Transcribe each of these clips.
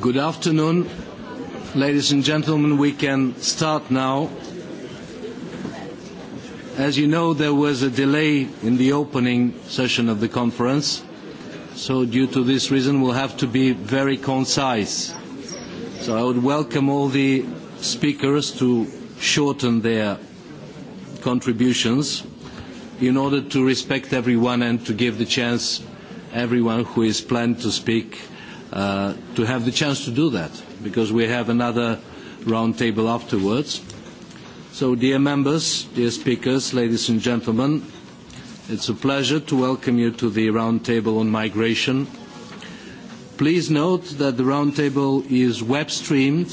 Good afternoon, ladies and gentlemen. We can start now. As you know, there was a delay in the opening session of the conference, so due to this reason, we'll have to be very concise. So I would welcome all the speakers to shorten their contributions in order to respect everyone and to give the chance everyone who is planned to speak uh, to have the chance to do that because we have another round table afterwards. So dear members, dear speakers, ladies and gentlemen, it's a pleasure to welcome you to the round table on migration. Please note that the round table is web streamed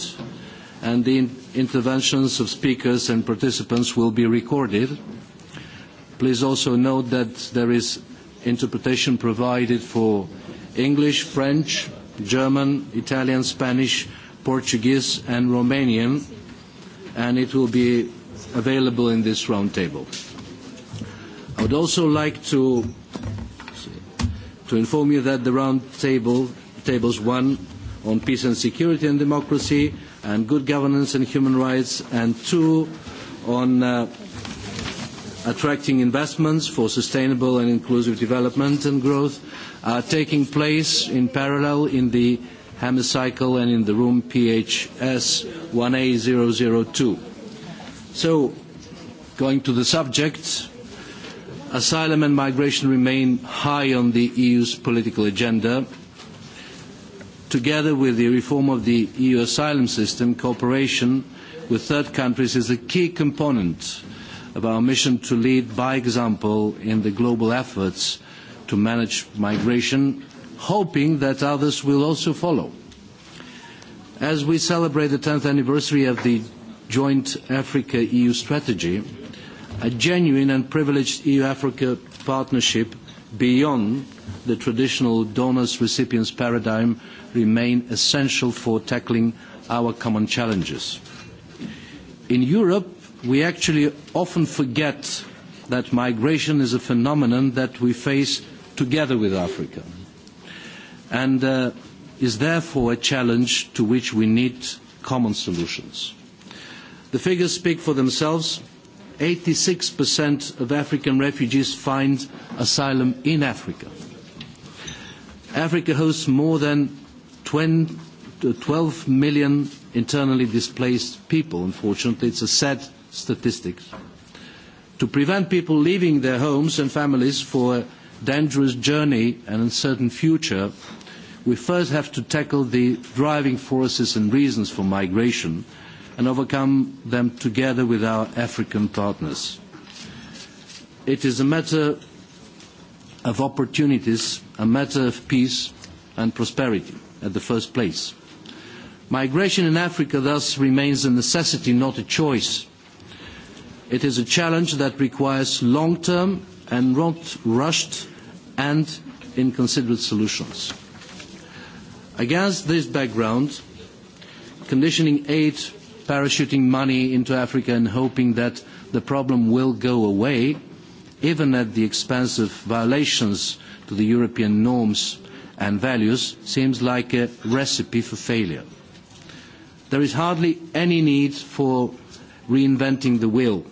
and the interventions of speakers and participants will be recorded Please also note that there is interpretation provided for English, French, German, Italian, Spanish, Portuguese and Romanian, and it will be available in this roundtable. I would also like to, to inform you that the roundtable, tables one on peace and security and democracy, and good governance and human rights, and two on uh, attracting investments for sustainable and inclusive development and growth are taking place in parallel in the hemicycle and in the room PHS 1A002. So, going to the subject, asylum and migration remain high on the EU's political agenda. Together with the reform of the EU asylum system, cooperation with third countries is a key component of our mission to lead by example in the global efforts to manage migration, hoping that others will also follow. As we celebrate the 10th anniversary of the joint Africa-EU strategy, a genuine and privileged EU-Africa partnership beyond the traditional donors-recipients paradigm remain essential for tackling our common challenges. In Europe, we actually often forget that migration is a phenomenon that we face together with Africa and uh, is therefore a challenge to which we need common solutions. The figures speak for themselves. 86% of African refugees find asylum in Africa. Africa hosts more than 12 uh, million internally displaced people, unfortunately. It's a sad statistics. To prevent people leaving their homes and families for a dangerous journey and uncertain future, we first have to tackle the driving forces and reasons for migration and overcome them together with our African partners. It is a matter of opportunities, a matter of peace and prosperity at the first place. Migration in Africa thus remains a necessity, not a choice. It is a challenge that requires long-term and not rushed and inconsiderate solutions. Against this background, conditioning aid, parachuting money into Africa and hoping that the problem will go away, even at the expense of violations to the European norms and values, seems like a recipe for failure. There is hardly any need for reinventing the wheel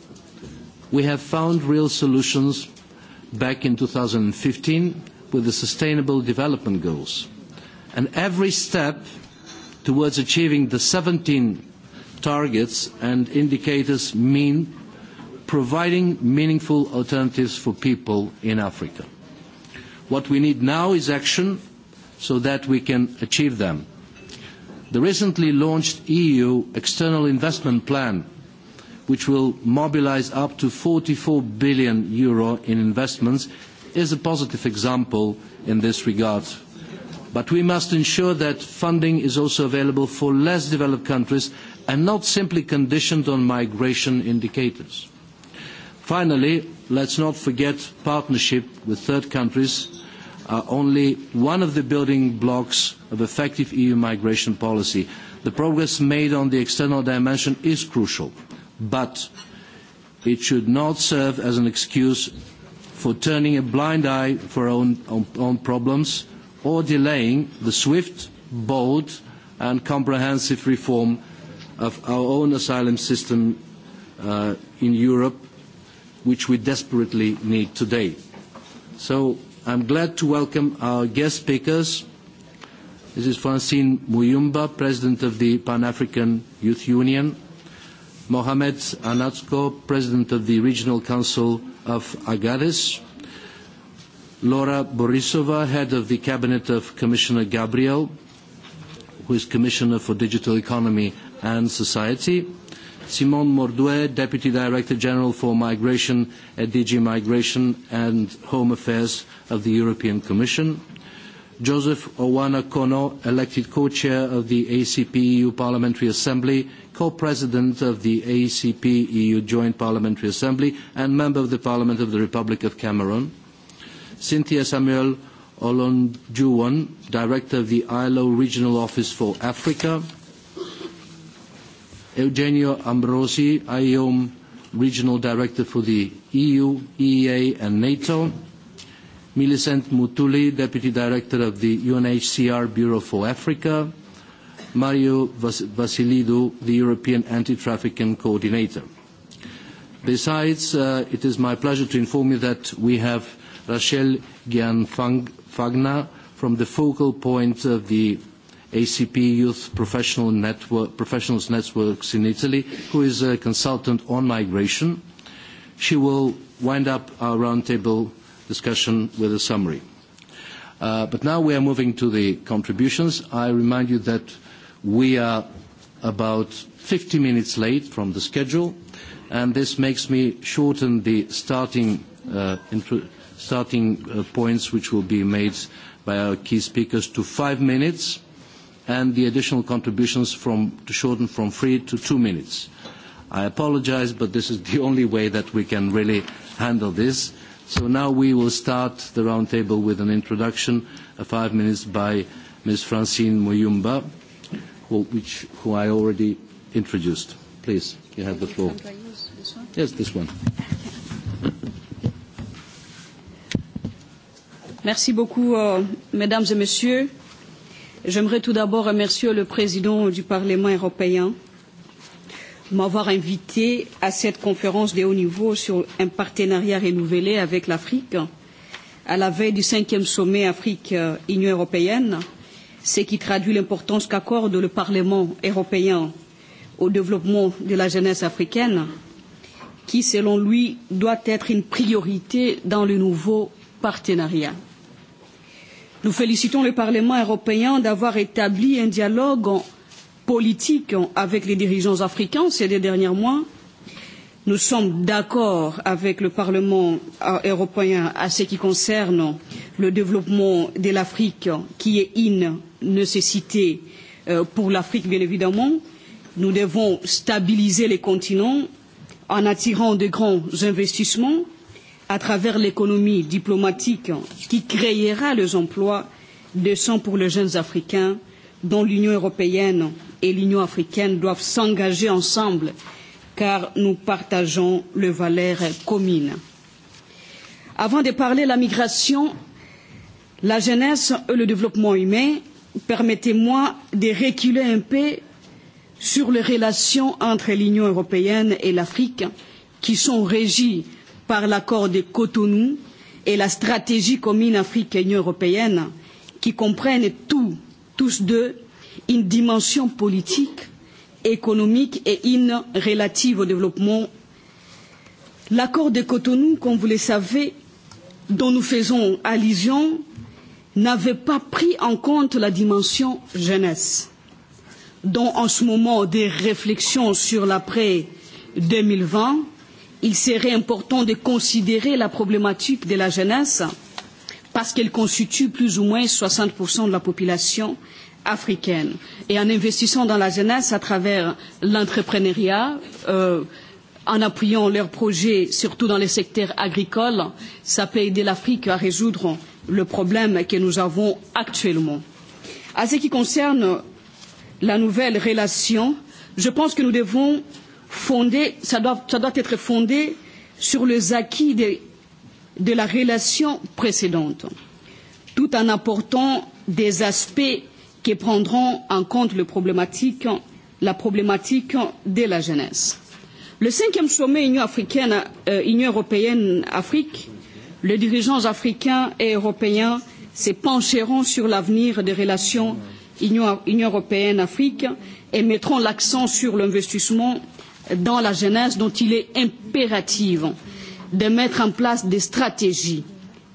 We have found real solutions back in 2015 with the Sustainable Development Goals. And every step towards achieving the 17 targets and indicators mean providing meaningful alternatives for people in Africa. What we need now is action so that we can achieve them. The recently launched EU External Investment Plan which will mobilise up to 44 billion euro in investments, is a positive example in this regard. But we must ensure that funding is also available for less developed countries and not simply conditioned on migration indicators. Finally, let's not forget partnership with third countries are uh, only one of the building blocks of effective EU migration policy. The progress made on the external dimension is crucial but it should not serve as an excuse for turning a blind eye for our own, own, own problems or delaying the swift, bold and comprehensive reform of our own asylum system uh, in Europe, which we desperately need today. So I'm glad to welcome our guest speakers. This is Francine Muyumba, President of the Pan-African Youth Union, Mohamed Anatko, President of the Regional Council of Agares, Laura Borisova, Head of the Cabinet of Commissioner Gabriel, who is Commissioner for Digital Economy and Society, Simon Mordue, Deputy Director General for Migration at DG Migration and Home Affairs of the European Commission, Joseph Owana Kono, elected co-chair of the ACP EU Parliamentary Assembly, co-president of the ACP EU Joint Parliamentary Assembly and member of the Parliament of the Republic of Cameroon. Cynthia Samuel Olonjuwon, director of the ILO Regional Office for Africa. Eugenio Ambrosi, IOM Regional Director for the EU, EEA and NATO. Millicent Mutuli, Deputy Director of the UNHCR Bureau for Africa, Mario Vasilidou, the European Anti-Trafficking Coordinator. Besides, uh, it is my pleasure to inform you that we have Rachel Gianfagna from the focal point of the ACP Youth Professional Network, Professionals Networks in Italy, who is a consultant on migration. She will wind up our roundtable discussion with a summary. Uh, but now we are moving to the contributions. I remind you that we are about 50 minutes late from the schedule, and this makes me shorten the starting, uh, starting uh, points which will be made by our key speakers to five minutes, and the additional contributions from, to shorten from three to two minutes. I apologise, but this is the only way that we can really handle this So now we will start the roundtable with an introduction of uh, five minutes by Ms. Francine Muyumba, who, which, who I already introduced. Please, you have the floor. This yes, this one. Merci beaucoup, euh, mesdames et messieurs. J'aimerais tout d'abord remercier le président du Parlement européen, m'avoir invité à cette conférence de haut niveau sur un partenariat renouvelé avec l'Afrique à la veille du cinquième sommet Afrique-Union européenne, ce qui traduit l'importance qu'accorde le Parlement européen au développement de la jeunesse africaine, qui, selon lui, doit être une priorité dans le nouveau partenariat. Nous félicitons le Parlement européen d'avoir établi un dialogue politique avec les dirigeants africains ces deux derniers mois. Nous sommes d'accord avec le Parlement européen à ce qui concerne le développement de l'Afrique, qui est une nécessité euh, pour l'Afrique, bien évidemment. Nous devons stabiliser les continents en attirant de grands investissements à travers l'économie diplomatique qui créera les emplois décents pour les jeunes Africains dont l'Union européenne et l'Union africaine doivent s'engager ensemble car nous partageons les valeurs communes. Avant de parler de la migration, la jeunesse et le développement humain, permettez-moi de reculer un peu sur les relations entre l'Union européenne et l'Afrique qui sont régies par l'accord de Cotonou et la stratégie commune Afrique-Union européenne qui comprennent tous, tous deux, une dimension politique, économique et une relative au développement. L'accord de Cotonou, comme vous le savez, dont nous faisons allusion, n'avait pas pris en compte la dimension jeunesse, dont en ce moment des réflexions sur l'après 2020, il serait important de considérer la problématique de la jeunesse parce qu'elle constitue plus ou moins 60% de la population africaine et en investissant dans la jeunesse à travers l'entrepreneuriat, euh, en appuyant leurs projets, surtout dans les secteurs agricoles, ça peut aider l'Afrique à résoudre le problème que nous avons actuellement. À ce qui concerne la nouvelle relation, je pense que nous devons fonder, ça doit, ça doit être fondé sur les acquis de, de la relation précédente, tout en apportant des aspects qui prendront en compte le problématique, la problématique de la jeunesse. Le cinquième sommet Union, africaine, euh, Union européenne Afrique, les dirigeants africains et européens se pencheront sur l'avenir des relations Union, Union européenne Afrique et mettront l'accent sur l'investissement dans la jeunesse dont il est impératif de mettre en place des stratégies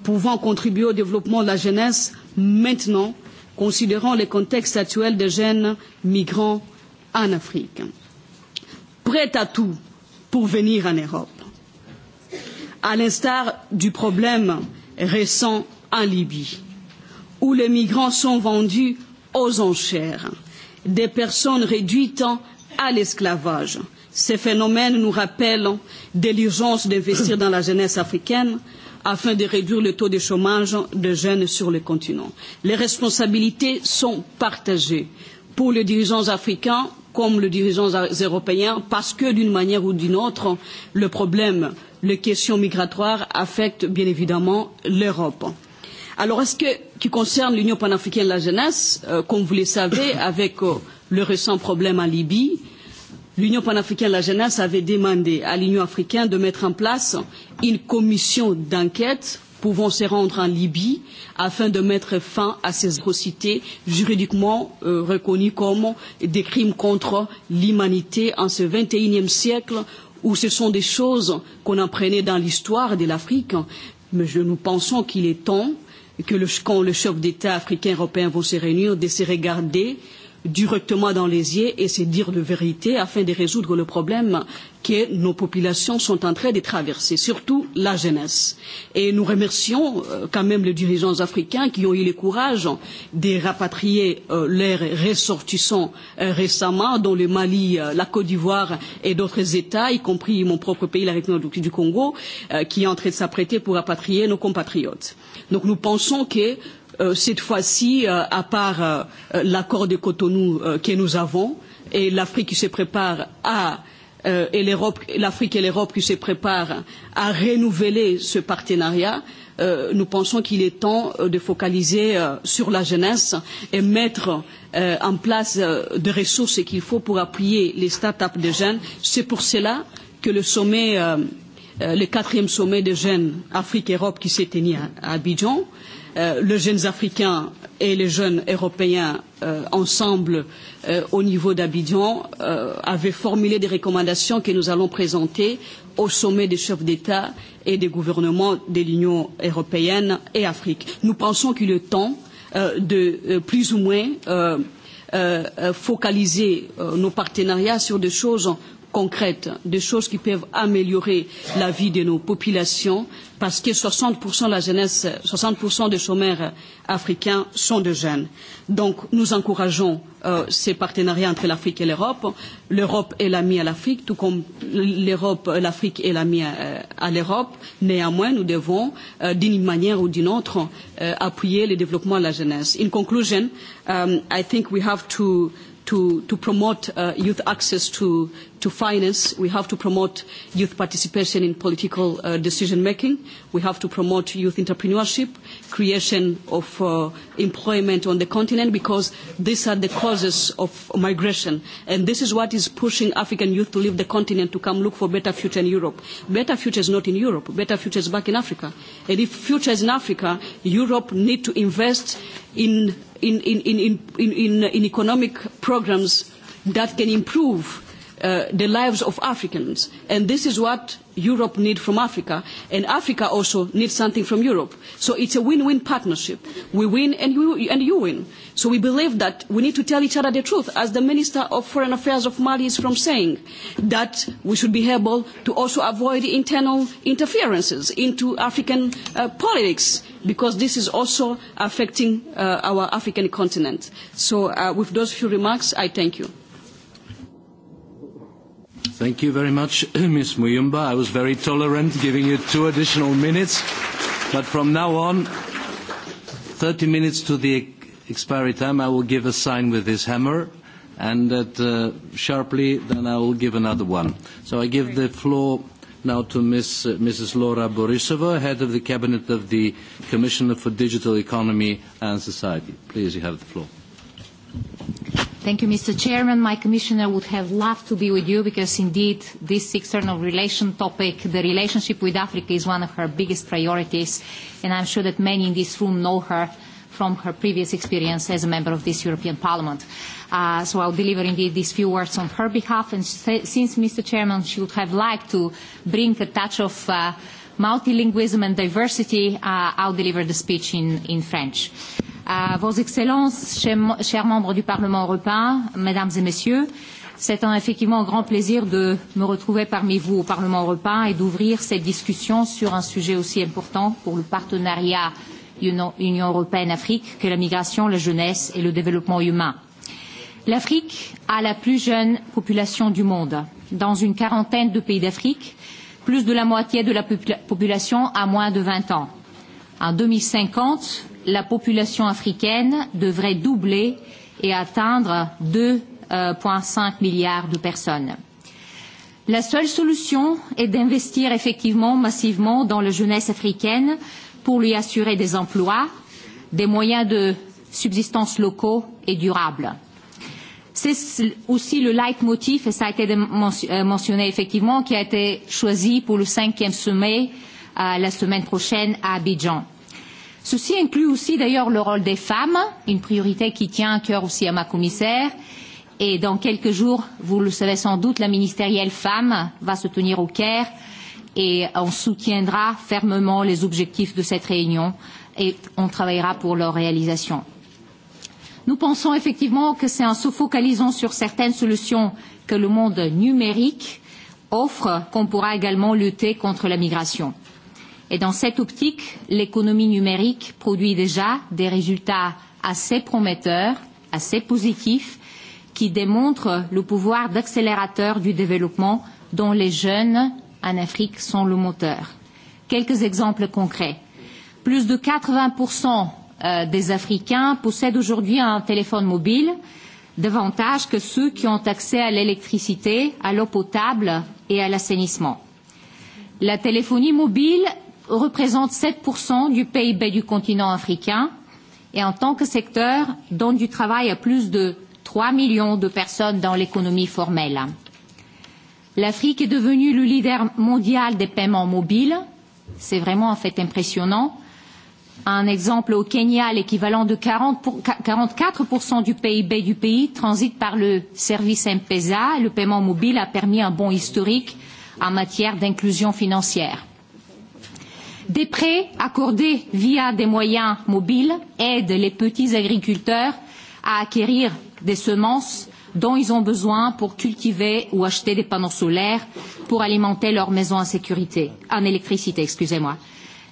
pouvant contribuer au développement de la jeunesse maintenant considérant le contexte actuel des jeunes migrants en Afrique, prêts à tout pour venir en Europe, à l'instar du problème récent en Libye, où les migrants sont vendus aux enchères, des personnes réduites à l'esclavage. Ces phénomènes nous rappellent de l'urgence d'investir dans la jeunesse africaine afin de réduire le taux de chômage des jeunes sur le continent. Les responsabilités sont partagées pour les dirigeants africains comme les dirigeants européens parce que d'une manière ou d'une autre, le problème, les questions migratoires affectent bien évidemment l'Europe. Alors, est-ce que, qui concerne l'Union panafricaine de la jeunesse, euh, comme vous le savez, avec euh, le récent problème en Libye, euh, L'Union panafricaine de la jeunesse avait demandé à l'Union africaine de mettre en place une commission d'enquête pouvant se rendre en Libye afin de mettre fin à ces atrocités juridiquement euh, reconnues comme des crimes contre l'humanité en ce 21e siècle où ce sont des choses qu'on apprenait dans l'histoire de l'Afrique. Mais je, nous pensons qu'il est temps que le, quand le chef d'État africain européen vont se réunir, de se regarder directement dans les yeux et se dire de vérité afin de résoudre le problème que nos populations sont en train de traverser, surtout la jeunesse. Et nous remercions euh, quand même les dirigeants africains qui ont eu le courage de rapatrier euh, leurs ressortissants euh, récemment, dont le Mali, la Côte d'Ivoire et d'autres États, y compris mon propre pays, la République du Congo, qui est en train de s'apprêter pour rapatrier nos compatriotes. Donc nous pensons que Euh, cette fois-ci, euh, à part euh, l'accord de Cotonou que nous avons, et l'Afrique qui se prépare à et l'Europe, l'Afrique et l'Europe qui se préparent à renouveler ce partenariat, nous pensons qu'il est temps de focaliser sur la jeunesse et mettre en place euh, des ressources qu'il faut pour appuyer les start-up des jeunes. C'est pour cela que le sommet, le quatrième sommet des jeunes Afrique-Europe qui s'est tenu à, à Abidjan, euh, Euh, les jeunes africains et les jeunes européens euh, ensemble euh, au niveau d'Abidjan euh, avaient formulé des recommandations que nous allons présenter au sommet des chefs d'État et des gouvernements de l'Union européenne et Afrique. Nous pensons qu'il est temps euh, de euh, plus ou moins euh, euh, euh, focaliser euh, nos partenariats sur des choses concrètes, des choses qui peuvent améliorer la vie de nos populations, parce que 60% de la jeunesse, 60% des chômeurs africains sont des jeunes. Donc nous encourageons euh, ces partenariats entre l'Afrique et l'Europe. L'Europe est l'ami à l'Afrique, tout comme l'Europe, l'Afrique est l'ami à, euh, à l'Europe. Néanmoins, nous devons, euh, d'une manière ou d'une autre, euh, appuyer le développement de la jeunesse. In conclusion, um, I think we have to to, to promote uh, youth access to, to finance. We have to promote youth participation in political uh, decision making. We have to promote youth entrepreneurship, creation of uh, employment on the continent, because these are the causes of migration. And this is what is pushing African youth to leave the continent to come look for better future in Europe. Better future is not in Europe. Better future is back in Africa. And if future is in Africa, Europe need to invest in in, economic programmes that can improve Uh, the lives of Africans. And this is what Europe needs from Africa. And Africa also needs something from Europe. So it's a win-win partnership. We win and you, and you win. So we believe that we need to tell each other the truth, as the Minister of Foreign Affairs of Mali is from saying, that we should be able to also avoid internal interferences into African uh, politics, because this is also affecting uh, our African continent. So uh, with those few remarks, I thank you. Thank you very much, Ms. Muyumba. I was very tolerant, giving you two additional minutes. But from now on, 30 minutes to the expiry time, I will give a sign with this hammer, and that uh, sharply, then I will give another one. So I give the floor now to Ms., uh, Mrs. Laura Borisova, head of the Cabinet of the Commissioner for Digital Economy and Society. Please, you have the floor. Thank you, Mr. Chairman. My commissioner would have loved to be with you because indeed this external relation topic, the relationship with Africa is one of her biggest priorities and I'm sure that many in this room know her from her previous experience as a member of this European Parliament. Uh, so I'll deliver indeed these few words on her behalf. And since, Mr. Chairman, she would have liked to bring a touch of uh, multilingualism and diversity, uh, I'll deliver the speech in, in French. Uh, à vos excellences, chers, membres du Parlement européen, mesdames et messieurs. C'est effectivement un grand plaisir de me retrouver parmi vous au Parlement européen et d'ouvrir cette discussion sur un sujet aussi important pour le partenariat Union européenne-Afrique que la migration, la jeunesse et le développement humain. L'Afrique a la plus jeune population du monde. Dans une quarantaine de pays d'Afrique, plus de la moitié de la population a moins de 20 ans. En 2050, la population africaine devrait doubler et atteindre 2,5 euh, milliards de personnes. La seule solution est d'investir effectivement massivement dans la jeunesse africaine pour lui assurer des emplois, des moyens de subsistance locaux et durables. C'est aussi le leitmotiv, et ça a été euh, mentionné effectivement, qui a été choisi pour le cinquième sommet euh, la semaine prochaine à Abidjan. Ceci inclut aussi d'ailleurs le rôle des femmes, une priorité qui tient à cœur aussi à ma commissaire. Et dans quelques jours, vous le savez sans doute, la ministérielle femme va se tenir au Caire et on soutiendra fermement les objectifs de cette réunion et on travaillera pour leur réalisation. Nous pensons effectivement que c'est en se focalisant sur certaines solutions que le monde numérique offre qu'on pourra également lutter contre la migration. Et dans cette optique, l'économie numérique produit déjà des résultats assez prometteurs, assez positifs, qui démontrent le pouvoir d'accélérateur du développement dont les jeunes en Afrique sont le moteur. Quelques exemples concrets. Plus de 80% euh, des Africains possèdent aujourd'hui un téléphone mobile, davantage que ceux qui ont accès à l'électricité, à l'eau potable et à l'assainissement. La téléphonie mobile représente 7% du PIB du continent africain et en tant que secteur donne du travail à plus de 3 millions de personnes dans l'économie formelle. L'Afrique est devenue le leader mondial des paiements mobiles. C'est vraiment en fait impressionnant. Un exemple au Kenya, l'équivalent de 40 pour, 44% du PIB du pays transite par le service M-Pesa. Le paiement mobile a permis un bond historique en matière d'inclusion financière. Des prêts accordés via des moyens mobiles aident les petits agriculteurs à acquérir des semences dont ils ont besoin pour cultiver ou acheter des panneaux solaires pour alimenter leur maison en sécurité, en électricité, excusez-moi.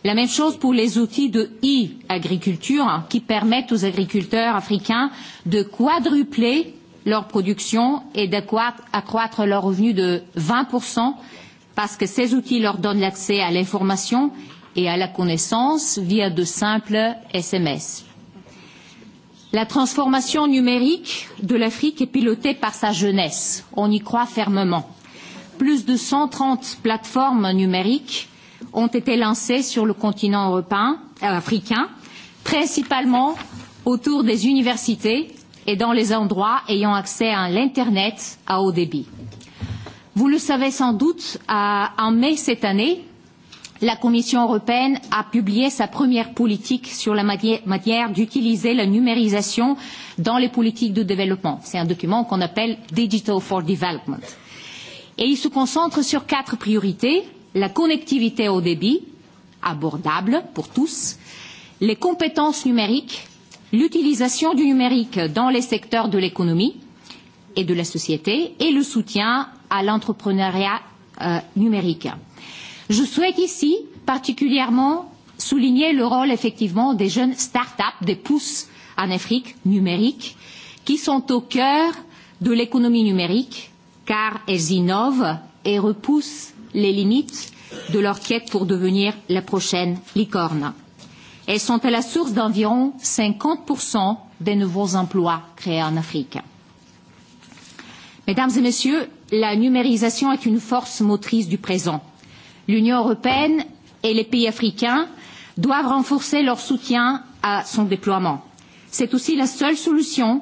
La même chose pour les outils de e-agriculture qui permettent aux agriculteurs africains de quadrupler leur production et d'accroître leurs revenus de 20% parce que ces outils leur donnent l'accès à l'information et à la connaissance via de simples SMS. La transformation numérique de l'Afrique est pilotée par sa jeunesse. On y croit fermement. Plus de 130 plateformes numériques ont été lancées sur le continent européen, euh, africain, principalement autour des universités et dans les endroits ayant accès à l'Internet à haut débit. Vous le savez sans doute, en mai cette année, la Commission européenne a publié sa première politique sur la manière d'utiliser la numérisation dans les politiques de développement. C'est un document qu'on appelle Digital for Development. Et il se concentre sur quatre priorités la connectivité au débit, abordable pour tous, les compétences numériques, l'utilisation du numérique dans les secteurs de l'économie et de la société et le soutien à l'entrepreneuriat euh, numérique. Je souhaite ici particulièrement souligner le rôle effectivement des jeunes start-up, des pousses en Afrique numérique, qui sont au cœur de l'économie numérique, car elles innovent et repoussent les limites de leur quête pour devenir la prochaine licorne. Elles sont à la source d'environ 50% des nouveaux emplois créés en Afrique. Mesdames et messieurs, la numérisation est une force motrice du présent L'Union européenne et les pays africains doivent renforcer leur soutien à son déploiement. C'est aussi la seule solution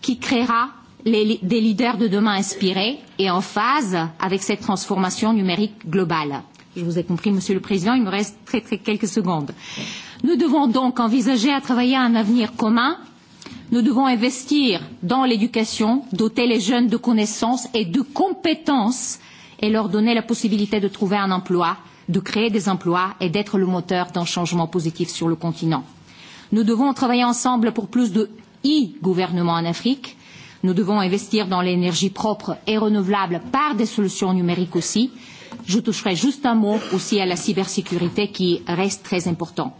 qui créera les, des leaders de demain inspirés et en phase avec cette transformation numérique globale. Je vous ai compris, Monsieur le Président, il me reste très, très quelques secondes. Nous devons donc envisager à travailler à un avenir commun. Nous devons investir dans l'éducation, doter les jeunes de connaissances et de compétences et leur donner la possibilité de trouver un emploi, de créer des emplois et d'être le moteur d'un changement positif sur le continent. Nous devons travailler ensemble pour plus de e-gouvernement en Afrique. Nous devons investir dans l'énergie propre et renouvelable par des solutions numériques aussi. Je toucherai juste un mot aussi à la cybersécurité qui reste très important.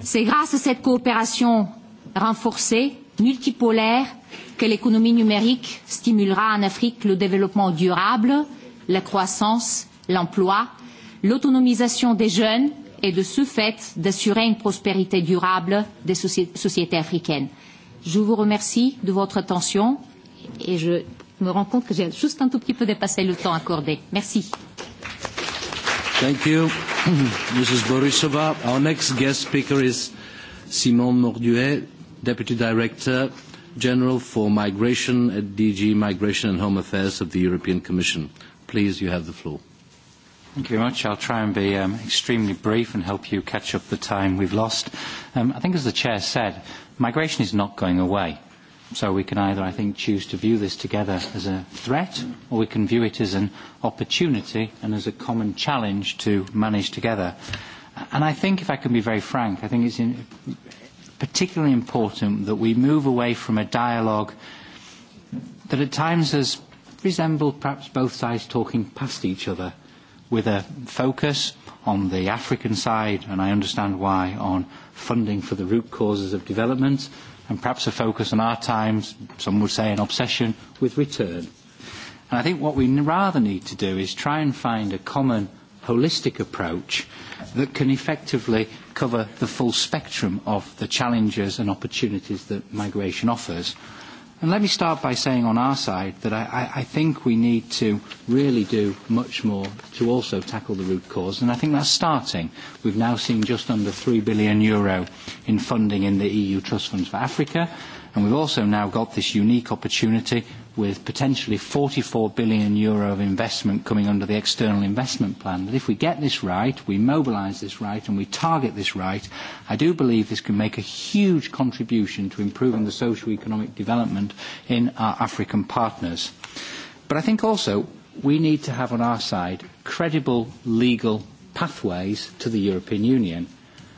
C'est grâce à cette coopération renforcée, multipolaire, que l'économie numérique stimulera en Afrique le développement durable la croissance, l'emploi, l'autonomisation des jeunes et de ce fait d'assurer une prospérité durable des soci sociétés africaines. Je vous remercie de votre attention et je me rends compte que j'ai juste un tout petit peu dépassé le temps accordé. Merci. Thank you, Mrs. Borisova. Our next guest speaker is Simon Morduet, Deputy Director General for Migration at DG Migration and Home Affairs of the European Commission. Please, you have the floor. Thank you very much. I'll try and be um, extremely brief and help you catch up the time we've lost. Um, I think as the Chair said, migration is not going away. So we can either, I think, choose to view this together as a threat or we can view it as an opportunity and as a common challenge to manage together. And I think, if I can be very frank, I think it's in, particularly important that we move away from a dialogue that at times has resembled perhaps both sides talking past each other with a focus on the African side, and I understand why, on funding for the root causes of development, and perhaps a focus on our times, some would say an obsession with return. And I think what we rather need to do is try and find a common holistic approach that can effectively cover the full spectrum of the challenges and opportunities that migration offers And let me start by saying on our side that I, I, I think we need to really do much more to also tackle the root cause, and I think that's starting. We've now seen just under 3 billion euro in funding in the EU Trust Funds for Africa, and we've also now got this unique opportunity with potentially 44 billion euro of investment coming under the external investment plan. That if we get this right, we mobilise this right and we target this right, I do believe this can make a huge contribution to improving the socio-economic development in our African partners. But I think also we need to have on our side credible legal pathways to the European Union.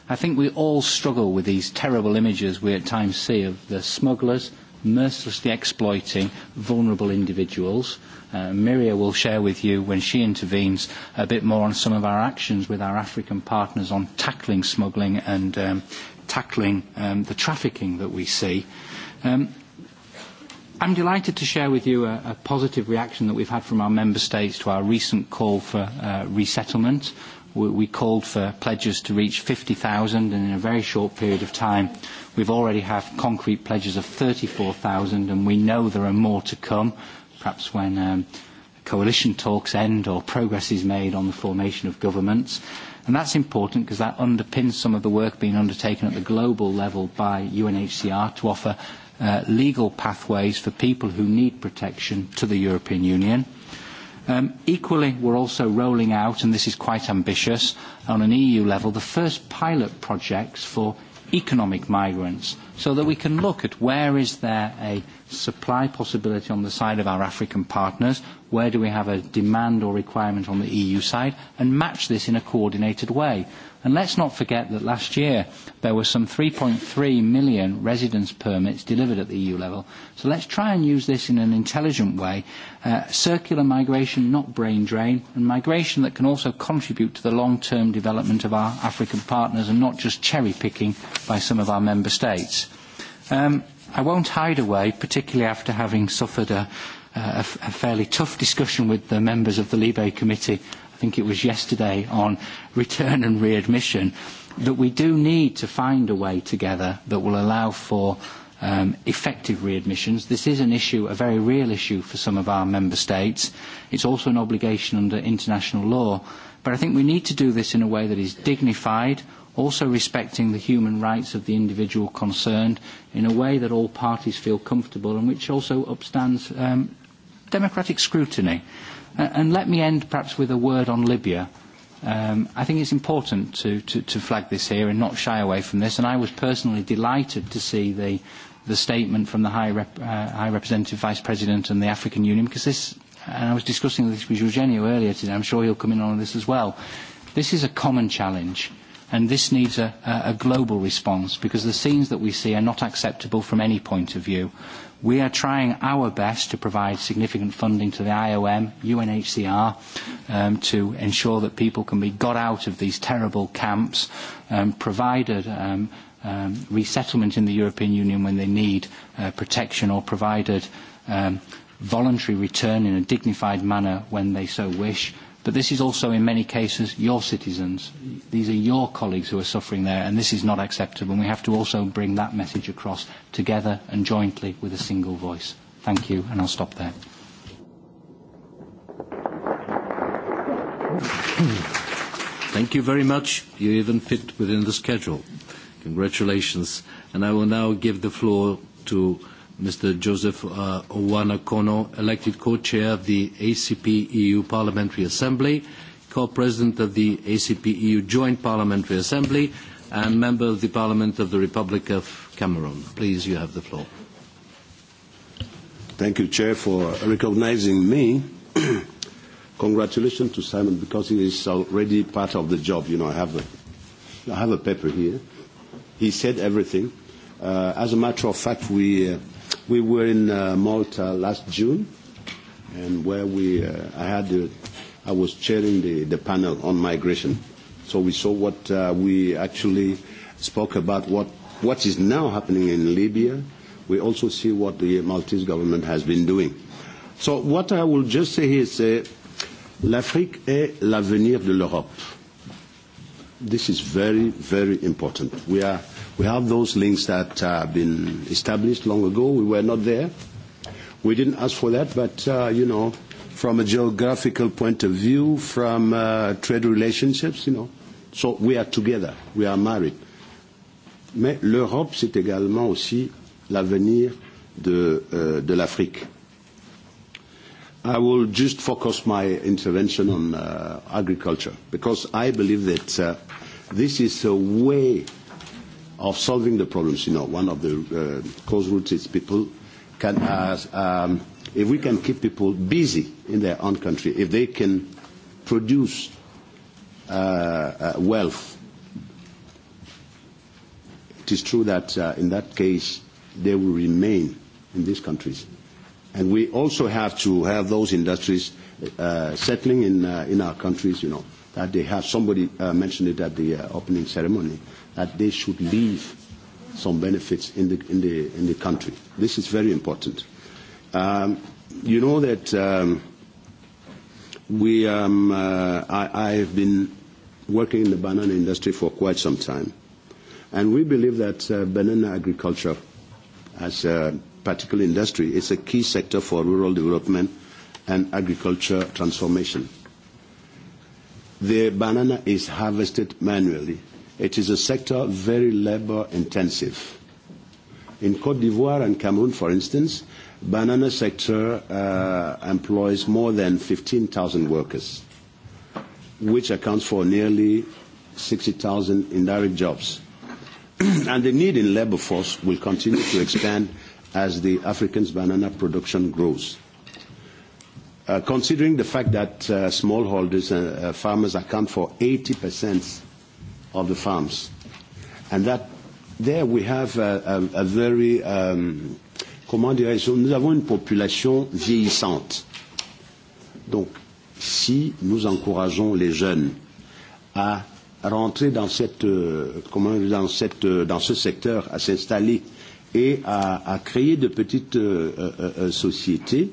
I think we all struggle with these terrible images we at times see of the smugglers mercilessly exploiting vulnerable individuals. Uh, Miria will share with you when she intervenes a bit more on some of our actions with our African partners on tackling smuggling and um, tackling um, the trafficking that we see. Um, I'm delighted to share with you a, a positive reaction that we've had from our member states to our recent call for uh, resettlement. We, we called for pledges to reach 50,000 and in a very short period of time We've already have concrete pledges of 34,000 and we know there are more to come, perhaps when um, coalition talks end or progress is made on the formation of governments. And that's important because that underpins some of the work being undertaken at the global level by UNHCR to offer uh, legal pathways for people who need protection to the European Union. Um, equally, we're also rolling out, and this is quite ambitious, on an EU level, the first pilot projects for economic migrants so that we can look at where is there a supply possibility on the side of our African partners, where do we have a demand or requirement on the EU side, and match this in a coordinated way. And let's not forget that last year there were some 3.3 million residence permits delivered at the EU level. So let's try and use this in an intelligent way. Uh, circular migration, not brain drain, and migration that can also contribute to the long-term development of our African partners and not just cherry-picking by some of our member states. Um, I won't hide away, particularly after having suffered a, a, a fairly tough discussion with the members of the Libe Committee think it was yesterday, on return and readmission, that we do need to find a way together that will allow for um, effective readmissions. This is an issue, a very real issue for some of our member states. It's also an obligation under international law. But I think we need to do this in a way that is dignified, also respecting the human rights of the individual concerned in a way that all parties feel comfortable and which also upstands um, democratic scrutiny. And let me end perhaps with a word on Libya. Um, I think it's important to, to, to flag this here and not shy away from this. And I was personally delighted to see the, the statement from the High, Rep, uh, High Representative Vice President and the African Union, because this, and I was discussing this with Eugenio earlier today, I'm sure he'll come in on this as well. This is a common challenge. And this needs a, a global response because the scenes that we see are not acceptable from any point of view. We are trying our best to provide significant funding to the IOM, UNHCR, um, to ensure that people can be got out of these terrible camps, um, provided um, um, resettlement in the European Union when they need uh, protection or provided um, voluntary return in a dignified manner when they so wish But this is also, in many cases, your citizens. These are your colleagues who are suffering there, and this is not acceptable. And we have to also bring that message across together and jointly with a single voice. Thank you, and I'll stop there. Thank you very much. You even fit within the schedule. Congratulations. And I will now give the floor to Mr. Joseph uh, Kono, elected co-chair of the ACP EU Parliamentary Assembly, co-president of the ACP EU Joint Parliamentary Assembly, and member of the Parliament of the Republic of Cameroon. Please, you have the floor. Thank you, Chair, for recognizing me. Congratulations to Simon because he is already part of the job. You know, I have a, I have a paper here. He said everything. Uh, as a matter of fact, we. Uh, we were in uh, Malta last June, and where we, uh, I had, the, I was chairing the, the panel on migration. So we saw what uh, we actually spoke about what what is now happening in Libya. We also see what the Maltese government has been doing. So what I will just say here is uh, l'Afrique est l'avenir de l'Europe. This is very, very important. We are We have those links that uh, have been established long ago. We were not there. We didn't ask for that, but, uh, you know, from a geographical point of view, from uh, trade relationships, you know. So we are together, we are married. Mais l'Europe, c'est également aussi l'avenir de, uh, de l'Afrique. I will just focus my intervention on uh, agriculture because I believe that uh, this is a way of solving the problems. You know, one of the uh, cause roots is people can, uh, um, if we can keep people busy in their own country, if they can produce uh, uh wealth, it is true that uh, in that case they will remain in these countries. And we also have to have those industries uh, settling in, in our countries, you know, that they have, somebody mentioned it at the opening ceremony, that they should leave some benefits in the, in the, in the country. This is very important. Um, you know that um, we, um, uh, I, I have been working in the banana industry for quite some time. And we believe that uh, banana agriculture as a particular industry is a key sector for rural development and agriculture transformation. The banana is harvested manually It is a sector very labor intensive. In Côte d'Ivoire and Cameroon, for instance, banana sector uh, employs more than 15,000 workers, which accounts for nearly 60,000 indirect jobs. and the need in labor force will continue to expand as the African's banana production grows. Uh, considering the fact that uh, smallholders and uh, farmers account for 80% of the farms. And that, there we have a, a, a very, um, comment dirais-je, nous avons une population vieillissante. Donc, si nous encourageons les jeunes à rentrer dans, cette, euh, comment, dans, cette, euh, dans ce secteur, à s'installer et à, à créer de petites euh, euh, euh, sociétés,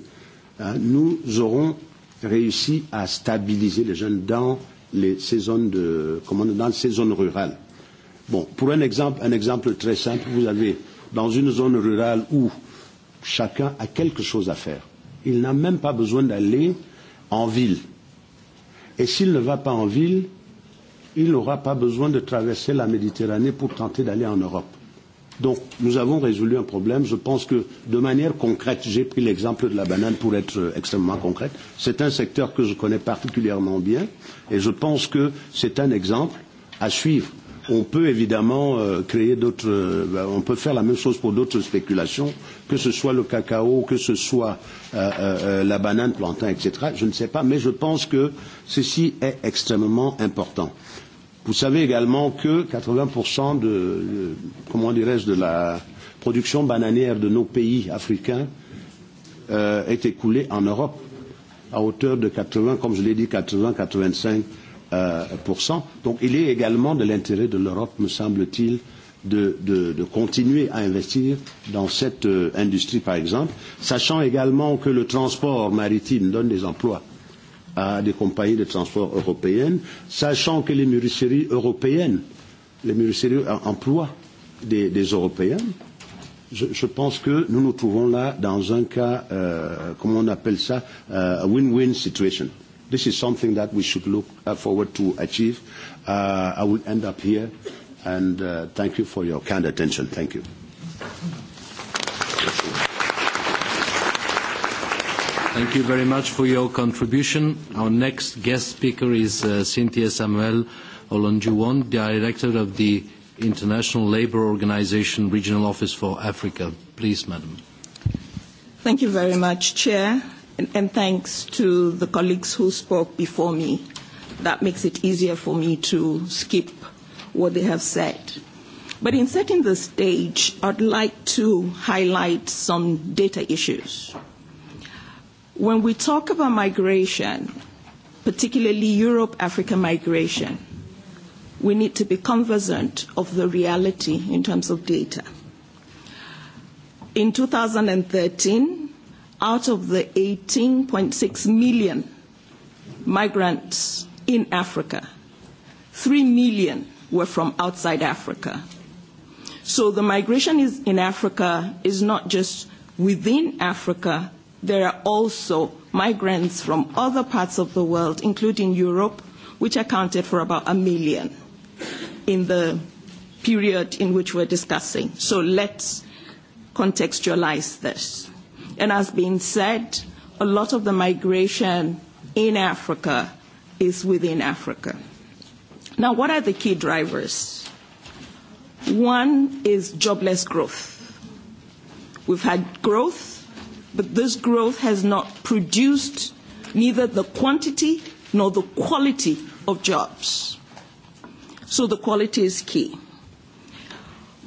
hein, nous aurons réussi à stabiliser les jeunes dans les, ces zones de, comment, dans ces zones rurales. Bon, pour un exemple, un exemple très simple, vous avez dans une zone rurale où chacun a quelque chose à faire, il n'a même pas besoin d'aller en ville. Et s'il ne va pas en ville, il n'aura pas besoin de traverser la Méditerranée pour tenter d'aller en Europe. Donc nous avons résolu un problème. Je pense que de manière concrète, j'ai pris l'exemple de la banane pour être euh, extrêmement concrète. C'est un secteur que je connais particulièrement bien et je pense que c'est un exemple à suivre. On peut évidemment euh, créer d'autres, euh, on peut faire la même chose pour d'autres spéculations, que ce soit le cacao, que ce soit euh, euh, euh la banane, plantain, etc. Je ne sais pas, mais je pense que ceci est extrêmement important. Vous savez également que 80% de, de, comment dirais-je, de la production bananière de nos pays africains euh, est écoulée en Europe à hauteur de 80, comme je l'ai dit, 80-85%. Euh, Donc il est également de l'intérêt de l'Europe, me semble-t-il, de, de, de continuer à investir dans cette euh, industrie, par exemple, sachant également que le transport maritime donne des emplois à des compagnies de transport européennes, sachant que les mûrisseries européennes, les mûrisseries emploient des, des Européens. Je, je pense que nous nous trouvons là dans un cas, euh, comment on appelle ça, a euh, win-win situation. This is something that we should look uh, forward to achieve. Uh, I will end up here and uh, thank you for your kind attention. Thank you. Thank you very much for your contribution. Our next guest speaker is uh, Cynthia Samuel Olonjuwon, Director of the International Labour Organization Regional Office for Africa. Please, Madam. Thank you very much, Chair, and, and thanks to the colleagues who spoke before me. That makes it easier for me to skip what they have said. But in setting the stage, I'd like to highlight some data issues. When we talk about migration, particularly Europe-Africa migration, we need to be conversant of the reality in terms of data. In 2013, out of the 18.6 million migrants in Africa, 3 million were from outside Africa. So the migration is in Africa is not just within Africa, there are also migrants from other parts of the world, including Europe, which accounted for about a million in the period in which we're discussing. So let's contextualize this. And as being said, a lot of the migration in Africa is within Africa. Now, what are the key drivers? One is jobless growth. We've had growth But this growth has not produced neither the quantity nor the quality of jobs. So the quality is key.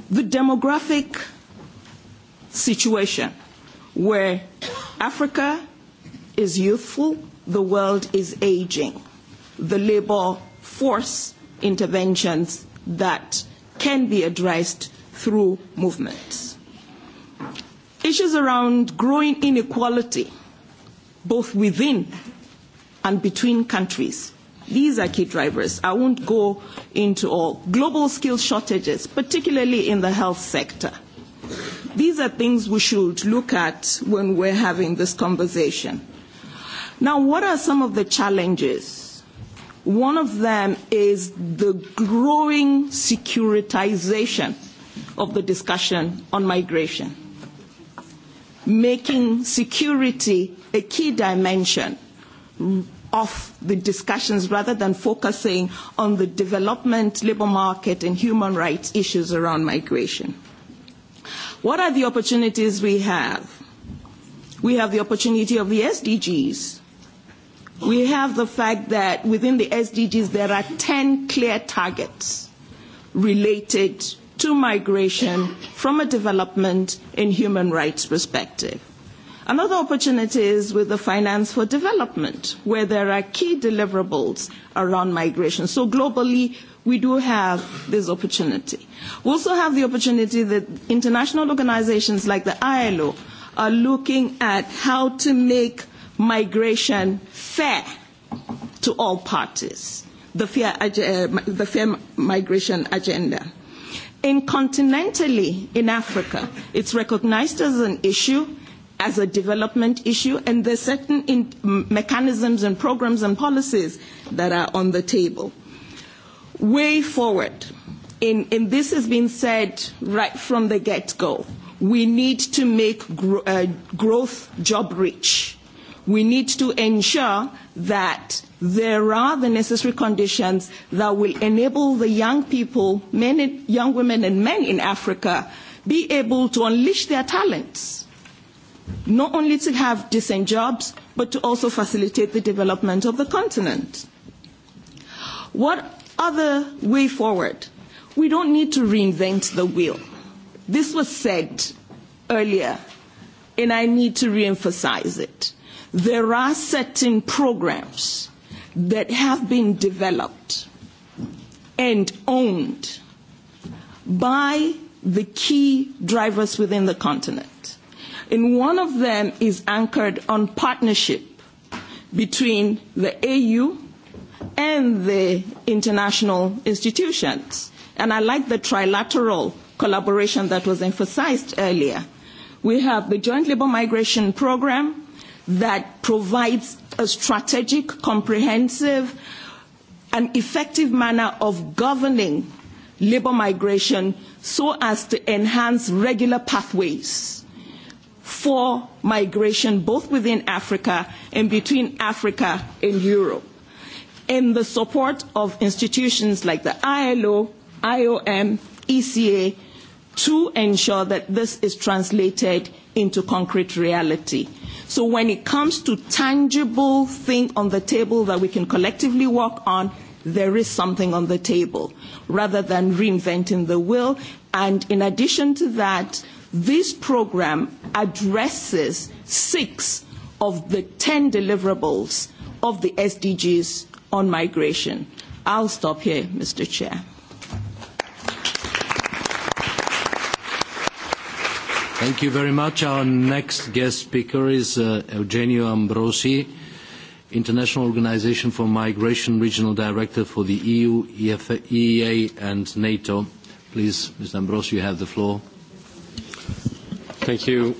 The demographic situation where Africa is youthful, the world is aging. The labour force interventions that can be addressed through movements. Issues around growing inequality, both within and between countries. These are key drivers. I won't go into all. Global skill shortages, particularly in the health sector. These are things we should look at when we're having this conversation. Now, what are some of the challenges? One of them is the growing securitization of the discussion on migration making security a key dimension of the discussions rather than focusing on the development, labour market and human rights issues around migration. What are the opportunities we have? We have the opportunity of the SDGs. We have the fact that within the SDGs there are 10 clear targets related to migration from a development and human rights perspective. Another opportunity is with the Finance for Development, where there are key deliverables around migration. So globally, we do have this opportunity. We also have the opportunity that international organizations like the ILO are looking at how to make migration fair to all parties, the fair, uh, the fair migration agenda. And continentally in Africa, it's recognized as an issue, as a development issue, and there's certain in, mechanisms and programs and policies that are on the table. Way forward, in, and this has been said right from the get-go, we need to make gro uh, growth job rich. We need to ensure that there are the necessary conditions that will enable the young people, men, young women and men in Africa, be able to unleash their talents, not only to have decent jobs, but to also facilitate the development of the continent. What other way forward? We don't need to reinvent the wheel. This was said earlier, and I need to re emphasise it. There are certain programs that have been developed and owned by the key drivers within the continent. And one of them is anchored on partnership between the AU and the international institutions. And I like the trilateral collaboration that was emphasized earlier. We have the Joint Labour Migration Programme, that provides a strategic, comprehensive, and effective manner of governing labour migration so as to enhance regular pathways for migration both within Africa and between Africa and Europe. In the support of institutions like the ILO, IOM, ECA to ensure that this is translated into concrete reality. So when it comes to tangible thing on the table that we can collectively work on, there is something on the table rather than reinventing the wheel. And in addition to that, this program addresses six of the 10 deliverables of the SDGs on migration. I'll stop here, Mr. Chair. Thank you very much. Our next guest speaker is uh, Eugenio Ambrosi, International Organization for Migration Regional Director for the EU, EF EEA and NATO. Please, Mr. Ambrosi, you have the floor. Thank you.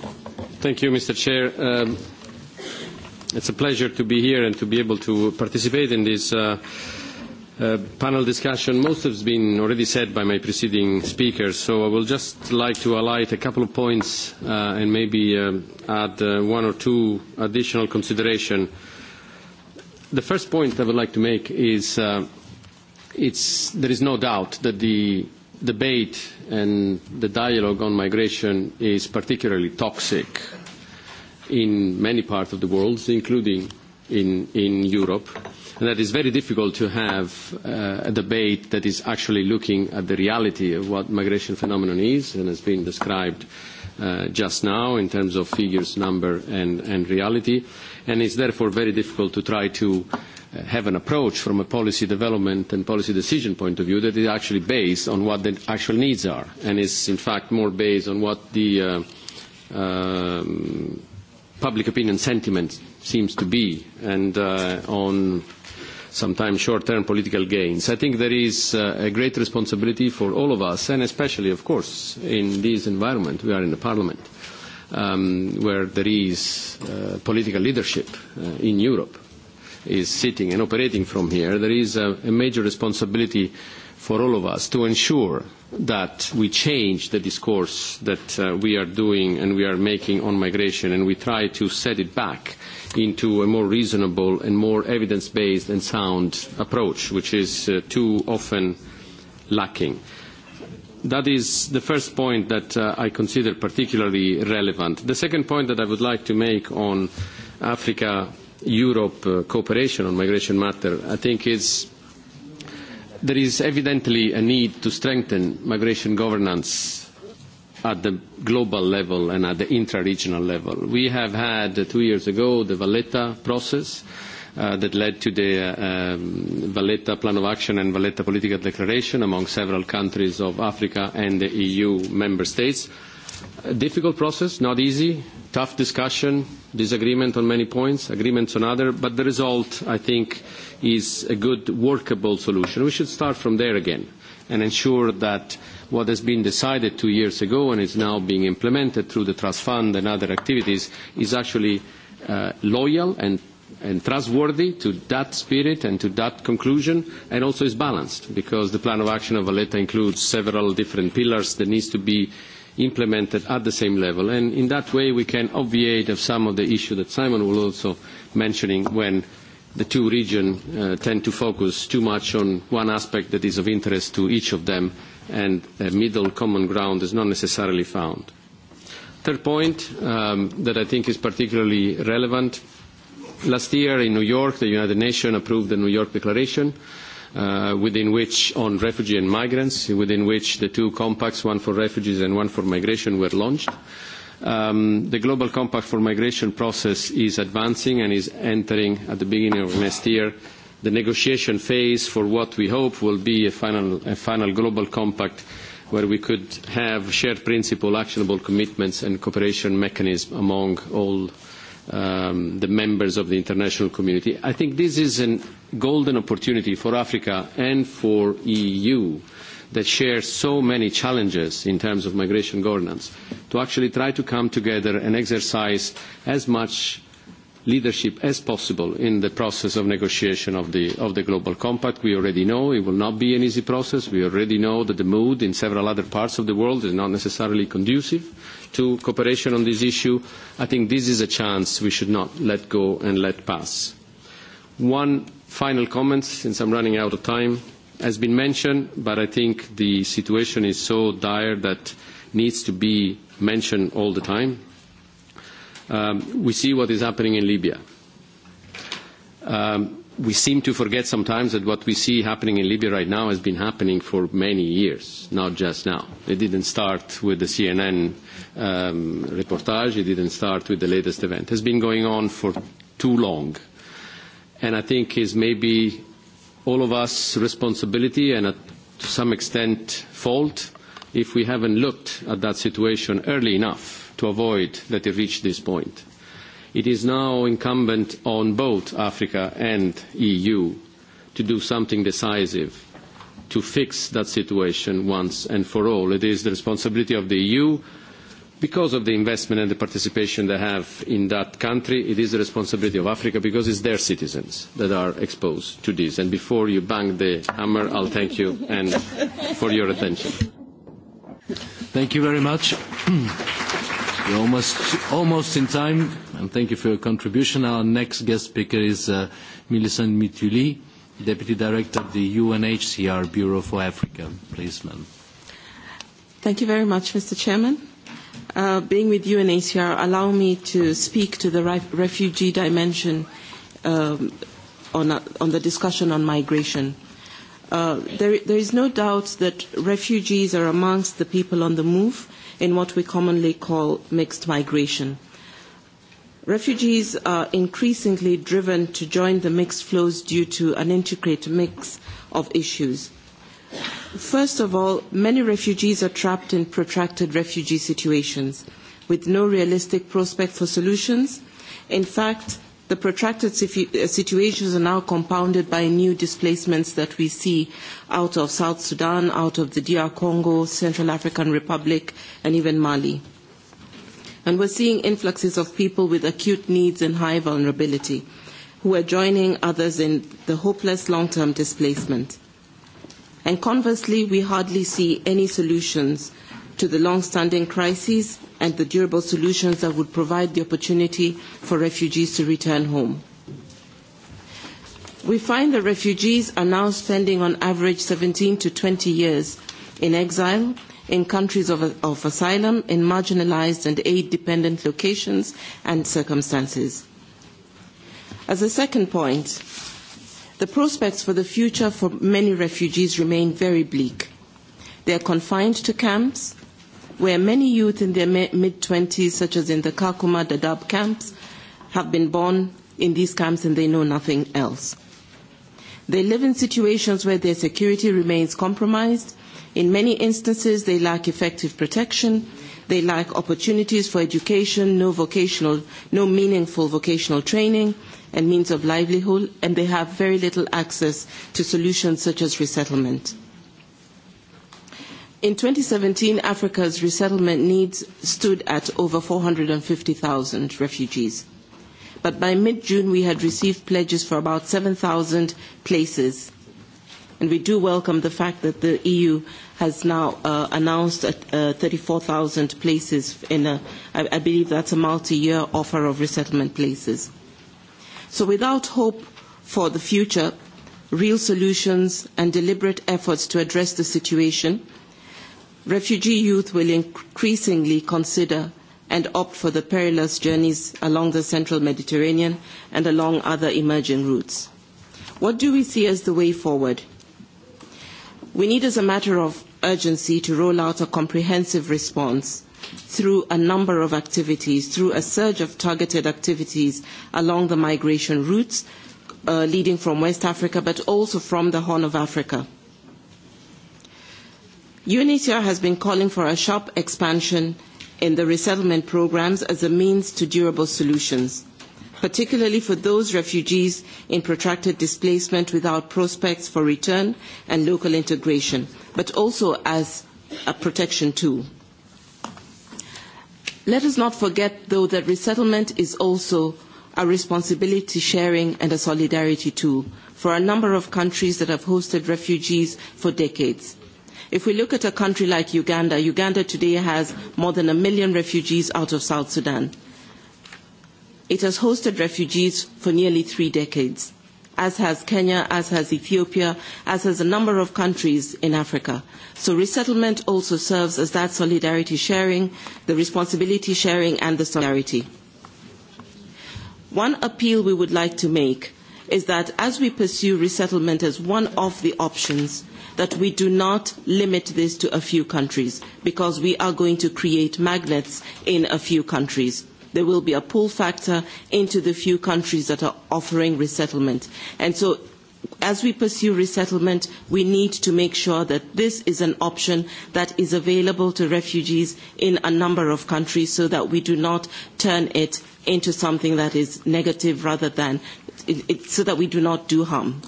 Thank you, Mr. Chair. Um, it's a pleasure to be here and to be able to participate in this uh, Uh, panel discussion, most has been already said by my preceding speakers, so I will just like to highlight a couple of points uh, and maybe uh, add uh, one or two additional consideration. The first point I would like to make is uh, it's, there is no doubt that the debate and the dialogue on migration is particularly toxic in many parts of the world, including in, in Europe and that is very difficult to have uh, a debate that is actually looking at the reality of what migration phenomenon is and has been described uh, just now in terms of figures, number and, and reality. And it's therefore very difficult to try to uh, have an approach from a policy development and policy decision point of view that is actually based on what the actual needs are and is in fact more based on what the uh, um, public opinion sentiment seems to be and uh, on sometimes short-term political gains. I think there is uh, a great responsibility for all of us, and especially, of course, in this environment we are in the Parliament, um, where there is uh, political leadership uh, in Europe is sitting and operating from here. There is a, a major responsibility for all of us to ensure that we change the discourse that uh, we are doing and we are making on migration, and we try to set it back uh, into a more reasonable and more evidence-based and sound approach, which is uh, too often lacking. That is the first point that uh, I consider particularly relevant. The second point that I would like to make on Africa-Europe uh, cooperation on migration matter, I think is there is evidently a need to strengthen migration governance at the global level and at the intra-regional level. We have had uh, two years ago the Valletta process uh, that led to the uh, um, Valletta Plan of Action and Valletta Political Declaration among several countries of Africa and the EU member states. A difficult process, not easy, tough discussion, disagreement on many points, agreements on others. but the result, I think, is a good workable solution. We should start from there again and ensure that what has been decided two years ago and is now being implemented through the trust fund and other activities is actually uh, loyal and, and trustworthy to that spirit and to that conclusion and also is balanced because the plan of action of Valletta includes several different pillars that needs to be implemented at the same level and in that way we can obviate of some of the issues that Simon was also mentioning when the two regions uh, tend to focus too much on one aspect that is of interest to each of them and a middle common ground is not necessarily found. Third point um, that I think is particularly relevant. Last year in New York, the United Nations approved the New York Declaration, uh, within which on refugee and migrants, within which the two compacts, one for refugees and one for migration, were launched. Um, the Global Compact for Migration process is advancing and is entering at the beginning of next year the negotiation phase for what we hope will be a final, a final global compact where we could have shared principle, actionable commitments and cooperation mechanism among all um, the members of the international community. I think this is a golden opportunity for Africa and for EU that share so many challenges in terms of migration governance to actually try to come together and exercise as much leadership as possible in the process of negotiation of the, of the Global Compact. We already know it will not be an easy process. We already know that the mood in several other parts of the world is not necessarily conducive to cooperation on this issue. I think this is a chance we should not let go and let pass. One final comment, since I'm running out of time, has been mentioned, but I think the situation is so dire that needs to be mentioned all the time Um, we see what is happening in Libya. Um, we seem to forget sometimes that what we see happening in Libya right now has been happening for many years, not just now. It didn't start with the CNN um, reportage. It didn't start with the latest event. It has been going on for too long. And I think is maybe all of us responsibility and a, to some extent fault if we haven't looked at that situation early enough to avoid that it reached this point. It is now incumbent on both Africa and EU to do something decisive to fix that situation once and for all. It is the responsibility of the EU because of the investment and the participation they have in that country. It is the responsibility of Africa because it's their citizens that are exposed to this. And before you bang the hammer, I'll thank you and for your attention. Thank you very much. We're almost, almost in time, and thank you for your contribution. Our next guest speaker is uh, Millicent Mituli, Deputy Director of the UNHCR Bureau for Africa. Please, ma'am. Thank you very much, Mr. Chairman. Uh, being with UNHCR, allow me to speak to the refugee dimension um, on, a, on the discussion on migration. Uh, there, there is no doubt that refugees are amongst the people on the move – in what we commonly call mixed migration. Refugees are increasingly driven to join the mixed flows due to an integrated mix of issues. First of all, many refugees are trapped in protracted refugee situations with no realistic prospect for solutions. In fact, the protracted uh, situations are now compounded by new displacements that we see out of South Sudan, out of the DR Congo, Central African Republic, and even Mali. And we're seeing influxes of people with acute needs and high vulnerability who are joining others in the hopeless long-term displacement. And conversely, we hardly see any solutions to the long-standing crises and the durable solutions that would provide the opportunity for refugees to return home. We find that refugees are now spending on average 17 to 20 years in exile in countries of, of asylum in marginalised and aid-dependent locations and circumstances. As a second point, the prospects for the future for many refugees remain very bleak. They are confined to camps, where many youth in their mid-20s, such as in the Kakuma Dadaab camps, have been born in these camps and they know nothing else. They live in situations where their security remains compromised. In many instances, they lack effective protection. They lack opportunities for education, no vocational, no meaningful vocational training and means of livelihood, and they have very little access to solutions such as resettlement. In 2017, Africa's resettlement needs stood at over 450,000 refugees. But by mid-June, we had received pledges for about 7,000 places. And we do welcome the fact that the EU has now uh, announced uh, 34,000 uh, places in a, I, I believe that's a multi-year offer of resettlement places. So without hope for the future, real solutions and deliberate efforts to address the situation – Refugee youth will increasingly consider and opt for the perilous journeys along the central Mediterranean and along other emerging routes. What do we see as the way forward? We need, as a matter of urgency, to roll out a comprehensive response through a number of activities, through a surge of targeted activities along the migration routes uh, leading from West Africa, but also from the Horn of Africa UNHCR has been calling for a sharp expansion in the resettlement programmes as a means to durable solutions, particularly for those refugees in protracted displacement without prospects for return and local integration, but also as a protection tool. Let us not forget, though, that resettlement is also a responsibility sharing and a solidarity tool for a number of countries that have hosted refugees for decades If we look at a country like Uganda, Uganda today has more than a million refugees out of South Sudan. It has hosted refugees for nearly three decades, as has Kenya, as has Ethiopia, as has a number of countries in Africa. So resettlement also serves as that solidarity sharing, the responsibility sharing and the solidarity. One appeal we would like to make is that as we pursue resettlement as one of the options, that we do not limit this to a few countries because we are going to create magnets in a few countries. There will be a pull factor into the few countries that are offering resettlement. And so as we pursue resettlement, we need to make sure that this is an option that is available to refugees in a number of countries so that we do not turn it into something that is negative rather than it, it, so that we do not do harm.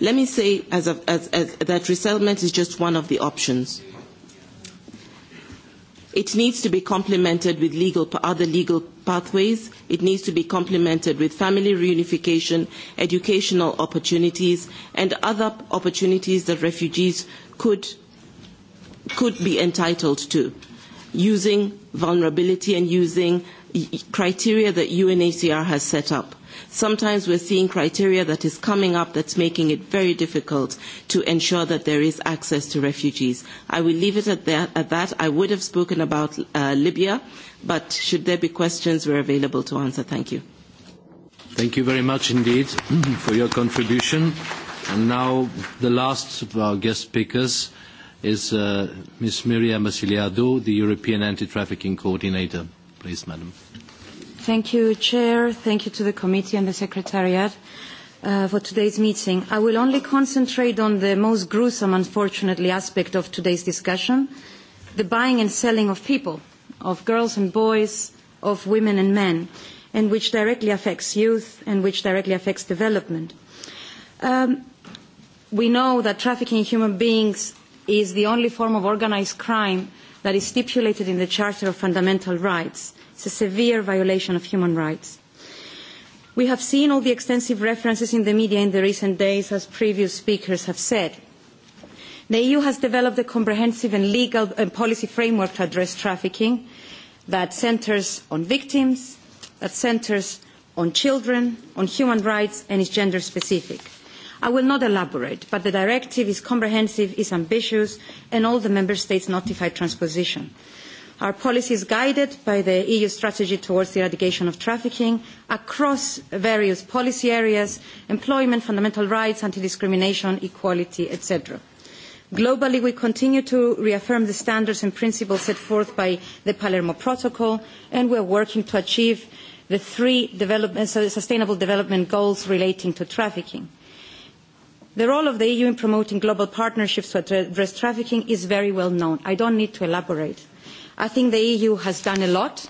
Let me say as a, as, as, that resettlement is just one of the options. It needs to be complemented with legal, other legal pathways. It needs to be complemented with family reunification, educational opportunities, and other opportunities that refugees could, could be entitled to, using vulnerability and using criteria that UNHCR has set up sometimes we're seeing criteria that is coming up that's making it very difficult to ensure that there is access to refugees. I will leave it at that. At that. I would have spoken about uh, Libya, but should there be questions, we're available to answer. Thank you. Thank you very much indeed mm-hmm. for your contribution. And now the last of our guest speakers is uh, Ms. Miriam Masiliadou, the European Anti-Trafficking Coordinator. Please, Madam. Thank you, Chair. Thank you to the Committee and the Secretariat uh, for today's meeting. I will only concentrate on the most gruesome, unfortunately, aspect of today's discussion, the buying and selling of people, of girls and boys, of women and men, and which directly affects youth and which directly affects development. Um, we know that trafficking in human beings is the only form of organised crime that is stipulated in the Charter of Fundamental Rights It's a severe violation of human rights. We have seen all the extensive references in the media in the recent days, as previous speakers have said. The EU has developed a comprehensive and legal and uh, policy framework to address trafficking that centres on victims, that centres on children, on human rights, and is gender specific. I will not elaborate, but the directive is comprehensive, is ambitious, and all the member states notified transposition. Our policy is guided by the EU strategy towards the eradication of trafficking across various policy areas, employment, fundamental rights, anti-discrimination, equality, etc. Globally, we continue to reaffirm the standards and principles set forth by the Palermo Protocol, and we are working to achieve the three development, sustainable development goals relating to trafficking. The role of the EU in promoting global partnerships to address trafficking is very well known. I don't need to elaborate. I think the EU has done a lot.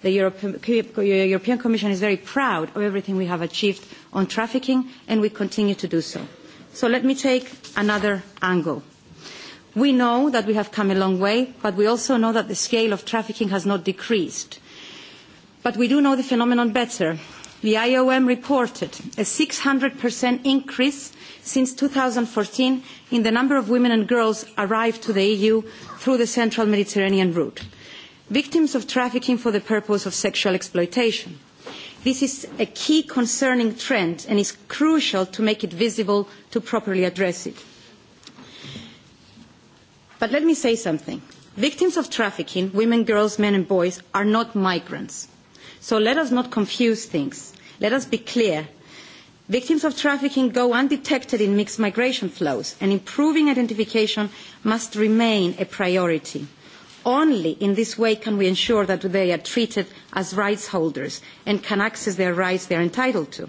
The European Commission is very proud of everything we have achieved on trafficking, and we continue to do so. So let me take another angle. We know that we have come a long way, but we also know that the scale of trafficking has not decreased. But we do know the phenomenon better. The IOM reported a 600% increase since 2014 in the number of women and girls arrived to the EU through the central Mediterranean route, victims of trafficking for the purpose of sexual exploitation. This is a key concerning trend and is crucial to make it visible to properly address it. But let me say something. Victims of trafficking, women, girls, men and boys, are not migrants. So let us not confuse things. Let us be clear Victims of trafficking go undetected in mixed migration flows, and improving identification must remain a priority. Only in this way can we ensure that they are treated as rights holders and can access their rights they are entitled to.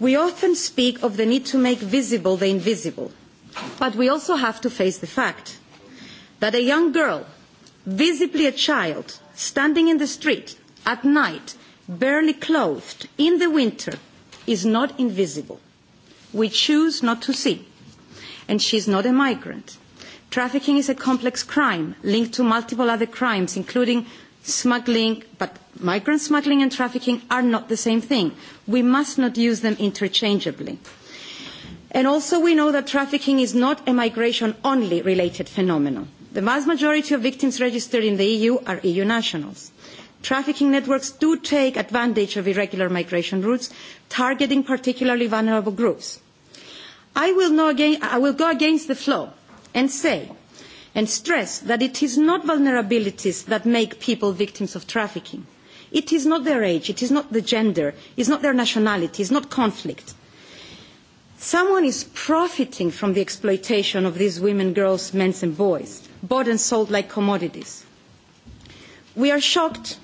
We often speak of the need to make visible the invisible, but we also have to face the fact that a young girl, visibly a child, standing in the street at night, barely clothed, in the winter, is not invisible. We choose not to see. And she is not a migrant. Trafficking is a complex crime linked to multiple other crimes, including smuggling, but migrant smuggling and trafficking are not the same thing. We must not use them interchangeably. And also we know that trafficking is not a migration-only related phenomenon. The vast majority of victims registered in the EU are EU nationals. Trafficking networks do take advantage of irregular migration routes, targeting particularly vulnerable groups. I will, know again, I will go against the flow and say and stress that it is not vulnerabilities that make people victims of trafficking. It is not their age, it is not the gender, it is not their nationality, it is not conflict. Someone is profiting from the exploitation of these women, girls, men and boys, bought and sold like commodities. We are shocked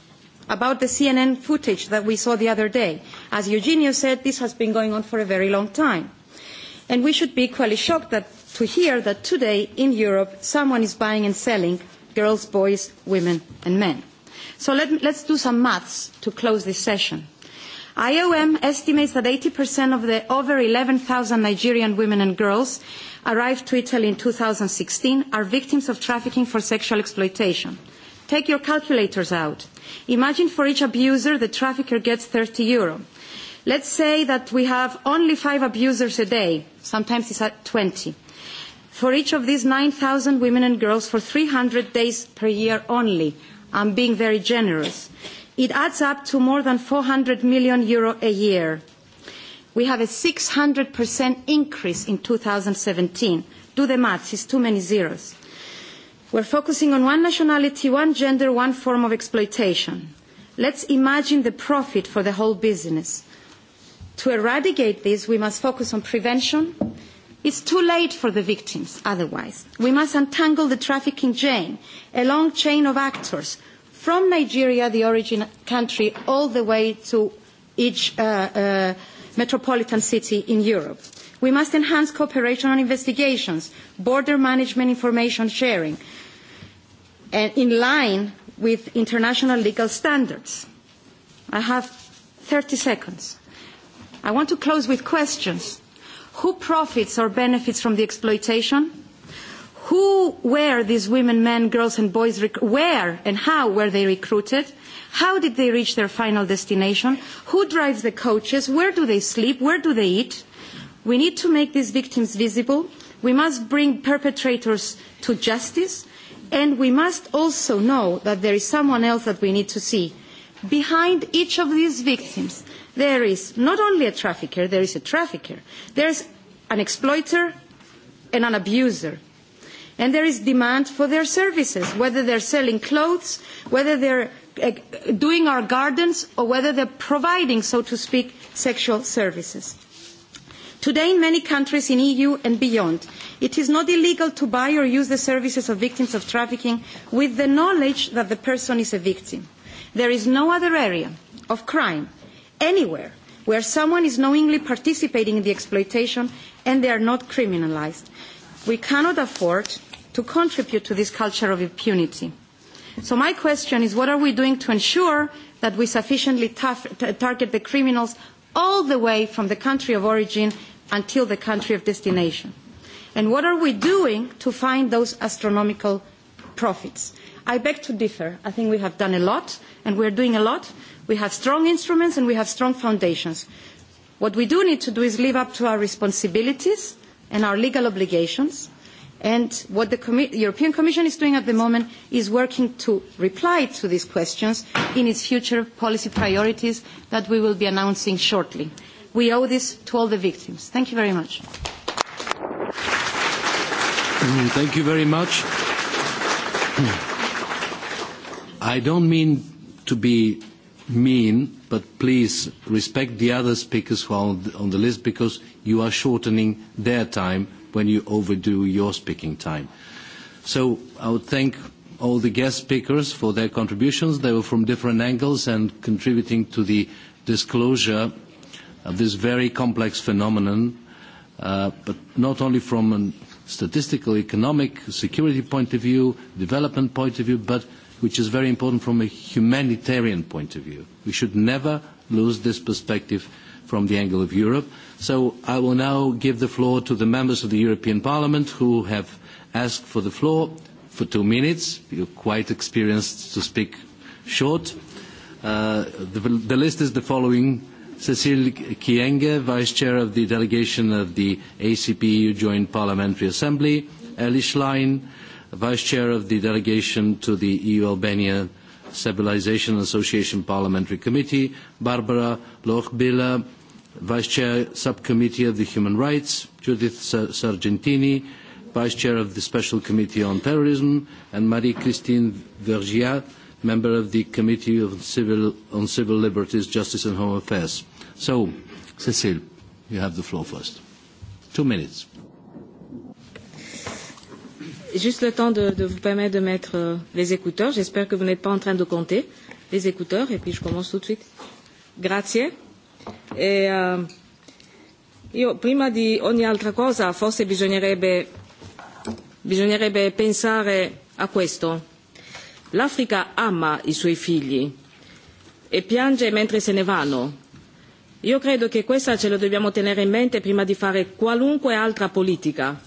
about the CNN footage that we saw the other day. As Eugenio said, this has been going on for a very long time. And we should be equally shocked that, to hear that today in Europe someone is buying and selling girls, boys, women and men. So let, let's do some maths to close this session. IOM estimates that 80% of the over 11,000 Nigerian women and girls arrived to Italy in 2016 are victims of trafficking for sexual exploitation. Take your calculators out. Imagine for each abuser the trafficker gets 30 euro. Let's say that we have only five abusers a day. Sometimes it's at 20. For each of these 9,000 women and girls for 300 days per year only. I'm being very generous. It adds up to more than 400 million euro a year. We have a 600% increase in 2017. Do the maths, it's too many zeros. We're focusing on one nationality, one gender, one form of exploitation. Let's imagine the profit for the whole business. To eradicate this, we must focus on prevention. It's too late for the victims otherwise. We must untangle the trafficking chain, a long chain of actors, from Nigeria, the origin country, all the way to each uh, uh, metropolitan city in Europe. We must enhance cooperation on investigations, border management information sharing, and in line with international legal standards. I have 30 seconds. I want to close with questions. Who profits or benefits from the exploitation? Who were these women, men, girls and boys, where and how were they recruited? How did they reach their final destination? Who drives the coaches? Where do they sleep? Where do they eat? We need to make these victims visible. We must bring perpetrators to justice. And we must also know that there is someone else that we need to see. Behind each of these victims, there is not only a trafficker, there is a trafficker. There is an exploiter and an abuser. And there is demand for their services, whether they're selling clothes, whether they're eh, doing our gardens, or whether they're providing, so to speak, sexual services. Today, in many countries in EU and beyond, it is not illegal to buy or use the services of victims of trafficking with the knowledge that the person is a victim. There is no other area of crime anywhere where someone is knowingly participating in the exploitation and they are not criminalised. We cannot afford to contribute to this culture of impunity. So my question is, what are we doing to ensure that we sufficiently target the criminals all the way from the country of origin until the country of destination. And what are we doing to find those astronomical profits? I beg to differ. I think we have done a lot, and we are doing a lot. We have strong instruments and we have strong foundations. What we do need to do is live up to our responsibilities and our legal obligations And what the Com European Commission is doing at the moment is working to reply to these questions in its future policy priorities that we will be announcing shortly. We owe this to all the victims. Thank you very much. Mm, thank you very much. I don't mean to be mean, but please respect the other speakers who are on the list because you are shortening their time when you overdo your speaking time. So I would thank all the guest speakers for their contributions. They were from different angles and contributing to the disclosure of this very complex phenomenon, uh, but not only from a statistical, economic, security point of view, development point of view, but which is very important from a humanitarian point of view. We should never lose this perspective from the angle of Europe. So I will now give the floor to the members of the European Parliament who have asked for the floor for two minutes. You're quite experienced to speak short. Uh, the, the list is the following. Cecile Kienge, Vice Chair of the Delegation of the ACP-EU Joint Parliamentary Assembly, Eli Schlein, Vice Chair of the Delegation to the EU-Albania Stabilization Association Parliamentary Committee, Barbara Lochbiller, Vice Chair, Subcommittee of the Human Rights, Judith Sargentini, Vice Chair of the Special Committee on Terrorism, and Marie-Christine Vergiat, Member of the Committee on Civil, on Civil Liberties, Justice and Home Affairs. So, Cecile, you have the floor first. Two minutes. Juste le temps de, de vous permettre de mettre euh, les écouteurs. J'espère que vous n'êtes pas en train de compter les écouteurs. Et puis je commence tout de suite. Grazie. E, uh, io prima di ogni altra cosa forse bisognerebbe, bisognerebbe pensare a questo. L'Africa ama i suoi figli e piange mentre se ne vanno. Io credo che questa ce lo dobbiamo tenere in mente prima di fare qualunque altra politica.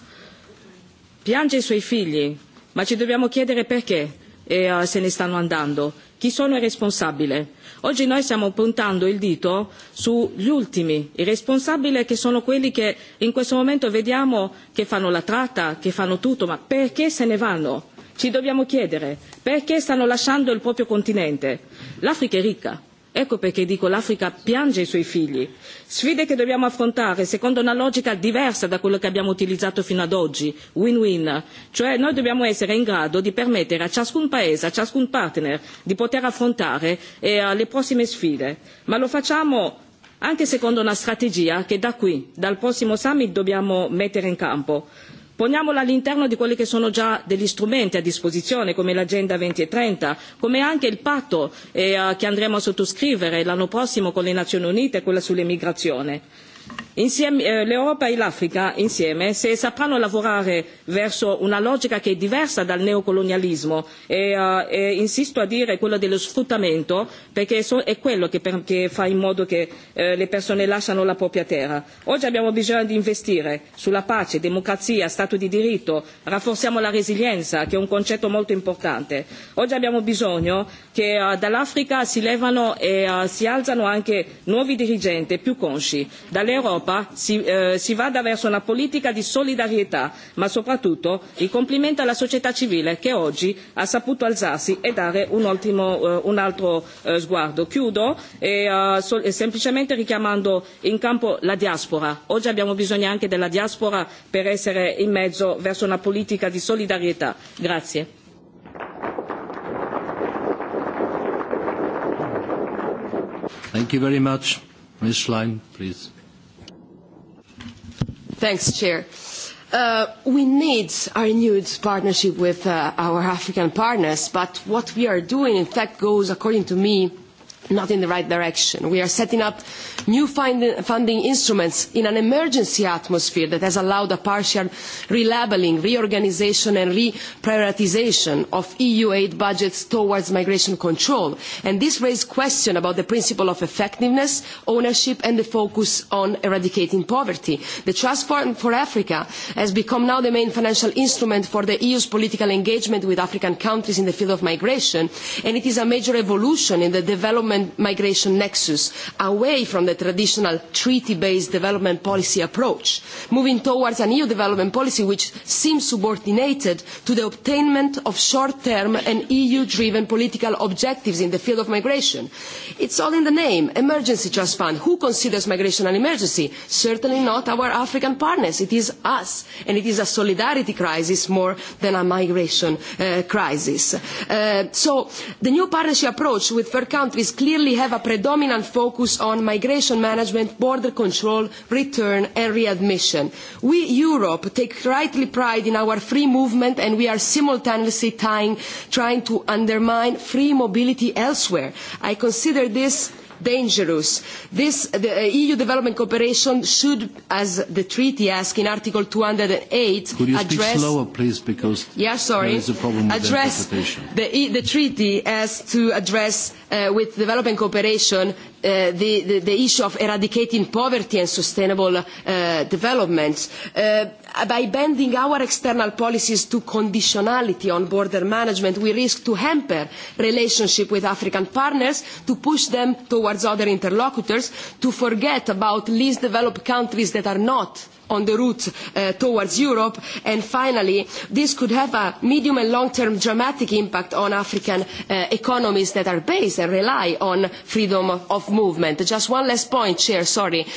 Piange i suoi figli, ma ci dobbiamo chiedere perché e, uh, se ne stanno andando chi sono i responsabili. Oggi noi stiamo puntando il dito sugli ultimi, i responsabili che sono quelli che in questo momento vediamo che fanno la tratta, che fanno tutto, ma perché se ne vanno? Ci dobbiamo chiedere perché stanno lasciando il proprio continente. L'Africa è ricca, Ecco perché dico l'Africa piange i suoi figli. Sfide che dobbiamo affrontare secondo una logica diversa da quella che abbiamo utilizzato fino ad oggi, win-win. Cioè noi dobbiamo essere in grado di permettere a ciascun paese, a ciascun partner di poter affrontare eh, le prossime sfide. Ma lo facciamo anche secondo una strategia che da qui, dal prossimo summit, dobbiamo mettere in campo Poniamola all'interno di quelli che sono già degli strumenti a disposizione come l'agenda 2030 come anche il patto eh, che andremo a sottoscrivere l'anno prossimo con le Nazioni Unite quella sull'immigrazione Eh, l'Europa e l'Africa insieme, se sapranno lavorare verso una logica che è diversa dal neocolonialismo e, eh, insisto a dire quello dello sfruttamento, perché è quello che, fa in modo che eh, le persone lasciano la propria terra. Oggi abbiamo bisogno di investire sulla pace, democrazia, Stato di diritto, rafforziamo la resilienza, che è un concetto molto importante. Oggi abbiamo bisogno che dall'Africa si levano e si alzano anche nuovi dirigenti più consci. Dall'Europa L'Europa si, eh, si vada verso una politica di solidarietà, ma soprattutto i complimenti alla società civile che oggi ha saputo alzarsi e dare un, ultimo, eh, un altro eh, sguardo. Chiudo e, eh, eh, sol- eh, semplicemente richiamando in campo la diaspora. Oggi abbiamo bisogno anche della diaspora per essere in mezzo verso una politica di solidarietà. Grazie. Thank you very much. Ms. Schlein, please. Thanks, Chair. Uh, we need a renewed partnership with uh, our African partners, but what we are doing, in fact, goes, according to me, not in the right direction. We are setting up new find, funding instruments in an emergency atmosphere that has allowed a partial relabeling, reorganisation and reprioritisation of EU aid budgets towards migration control. And this raised questions about the principle of effectiveness, ownership and the focus on eradicating poverty. The Trust Fund for Africa has become now the main financial instrument for the EU's political engagement with African countries in the field of migration and it is a major evolution in the development migration nexus away from the traditional treaty-based development policy approach, moving towards an EU development policy which seems subordinated to the obtainment of short-term and EU-driven political objectives in the field of migration. It's all in the name, emergency trust fund. Who considers migration an emergency? Certainly not our African partners. It is us, and it is a solidarity crisis more than a migration uh, crisis. Uh, so the new partnership approach with third countries clearly clearly have a predominant focus on migration management, border control, return and readmission. We, Europe, take rightly pride in our free movement and we are simultaneously trying to undermine free mobility elsewhere. I consider this dangerous. This, the uh, EU development cooperation should, as the treaty asks in Article 208, Could you address, speak slower, please, because yeah, sorry, there is a problem with address the, the, the treaty as to address uh, with development cooperation Uh, the, the, the, issue of eradicating poverty and sustainable uh, development. Uh, Uh, by bending our external policies to conditionality on border management, we risk to hamper relationship with African partners, to push them towards other interlocutors, to forget about least developed countries that are not on the route uh, towards Europe. And finally, this could have a medium and long-term dramatic impact on African uh, economies that are based and rely on freedom of, movement. Just one last point, Chair, sorry. Uh,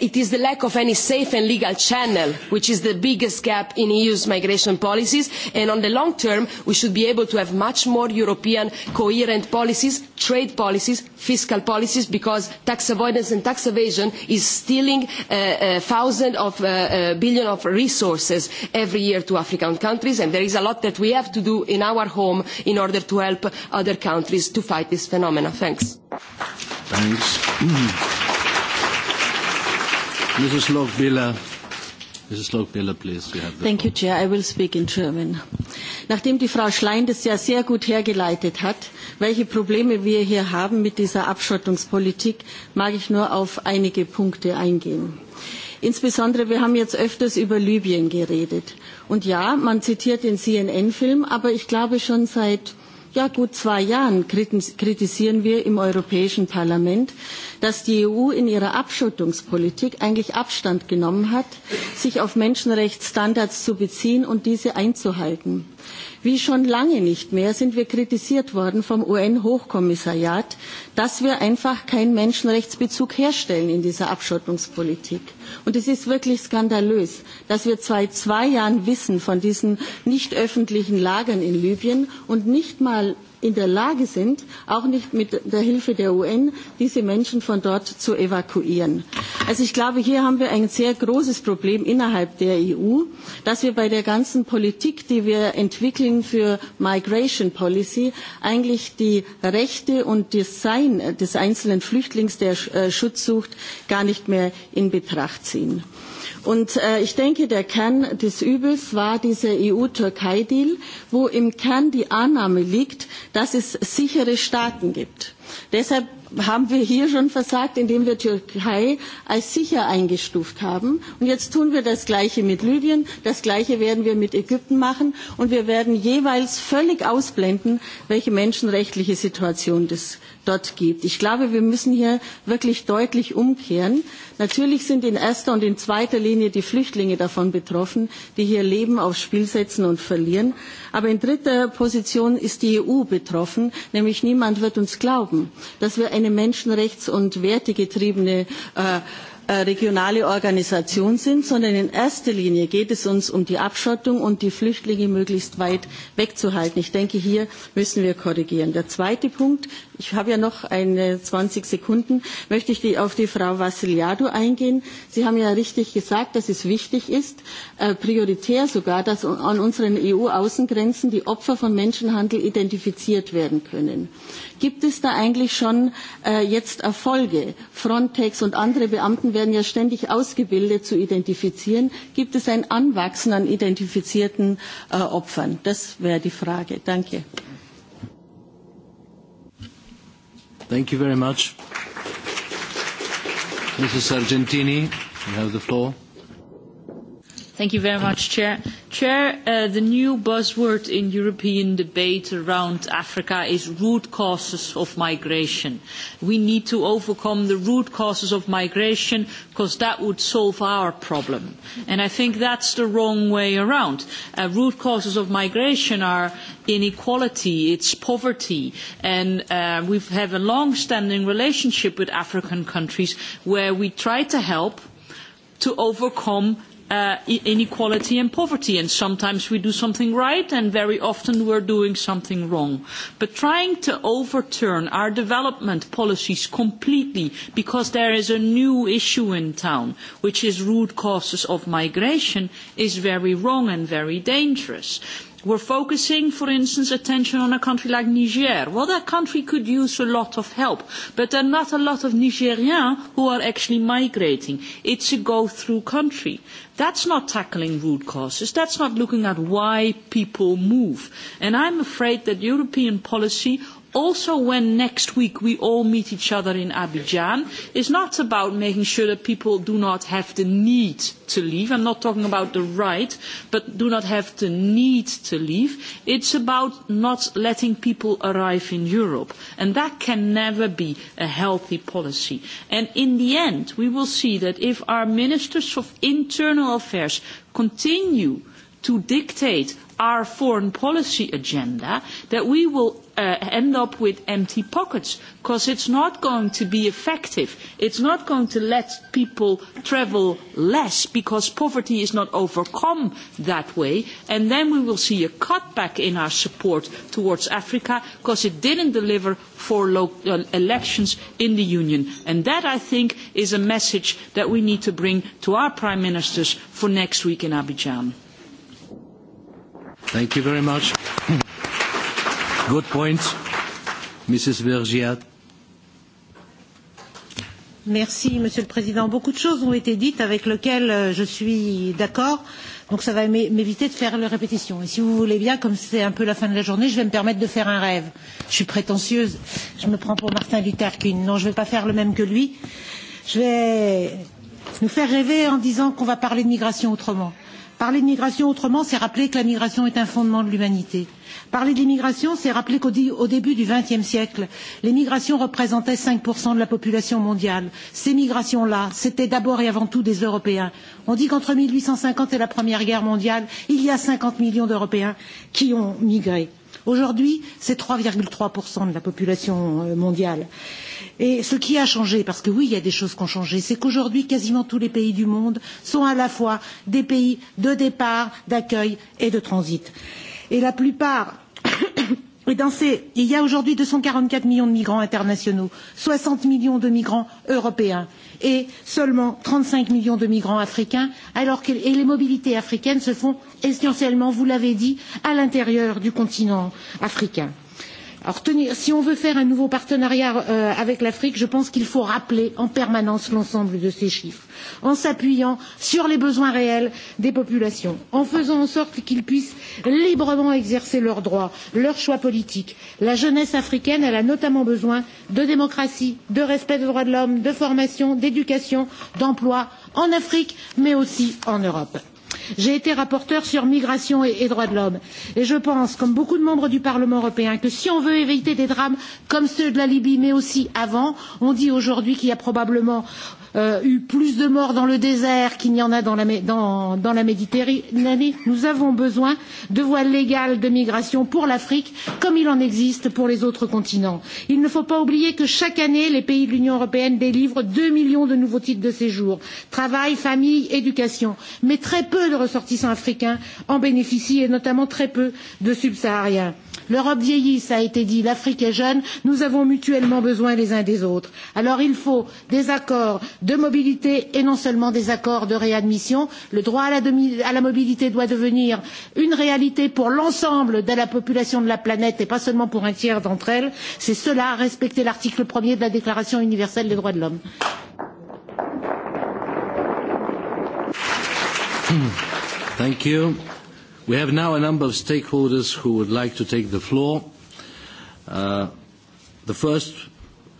it is the lack of any safe and legal channel which is the biggest gap in eu's migration policies and on the long term we should be able to have much more european coherent policies trade policies fiscal policies because tax avoidance and tax evasion is stealing thousands of Uh, uh, billion of resources every year to African countries, and there is a lot that we have to do in our home in order to help other countries to fight this phenomenon. Thanks. Thanks. Mm. Mrs. Lochbiller. Thank you, Chair. I will speak in German. Nachdem die Frau Schlein das ja sehr gut hergeleitet hat, welche Probleme wir hier haben mit dieser Abschottungspolitik, mag ich nur auf einige Punkte eingehen. Insbesondere, wir haben jetzt öfters über Libyen geredet. Und ja, man zitiert den CNN-Film, aber ich glaube schon seit ja, gut zwei Jahren kritisieren wir im Europäischen Parlament, dass die EU in ihrer Abschottungspolitik eigentlich Abstand genommen hat, sich auf Menschenrechtsstandards zu beziehen und diese einzuhalten. Wie schon lange nicht mehr sind wir kritisiert worden vom UN-Hochkommissariat, dass wir einfach keinen Menschenrechtsbezug herstellen in dieser Abschottungspolitik. Und es ist wirklich skandalös, dass wir seit zwei Jahren wissen von diesen nicht öffentlichen Lagern in Libyen und nicht mal in der Lage sind, auch nicht mit der Hilfe der UN, diese Menschen von dort zu evakuieren. Also ich glaube, hier haben wir ein sehr großes Problem innerhalb der EU, dass wir bei der ganzen Politik, die wir entwickeln für Migration Policy, eigentlich die Rechte und das Sein des einzelnen Flüchtlings, der äh, Schutz sucht, gar nicht mehr in Betracht ziehen. Und äh, ich denke, der Kern des Übels war dieser EU-Türkei-Deal, wo im Kern die Annahme liegt, dass es sichere Staaten gibt. Deshalb haben wir hier schon versagt, indem wir Türkei als sicher eingestuft haben. Und jetzt tun wir das Gleiche mit Libyen, das Gleiche werden wir mit Ägypten machen und wir werden jeweils völlig ausblenden, welche menschenrechtliche Situation das dort gibt. Ich glaube, wir müssen hier wirklich deutlich umkehren. Natürlich sind in erster und in zweiter Linie die Flüchtlinge davon betroffen, die hier Leben aufs Spiel setzen und verlieren. Aber in dritter Position ist die EU betroffen, nämlich niemand wird uns glauben, dass wir eine menschenrechts- und wertegetriebene äh, Äh, regionale Organisation sind, sondern in erster Linie geht es uns um die Abschottung und die Flüchtlinge möglichst weit wegzuhalten. Ich denke, hier müssen wir korrigieren. Der zweite Punkt, ich habe ja noch zwanzig 20 Sekunden, möchte ich auf die Frau Vassiliadou eingehen. Sie haben ja richtig gesagt, dass es wichtig ist, äh, prioritär sogar, dass an unseren EU-Außengrenzen die Opfer von Menschenhandel identifiziert werden können. Gibt es da eigentlich schon äh, jetzt Erfolge? Frontex und andere Beamten werden ja ständig ausgebildet zu identifizieren, gibt es ein Anwachsen an identifizierten äh, Opfern? Das wäre die Frage. Danke. Thank you very much. Mrs. Sargentini, you have the floor. Thank you very much, Chair. Chair, uh, the new buzzword in European debate around Africa is root causes of migration. We need to overcome the root causes of migration because that would solve our problem. And I think that's the wrong way around. Uh, root causes of migration are inequality, it's poverty. And uh, we have a long-standing relationship with African countries where we try to help to overcome uh, inequality and poverty. And sometimes we do something right, and very often we're doing something wrong. But trying to overturn our development policies completely because there is a new issue in town, which is root causes of migration, is very wrong and very dangerous. We're focusing, for instance, attention on a country like Niger. Well, that country could use a lot of help, but there are not a lot of Nigerians who are actually migrating. It's a go-through country. That's not tackling root causes. That's not looking at why people move. And I'm afraid that European policy also when next week we all meet each other in Abidjan, is not about making sure that people do not have the need to leave. I'm not talking about the right, but do not have the need to leave. It's about not letting people arrive in Europe. And that can never be a healthy policy. And in the end, we will see that if our ministers of internal affairs continue to dictate our foreign policy agenda, that we will uh, end up with empty pockets because it's not going to be effective. It's not going to let people travel less because poverty is not overcome that way. And then we will see a cutback in our support towards Africa because it didn't deliver for local uh, elections in the Union. And that, I think, is a message that we need to bring to our prime ministers for next week in Abidjan. Thank you very much. Good point, Mrs. Vergiat. Merci, Monsieur le Président. Beaucoup de choses ont été dites avec lesquelles euh, je suis d'accord. Donc ça va m'éviter de faire les répétitions. Et si vous voulez bien, comme c'est un peu la fin de la journée, je vais me permettre de faire un rêve. Je suis prétentieuse. Je me prends pour Martin Luther King. Non, je ne vais pas faire le même que lui. Je vais nous faire rêver en disant qu'on va parler de migration autrement. Parler de migration autrement, c'est rappeler que la migration est un fondement de l'humanité. Parler de l'immigration, c'est rappeler qu'au début du XXe siècle, les migrations représentaient 5% de la population mondiale. Ces migrations-là, c'était d'abord et avant tout des Européens. On dit qu'entre 1850 et la Première Guerre mondiale, il y a 50 millions d'Européens qui ont migré. Aujourd'hui, c'est 3,3% de la population euh, mondiale. Euh, Et ce qui a changé, parce que oui, il y a des choses qui ont changé, c'est qu'aujourd'hui, quasiment tous les pays du monde sont à la fois des pays de départ, d'accueil et de transit. Et la plupart Et dans ces, il y a aujourd'hui 244 millions de migrants internationaux, 60 millions de migrants européens et seulement 35 millions de migrants africains, alors que et les mobilités africaines se font essentiellement, vous l'avez dit, à l'intérieur du continent africain. Alors, tenir, si on veut faire un nouveau partenariat euh, avec l'Afrique, je pense qu'il faut rappeler en permanence l'ensemble de ces chiffres, en s'appuyant sur les besoins réels des populations, en faisant en sorte qu'ils puissent librement exercer leurs droits, leurs choix politiques. La jeunesse africaine, elle a notamment besoin de démocratie, de respect des droits de l'homme, de formation, d'éducation, d'emploi en Afrique, mais aussi en Europe. J'ai été rapporteur sur migration et, et droits de l'homme et je pense, comme beaucoup de membres du Parlement européen, que si on veut éviter des drames comme ceux de la Libye, mais aussi avant, on dit aujourd'hui qu'il y a probablement euh, eu plus de morts dans le désert qu'il n'y en a dans la, dans, dans la Méditerranée. Nous avons besoin de voies légales de migration pour l'Afrique, comme il en existe pour les autres continents. Il ne faut pas oublier que chaque année, les pays de l'Union européenne délivrent 2 millions de nouveaux titres de séjour travail, famille, éducation. Mais très peu de ressortissants africains en bénéficient, et notamment très peu de subsahariens. L'Europe vieillit, ça a été dit, l'Afrique est jeune, nous avons mutuellement besoin les uns des autres. Alors il faut des accords de mobilité et non seulement des accords de réadmission. Le droit à la, demi, à la mobilité doit devenir une réalité pour l'ensemble de la population de la planète et pas seulement pour un tiers d'entre elles. C'est cela, respecter l'article 1er de la Déclaration universelle des droits de l'homme. Thank you. We have now a number of stakeholders who would like to take the floor. Uh, the first,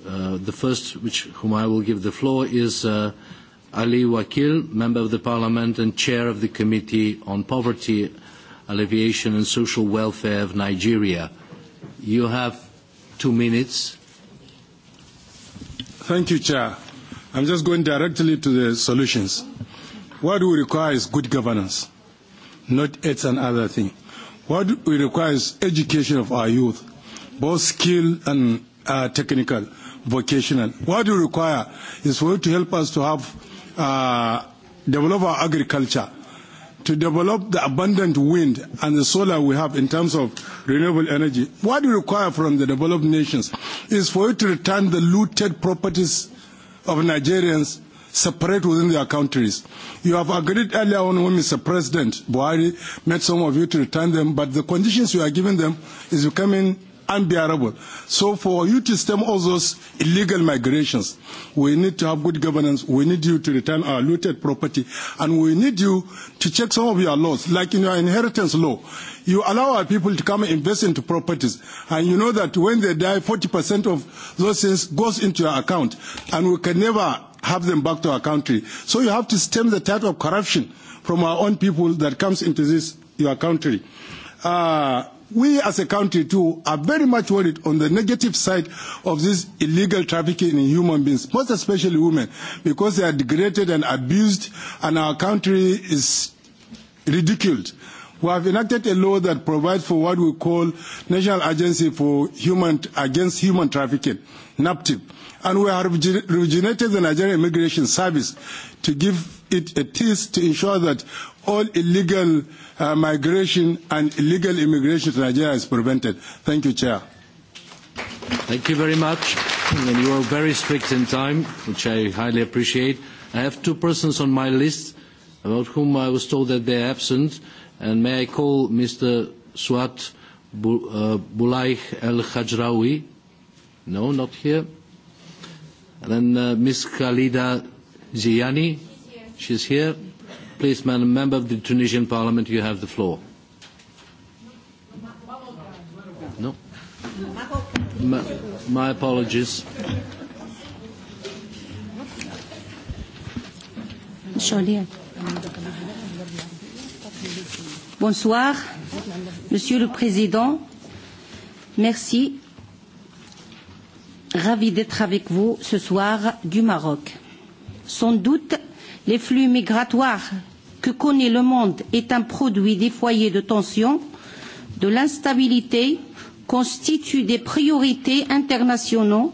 uh, the first which, whom I will give the floor is uh, Ali Wakil, Member of the Parliament and Chair of the Committee on Poverty Alleviation and Social Welfare of Nigeria. You have two minutes. Thank you, Chair. I'm just going directly to the solutions. What we require is good governance not it's another thing. What we require is education of our youth, both skill and uh, technical, vocational. What we require is for you to help us to have uh, develop our agriculture, to develop the abundant wind and the solar we have in terms of renewable energy. What we require from the developed nations is for you to return the looted properties of Nigerians separate within their countries. You have agreed earlier on when Mr. President Buhari met some of you to return them, but the conditions you are giving them is becoming unbearable. So for you to stem all those illegal migrations, we need to have good governance. We need you to return our looted property. And we need you to check some of your laws, like in your inheritance law. You allow our people to come and invest into properties. And you know that when they die, 40% of those things goes into your account. And we can never have them back to our country. So you have to stem the tide of corruption from our own people that comes into this, your country. Uh, we as a country too are very much worried on the negative side of this illegal trafficking in human beings, most especially women, because they are degraded and abused and our country is ridiculed. We have enacted a law that provides for what we call National Agency for Human, Against Human Trafficking, NAPTIP And we have rejuvenated the Nigerian Immigration Service to give it a taste to ensure that all illegal uh, migration and illegal immigration to Nigeria is prevented. Thank you, Chair. Thank you very much. And you are very strict in time, which I highly appreciate. I have two persons on my list about whom I was told that they are absent. And may I call Mr. Suat uh, Bulaih El Hajraoui? No, not here. And then uh, Ms. Khalida Ziani, she's here. Please, Madam Member of the Tunisian Parliament, you have the floor. No? My, my apologies. Bonsoir, Monsieur le Président. Merci ravie d'être avec vous ce soir du Maroc. Sans doute, les flux migratoires que connaît le monde est un produit des foyers de tension, de l'instabilité, constitue des priorités internationales,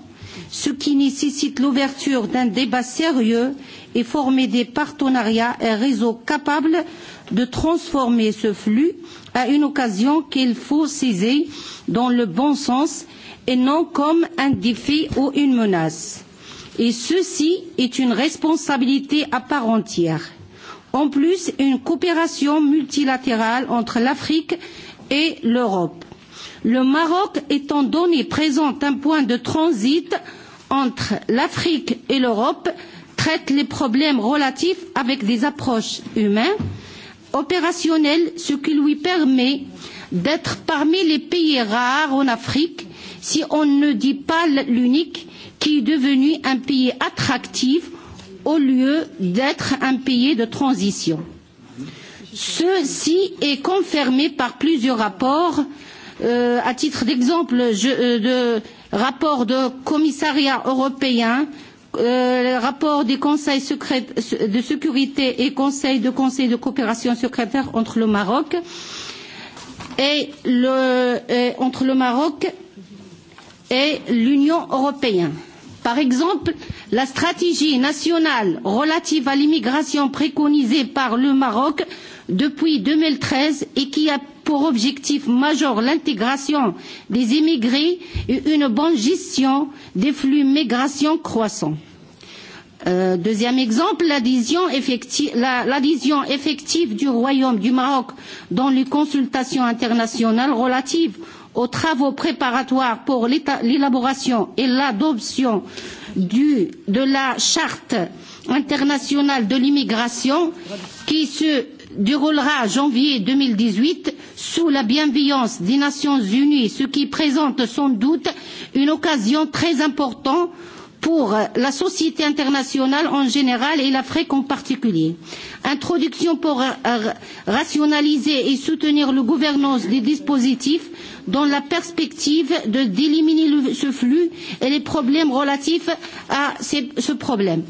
ce qui nécessite l'ouverture d'un débat sérieux et former des partenariats et réseaux capables de transformer ce flux à une occasion qu'il faut saisir dans le bon sens et non comme un défi ou une menace. Et ceci est une responsabilité à part entière. En plus, une coopération multilatérale entre l'Afrique et l'Europe. Le Maroc étant donné présente un point de transit entre l'Afrique et l'Europe, traite les problèmes relatifs avec des approches humaines, opérationnelles, ce qui lui permet d'être parmi les pays rares en Afrique si on ne dit pas l'unique qui est devenu un pays attractif au lieu d'être un pays de transition. Ceci est confirmé par plusieurs rapports. Euh, à titre d'exemple, euh, de rapport de commissariat européen, euh, rapport des conseils secrets, de sécurité et conseil de conseil de coopération secrétaire entre le Maroc et, le, euh, entre le Maroc et l'Union européenne. Par exemple, la stratégie nationale relative à l'immigration préconisée par le Maroc depuis 2013 et qui a pour objectif majeur l'intégration des immigrés et une bonne gestion des flux migration croissants. Euh, deuxième exemple, l'adhésion effective, la, effective du Royaume du Maroc dans les consultations internationales relatives aux travaux préparatoires pour l'élaboration et l'adoption de la charte internationale de l'immigration qui se déroulera en janvier 2018 sous la bienveillance des Nations Unies, ce qui présente sans doute une occasion très importante pour la société internationale en général et l'Afrique en particulier. Introduction pour rationaliser et soutenir la gouvernance des dispositifs dans la perspective d'éliminer ce flux et les problèmes relatifs à ce problème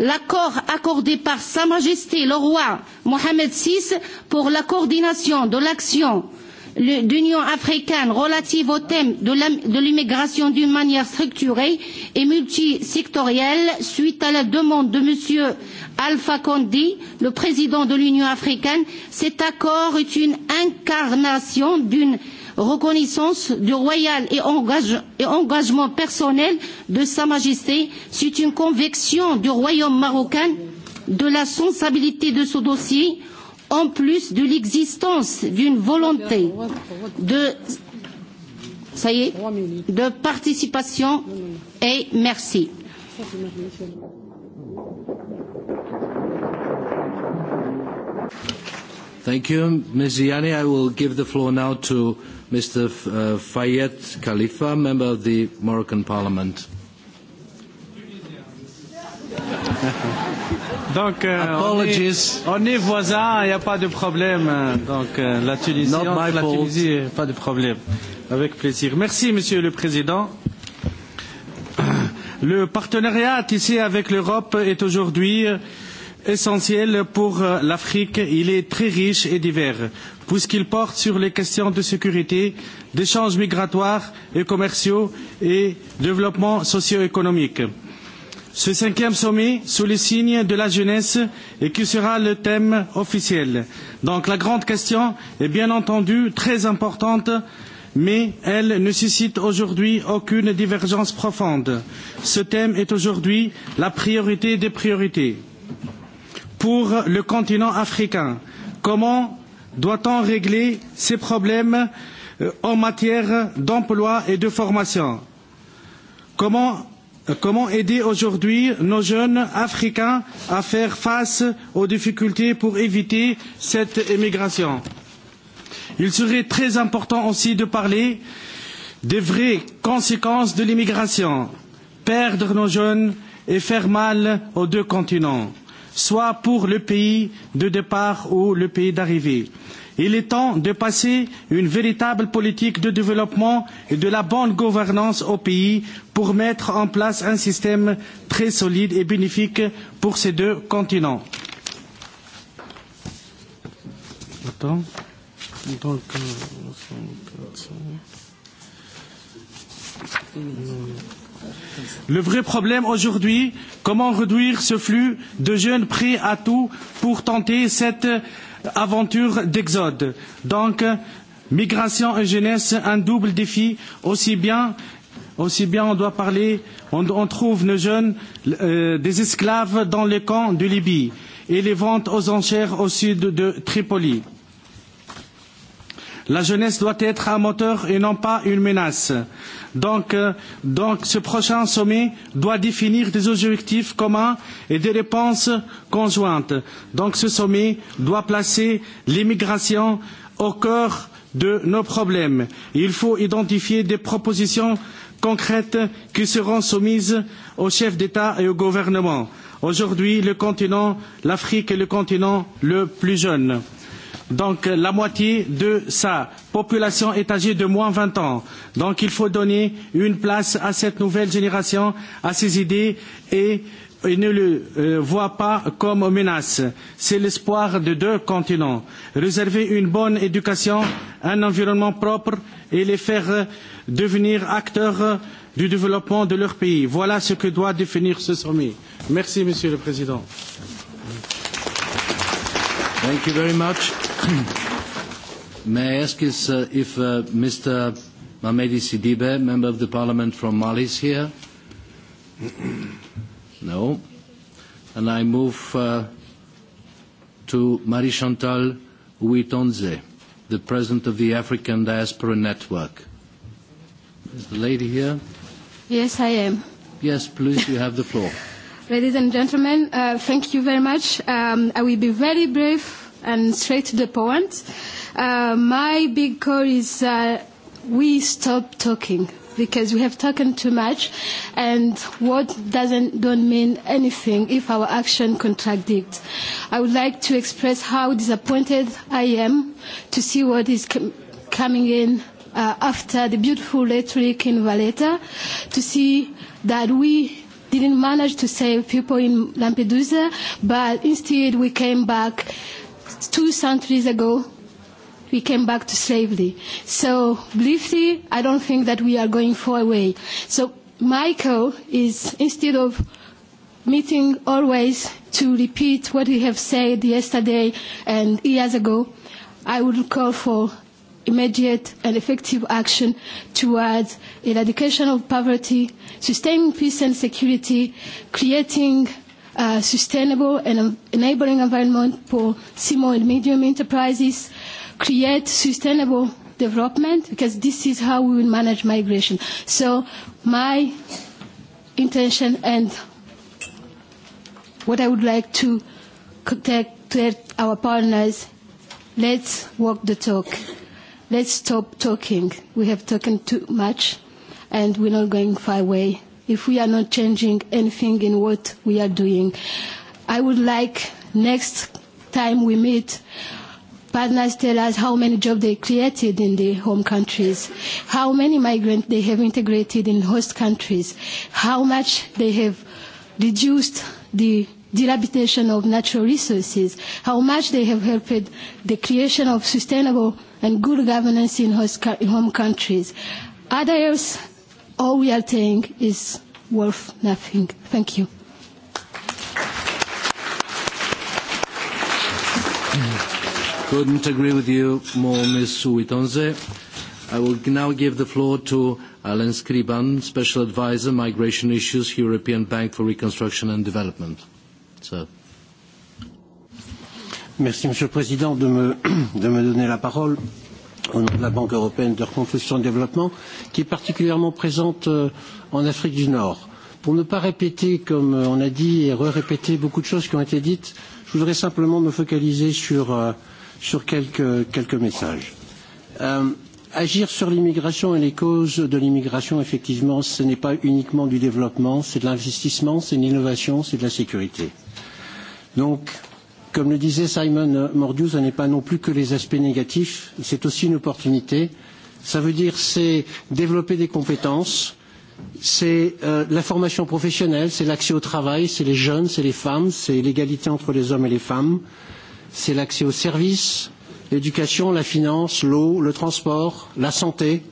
l'accord accordé par Sa Majesté le roi Mohamed VI pour la coordination de l'action d'Union africaine relative au thème de l'immigration d'une manière structurée et multisectorielle suite à la demande de M. Alpha Condi, le président de l'Union africaine, cet accord est une incarnation d'une reconnaissance du royal et, engage, et engagement personnel de Sa Majesté. C'est une conviction du royaume marocain de la sensibilité de ce dossier en plus de l'existence d'une volonté de, ça y est, de participation et merci. Thank you, Ms. Ziani. I will give the floor now to Mr. F uh, Fayed Khalifa, member of the Moroccan Parliament. Donc, euh, Apologies. On, est, on est voisins, il n'y a pas de problème. Donc, euh, la Tunisie, Not my la Tunisie, pas de problème. Avec plaisir. Merci, Monsieur le Président. Le partenariat ici avec l'Europe est aujourd'hui essentiel pour euh, l'Afrique. Il est très riche et divers, puisqu'il porte sur les questions de sécurité, d'échanges migratoires et commerciaux et développement socio-économique. Ce cinquième sommet sous le signe de la jeunesse et qui sera le thème officiel. Donc la grande question est bien entendu très importante, mais elle ne suscite aujourd'hui aucune divergence profonde. Ce thème est aujourd'hui la priorité des priorités. Pour le continent africain, comment doit-on régler ces problèmes euh, en matière d'emploi et de formation Comment Euh, comment aider aujourd'hui nos jeunes africains à faire face aux difficultés pour éviter cette émigration Il serait très important aussi de parler des vraies conséquences de l'immigration, perdre nos jeunes et faire mal aux deux continents, soit pour le pays de départ ou le pays d'arrivée. Il est temps de passer une véritable politique de développement et de la bonne gouvernance au pays pour mettre en place un système très solide et bénéfique pour ces deux continents. Attends. Donc, euh, le vrai problème aujourd'hui, comment réduire ce flux de jeunes prêts à tout pour tenter cette aventure d'exode. Donc, migration et jeunesse, un double défi, aussi bien aussi bien on doit parler, on, on trouve nos jeunes euh, des esclaves dans les camps de Libye et les ventes aux enchères au sud de Tripoli. La jeunesse doit être un moteur et non pas une menace. Donc, euh, donc ce prochain sommet doit définir des objectifs communs et des réponses conjointes. Donc ce sommet doit placer l'immigration au cœur de nos problèmes. Il faut identifier des propositions concrètes qui seront soumises aux chefs d'État et au gouvernement. Aujourd'hui, le continent, l'Afrique est le continent le plus jeune. Donc euh, la moitié de sa population est âgée de moins de vingt ans. Donc il faut donner une place à cette nouvelle génération, à ses idées et il ne le euh, voit pas comme menace. C'est l'espoir de deux continents. Réserver une bonne éducation, un environnement propre et les faire euh, devenir acteurs euh, du développement de leur pays. Voilà ce que doit définir ce sommet. Merci, Monsieur le Président. Thank you very much. May I ask is, uh, if uh, Mr. Mamedi Sidibe, Member of the Parliament from Mali, is here? no. And I move uh, to Marie-Chantal Huitonze, the President of the African Diaspora Network. Is the lady here? Yes, I am. Yes, please, you have the floor. Ladies and gentlemen, uh, thank you very much. Um, I will be very brief and straight to the point. Uh, my big call is uh, we stop talking because we have talked too much and what doesn't don't mean anything if our action contradicts. I would like to express how disappointed I am to see what is com coming in uh, after the beautiful rhetoric in Valletta, to see that we didn't manage to save people in Lampedusa, but instead we came back two centuries ago, we came back to slavery. So briefly, I don't think that we are going far away. So Michael is, instead of meeting always to repeat what we have said yesterday and years ago, I would call for immediate and effective action towards eradication of poverty, sustaining peace and security, creating Uh, sustainable and enabling environment for small and medium enterprises, create sustainable development, because this is how we will manage migration. So my intention and what I would like to take to our partners, let's walk the talk. Let's stop talking. We have talked too much and we're not going far away if we are not changing anything in what we are doing. I would like next time we meet, partners tell us how many jobs they created in their home countries, how many migrants they have integrated in host countries, how much they have reduced the dilapidation of natural resources, how much they have helped the creation of sustainable and good governance in, host, in home countries. Others all we are saying is worth nothing. Thank you. Couldn't agree with you more, Ms. Suitonze. I will now give the floor to Alain Scriban, Special Advisor, Migration Issues, European Bank for Reconstruction and Development. Sir. Merci, Monsieur le Président, de me, de me donner la parole au nom de la Banque européenne de reconstruction et de développement, qui est particulièrement présente euh, en Afrique du Nord. Pour ne pas répéter, comme euh, on a dit et re-répéter beaucoup de choses qui ont été dites, je voudrais simplement me focaliser sur, euh, sur quelques, quelques messages. Euh, agir sur l'immigration et les causes de l'immigration, effectivement, ce n'est pas uniquement du développement, c'est de l'investissement, c'est de l'innovation, c'est de la sécurité. Donc, Comme le disait Simon Mordieu, ce n'est pas non plus que les aspects négatifs, c'est aussi une opportunité. Ça veut dire c'est développer des compétences, c'est euh, la formation professionnelle, c'est l'accès au travail, c'est les jeunes, c'est les femmes, c'est l'égalité entre les hommes et les femmes, c'est l'accès aux services, l'éducation, la finance, l'eau, le transport, la santé.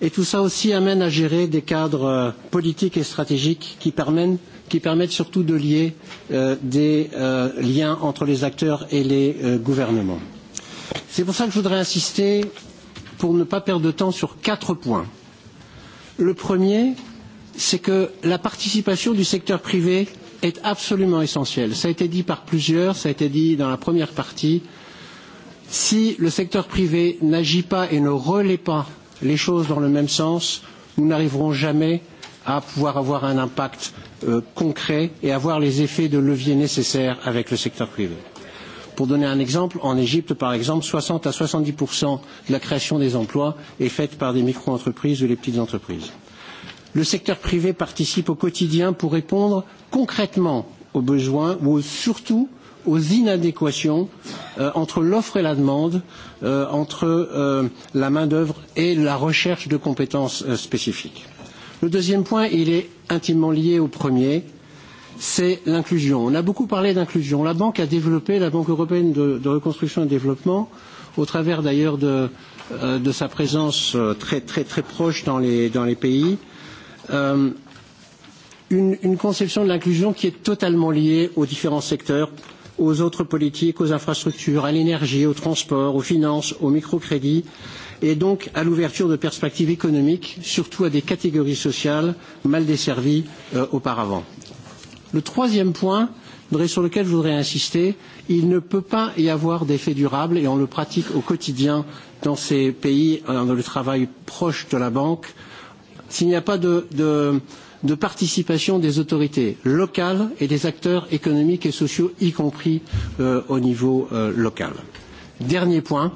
Et tout ça aussi amène à gérer des cadres euh, politiques et stratégiques qui permettent qui permettent surtout de lier euh, des euh, liens entre les acteurs et les euh, gouvernements. C'est pour ça que je voudrais insister, pour ne pas perdre de temps, sur quatre points. Le premier, c'est que la participation du secteur privé est absolument essentielle. Ça a été dit par plusieurs, ça a été dit dans la première partie. Si le secteur privé n'agit pas et ne relaie pas les choses dans le même sens, nous n'arriverons jamais à pouvoir avoir un impact Euh, concret et avoir les effets de levier nécessaires avec le secteur privé. Pour donner un exemple, en Égypte, par exemple, 60 à 70 de la création des emplois est faite par des micro-entreprises ou des petites entreprises. Le secteur privé participe au quotidien pour répondre concrètement aux besoins ou surtout aux inadéquations euh, entre l'offre et la demande, euh, entre euh, la main-d'œuvre et la recherche de compétences euh, spécifiques. Le deuxième point, il est intimement lié au premier, c'est l'inclusion. On a beaucoup parlé d'inclusion. La banque a développé, la Banque européenne de, de reconstruction et de développement, au travers d'ailleurs de, euh, de sa présence euh, très, très, très proche dans les, dans les pays, euh, une, une conception de l'inclusion qui est totalement liée aux différents secteurs, aux autres politiques, aux infrastructures, à l'énergie, au transport, aux finances, au microcrédit. Euh, et donc à l'ouverture de perspectives économiques, surtout à des catégories sociales mal desservies euh, auparavant. Le troisième point sur lequel je voudrais insister, il ne peut pas y avoir d'effet durable et on le pratique au quotidien dans ces pays, euh, dans le travail proche de la banque, s'il n'y a pas de, de, de participation des autorités locales et des acteurs économiques et sociaux, y compris euh, au niveau euh, local. Dernier point,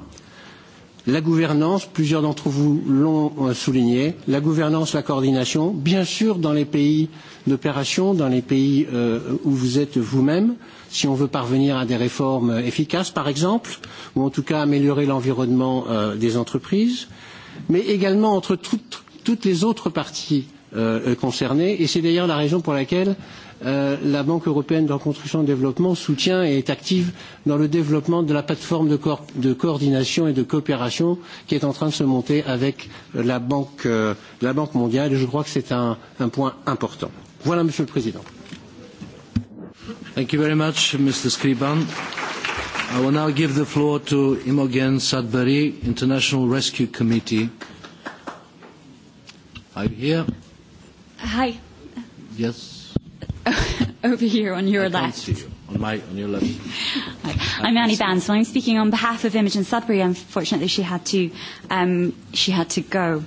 la gouvernance, plusieurs d'entre vous l'ont euh, souligné, la gouvernance, la coordination, bien sûr dans les pays d'opération, dans les pays euh, où vous êtes vous-même, si on veut parvenir à des réformes euh, efficaces par exemple, ou en tout cas améliorer l'environnement des entreprises, mais également entre toutes, toutes les autres parties concernées, et c'est d'ailleurs la raison pour laquelle Euh, la Banque européenne de reconstruction et de développement soutient et est active dans le développement de la plateforme de, co de coordination et de coopération qui est en train de se monter avec la Banque, euh, la banque mondiale. Et je crois que c'est un, un point important. Voilà, Monsieur le Président. Thank you very much, Mr. Scriban. I will now give the floor to Imogen Sadbury, International Rescue Committee. Are you here? Hi. Yes. over here on your I left. Can't see you. On, my, on your left. I'm Annie Band, so I'm speaking on behalf of Imogen Sudbury. Unfortunately, she had to, um, she had to go.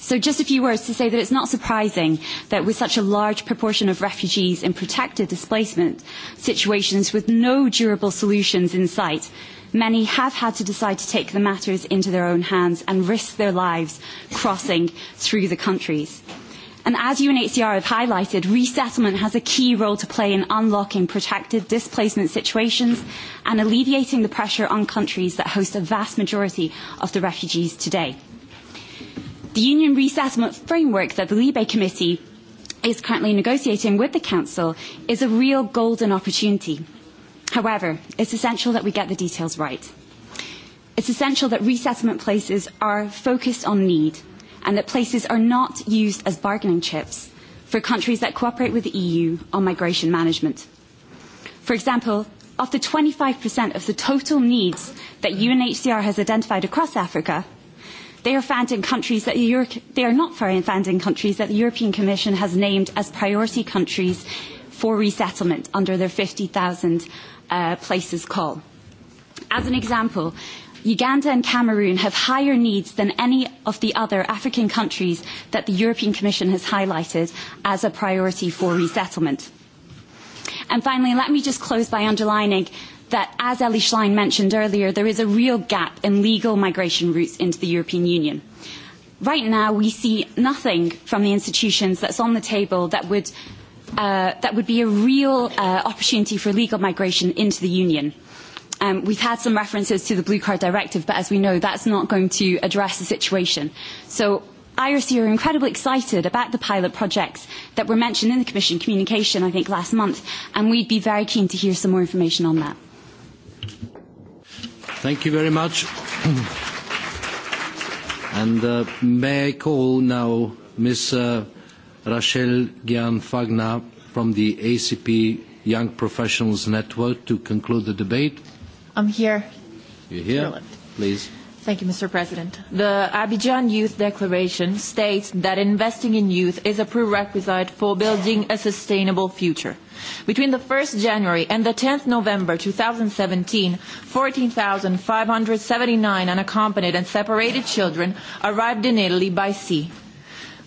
So just a few words to say that it's not surprising that with such a large proportion of refugees in protected displacement situations with no durable solutions in sight, many have had to decide to take the matters into their own hands and risk their lives crossing through the countries. And as UNHCR have highlighted, resettlement has a key role to play in unlocking protected displacement situations and alleviating the pressure on countries that host a vast majority of the refugees today. The Union Resettlement Framework that the Libe Committee is currently negotiating with the Council is a real golden opportunity. However, it's essential that we get the details right. It's essential that resettlement places are focused on need and that places are not used as bargaining chips for countries that cooperate with the EU on migration management. For example, of the 25% of the total needs that UNHCR has identified across Africa, they are found in countries that the Euro- they are not found in countries that the European Commission has named as priority countries for resettlement under their 50,000 uh, places call. As an example, Uganda and Cameroon have higher needs than any of the other African countries that the European Commission has highlighted as a priority for resettlement. And finally, let me just close by underlining that, as Ellie Schlein mentioned earlier, there is a real gap in legal migration routes into the European Union. Right now, we see nothing from the institutions that's on the table that would, uh, that would be a real uh, opportunity for legal migration into the Union. Um, we've had some references to the Blue Card Directive, but as we know, that's not going to address the situation. So IRC are incredibly excited about the pilot projects that were mentioned in the Commission communication, I think, last month, and we'd be very keen to hear some more information on that. Thank you very much. and uh, may I call now Ms. Uh, Rachel Gian-Fagna from the ACP Young Professionals Network to conclude the debate. I'm here. You're here? Please. Thank you, Mr. President. The Abidjan Youth Declaration states that investing in youth is a prerequisite for building a sustainable future. Between the 1st January and the 10th November 2017, 14,579 unaccompanied and separated children arrived in Italy by sea.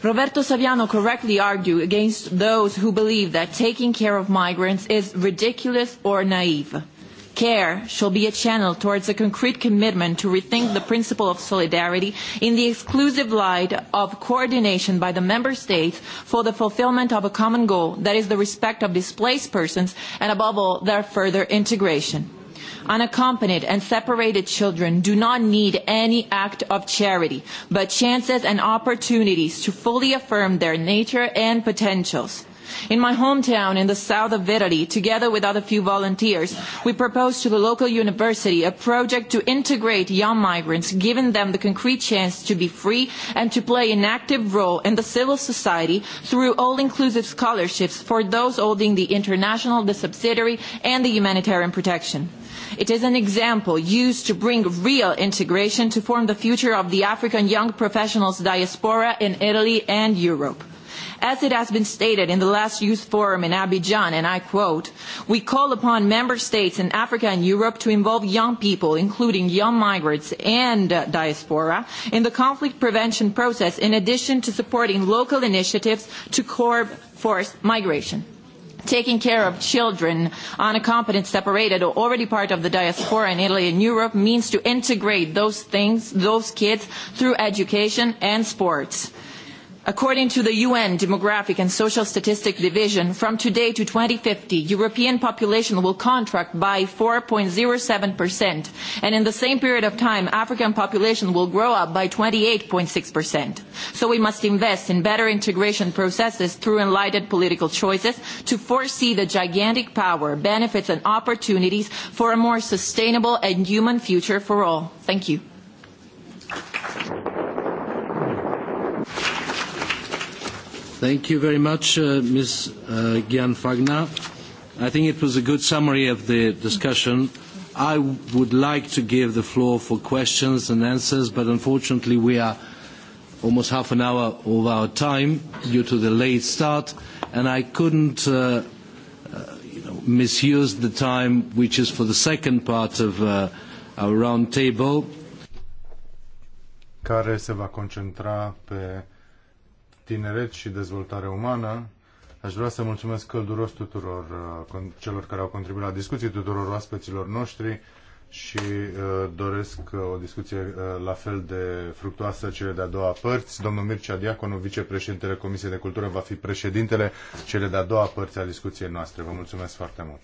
Roberto Saviano correctly argued against those who believe that taking care of migrants is ridiculous or naive care shall be a channel towards a concrete commitment to rethink the principle of solidarity in the exclusive light of coordination by the member states for the fulfilment of a common goal, that is the respect of displaced persons and above all their further integration. Unaccompanied and separated children do not need any act of charity, but chances and opportunities to fully affirm their nature and potentials. In my hometown in the south of Italy, together with other few volunteers, we proposed to the local university a project to integrate young migrants, giving them the concrete chance to be free and to play an active role in the civil society through all-inclusive scholarships for those holding the international, the subsidiary and the humanitarian protection. It is an example used to bring real integration to form the future of the African young professionals diaspora in Italy and Europe. As it has been stated in the last Youth Forum in Abidjan, and I quote, we call upon member states in Africa and Europe to involve young people, including young migrants and uh, diaspora, in the conflict prevention process, in addition to supporting local initiatives to curb forced migration taking care of children unaccompanied, separated, or already part of the diaspora in Italy and Europe means to integrate those things, those kids, through education and sports. According to the UN Demographic and Social Statistics Division, from today to 2050, European population will contract by 4.07%, and in the same period of time, African population will grow up by 28.6%. So we must invest in better integration processes through enlightened political choices to foresee the gigantic power, benefits and opportunities for a more sustainable and human future for all. Thank you. Thank you very much, uh, Ms. Uh, Gyan-Fagna. I think it was a good summary of the discussion. I would like to give the floor for questions and answers, but unfortunately we are almost half an hour of our time due to the late start, and I couldn't uh, uh, you know, misuse the time which is for the second part of uh, our Care se va concentra pe tineret și dezvoltare umană. Aș vrea să mulțumesc călduros tuturor uh, celor care au contribuit la discuții, tuturor oaspeților noștri și uh, doresc uh, o discuție la fel de fructoasă cele de-a doua părți. Domnul Mircea Diaconu, vicepreședintele Comisiei de Cultură, va fi președintele cele de-a doua părți a discuției noastre. Vă mulțumesc foarte mult!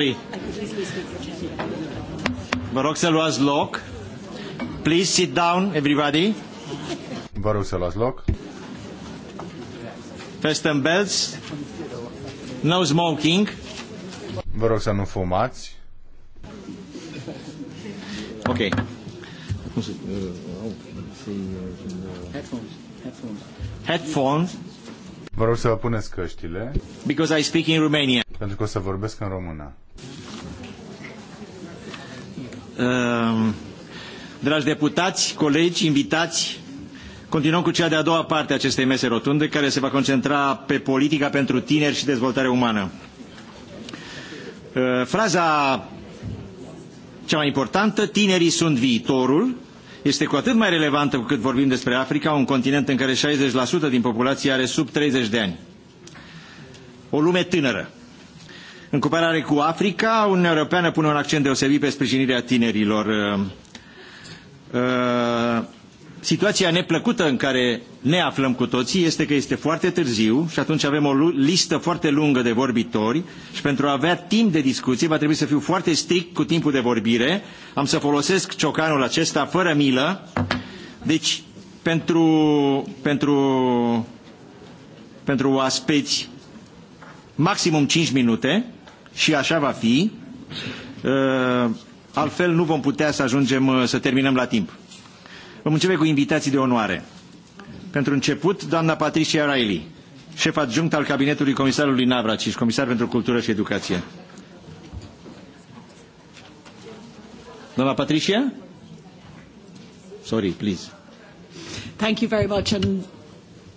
sorry. Vă rog să luați loc. Please sit down, everybody. Vă rog să luați loc. Fest and belts. No smoking. Vă rog să nu fumați. Ok. Headphones. Headphones. Headphones. Vă rog să vă puneți căștile. Because I speak in Romania pentru că o să vorbesc în română. Ehm, dragi deputați, colegi, invitați, continuăm cu cea de-a doua parte a acestei mese rotunde, care se va concentra pe politica pentru tineri și dezvoltare umană. Ehm, fraza cea mai importantă, tinerii sunt viitorul, este cu atât mai relevantă cu cât vorbim despre Africa, un continent în care 60% din populație are sub 30 de ani. O lume tânără. În cooperare cu Africa, Uniunea Europeană pune un accent deosebit pe sprijinirea tinerilor. Uh, uh, situația neplăcută în care ne aflăm cu toții este că este foarte târziu și atunci avem o listă foarte lungă de vorbitori și pentru a avea timp de discuție va trebui să fiu foarte strict cu timpul de vorbire. Am să folosesc ciocanul acesta fără milă. Deci, pentru, pentru, pentru aspeți maximum 5 minute și așa va fi. Ă, altfel nu vom putea să ajungem ă, să terminăm la timp. Vom începe cu invitații de onoare. Pentru început, doamna Patricia Riley, șef adjunct al cabinetului comisarului Navracis, comisar pentru cultură și educație. Doamna Patricia? Sorry, please. Thank you very much and,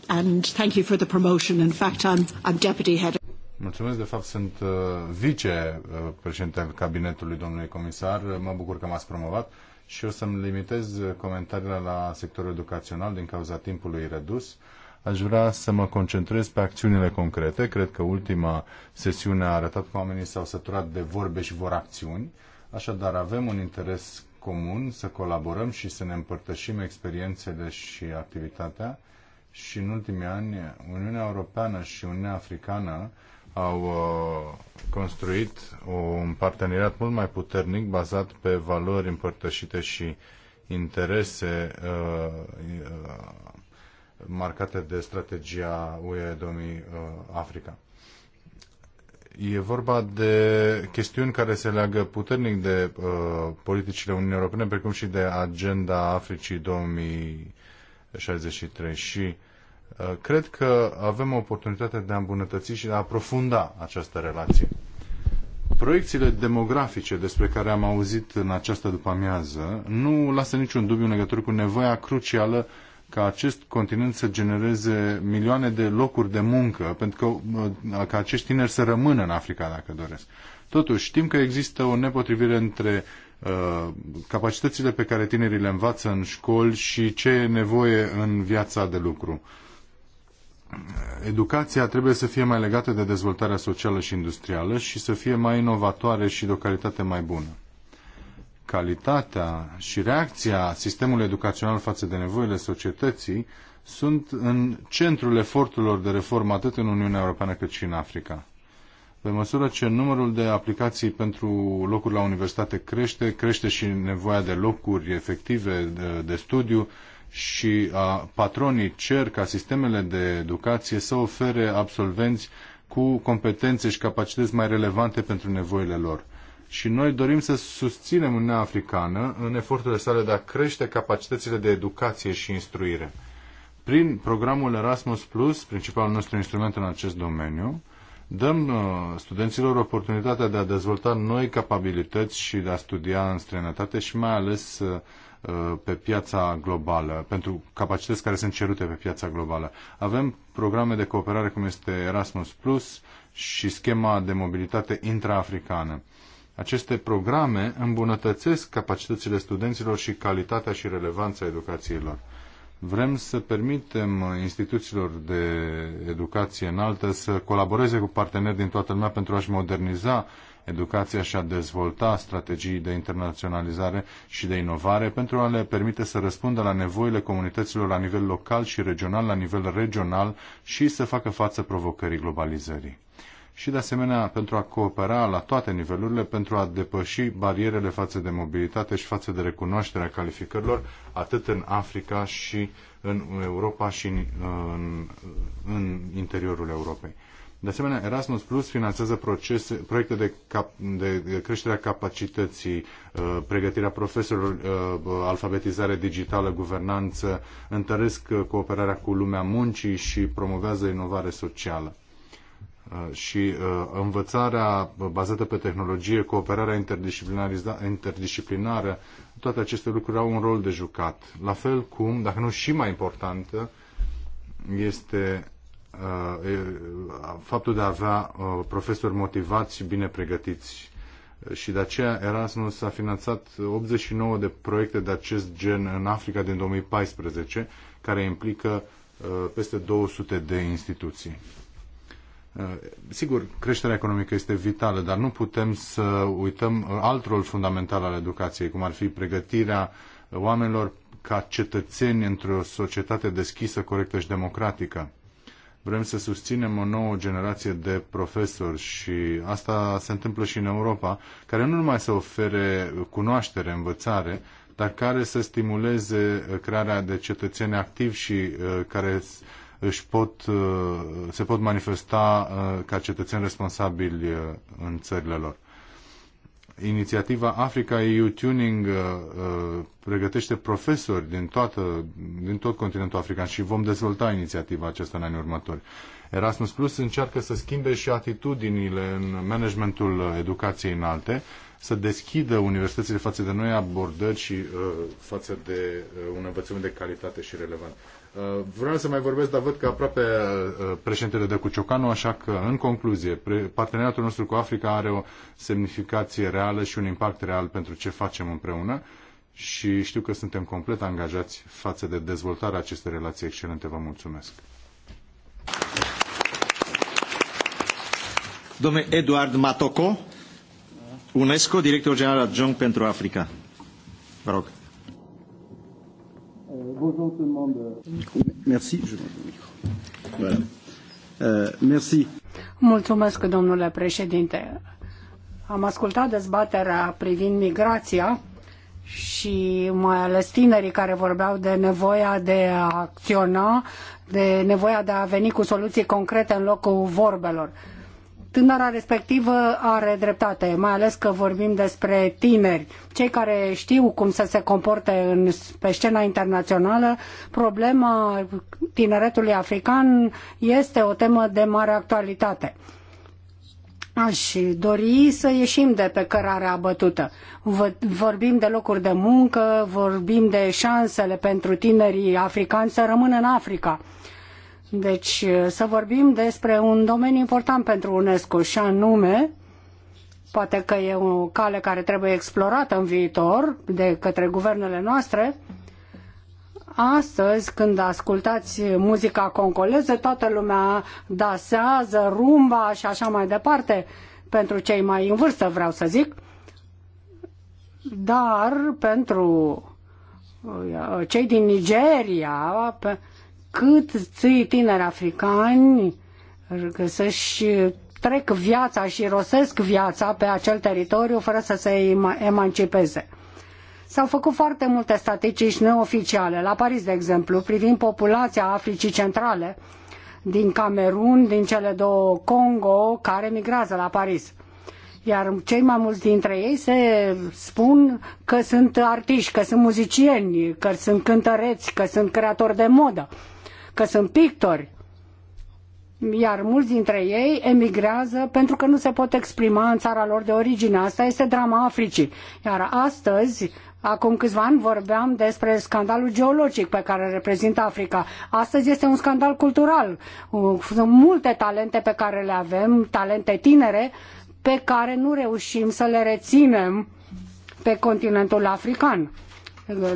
and thank you for the promotion. In fact, I'm, I'm deputy head. Mulțumesc, de fapt sunt uh, vicepreședinte al cabinetului domnului comisar, mă bucur că m-ați promovat și o să-mi limitez comentariile la sectorul educațional din cauza timpului redus. Aș vrea să mă concentrez pe acțiunile concrete. Cred că ultima sesiune a arătat că oamenii s-au săturat de vorbe și vor acțiuni. Așadar, avem un interes comun să colaborăm și să ne împărtășim experiențele și activitatea. Și în ultimii ani, Uniunea Europeană și Uniunea Africană au uh, construit un parteneriat mult mai puternic bazat pe valori împărtășite și interese uh, uh, marcate de strategia UE 2000 Africa. E vorba de chestiuni care se leagă puternic de uh, politicile Uniunii Europene, precum și de agenda Africii 2063 și uh, Uh, cred că avem oportunitatea de a îmbunătăți și de a aprofunda această relație. Proiecțiile demografice despre care am auzit în această după-amiază nu lasă niciun dubiu în legătură cu nevoia crucială ca acest continent să genereze milioane de locuri de muncă, pentru că uh, ca acești tineri să rămână în Africa dacă doresc. Totuși, știm că există o nepotrivire între uh, capacitățile pe care tinerii le învață în școli și ce e nevoie în viața de lucru. Uh, educația trebuie să fie mai legată de dezvoltarea socială și industrială și să fie mai inovatoare și de o calitate mai bună. Calitatea și reacția sistemului educațional față de nevoile societății sunt în centrul eforturilor de reformă atât în Uniunea Europeană cât și în Africa. Pe măsură ce numărul de aplicații pentru locuri la universitate crește, crește și nevoia de locuri efective de, de studiu, și a patronii cer ca sistemele de educație să ofere absolvenți cu competențe și capacități mai relevante pentru nevoile lor. Și noi dorim să susținem Uniunea Africană în eforturile sale de a crește capacitățile de educație și instruire. Prin programul Erasmus Plus, principalul nostru instrument în acest domeniu, dăm uh, studenților oportunitatea de a dezvolta noi capabilități și de a studia în străinătate și mai ales uh, Uh, pe piața globală, pentru capacități care sunt cerute pe piața globală. Avem programe de cooperare cum este Erasmus Plus și schema de mobilitate intraafricană. Aceste programe îmbunătățesc capacitățile studenților și calitatea și relevanța educației lor. Vrem să permitem instituțiilor de educație înaltă să colaboreze cu parteneri din toată lumea pentru a-și moderniza educația și a dezvolta strategii de internaționalizare și de inovare pentru a le permite să răspundă la nevoile comunităților la nivel local și regional, la nivel regional și să facă față provocării globalizării și, de asemenea, pentru a coopera la toate nivelurile, pentru a depăși barierele față de mobilitate și față de recunoașterea calificărilor, atât în Africa și în Europa și în, în, în interiorul Europei. De asemenea, Erasmus Plus finanțează procese, proiecte de, cap, de creșterea capacității, uh, pregătirea profesorilor, uh, alfabetizare digitală, guvernanță, întăresc uh, cooperarea cu lumea muncii și promovează inovare socială și învățarea bazată pe tehnologie, cooperarea interdisciplinară, toate aceste lucruri au un rol de jucat. La fel cum, dacă nu și mai important, este Uh, faptul de a avea uh, profesori motivați și bine pregătiți. Și de aceea Erasmus a finanțat 89 de proiecte de acest gen în Africa din 2014, care implică uh, peste 200 de instituții. Sigur, creșterea economică este vitală, dar nu putem să uităm alt rol fundamental al educației, cum ar fi pregătirea oamenilor ca cetățeni într-o societate deschisă, corectă și democratică. Vrem să susținem o nouă generație de profesori și asta se întâmplă și în Europa, care nu numai să ofere cunoaștere, învățare, dar care să stimuleze crearea de cetățeni activi și uh, care își pot, uh, se pot manifesta uh, ca cetățeni responsabili în țările lor inițiativa Africa EU Tuning uh, uh, pregătește profesori din, toată, din tot continentul african și vom dezvolta inițiativa aceasta în anii următori. Erasmus Plus încearcă să schimbe și atitudinile în managementul educației înalte, să deschidă universitățile față de noi abordări și uh, față de uh, un învățământ de calitate și relevant. Uh, vreau să mai vorbesc, dar văd că aproape uh, președintele de Cuciocanu, așa că, în concluzie, parteneriatul nostru cu Africa are o semnificație reală și un impact real pentru ce facem împreună și știu că suntem complet angajați față de dezvoltarea acestei relații excelente. Vă mulțumesc. Domnul Eduard Matoco, UNESCO, director general adjunct pentru Africa. Vă rog. Bonjour tout le monde. Merci, je voilà. Euh, merci. Mulțumesc, domnule președinte. Am ascultat dezbaterea privind migrația și mai ales tinerii care vorbeau de nevoia de a acționa, de nevoia de a veni cu soluții concrete în locul vorbelor. Uh, Tânăra respectivă are dreptate, mai ales că vorbim despre tineri. Cei care știu cum să se comporte în, pe scena internațională, problema tineretului african este o temă de mare actualitate. Aș dori să ieșim de pe cărarea bătută. Vorbim de locuri de muncă, vorbim de șansele pentru tinerii africani să rămână în Africa deci uh, să vorbim despre un domeniu important pentru UNESCO și anume, poate că e o cale care trebuie explorată în viitor de către guvernele noastre, Astăzi, când ascultați muzica congoleză, toată lumea dasează, rumba și așa mai departe, pentru cei mai în vârstă, vreau să zic, dar pentru uh, cei din Nigeria, pe, cât ții tineri africani să-și trec viața și rosesc viața pe acel teritoriu fără să se emancipeze. S-au făcut foarte multe statistici neoficiale, la Paris, de exemplu, privind populația Africii Centrale, din Camerun, din cele două Congo, care migrează la Paris. Iar cei mai mulți dintre ei se spun că sunt artiști, că sunt muzicieni, că sunt cântăreți, că sunt creatori de modă că sunt pictori, iar mulți dintre ei emigrează pentru că nu se pot exprima în țara lor de origine. Asta este drama Africii. Iar astăzi, acum câțiva ani, vorbeam despre scandalul geologic pe care îl reprezintă Africa. Astăzi este un scandal cultural. Sunt multe talente pe care le avem, talente tinere, pe care nu reușim să le reținem pe continentul african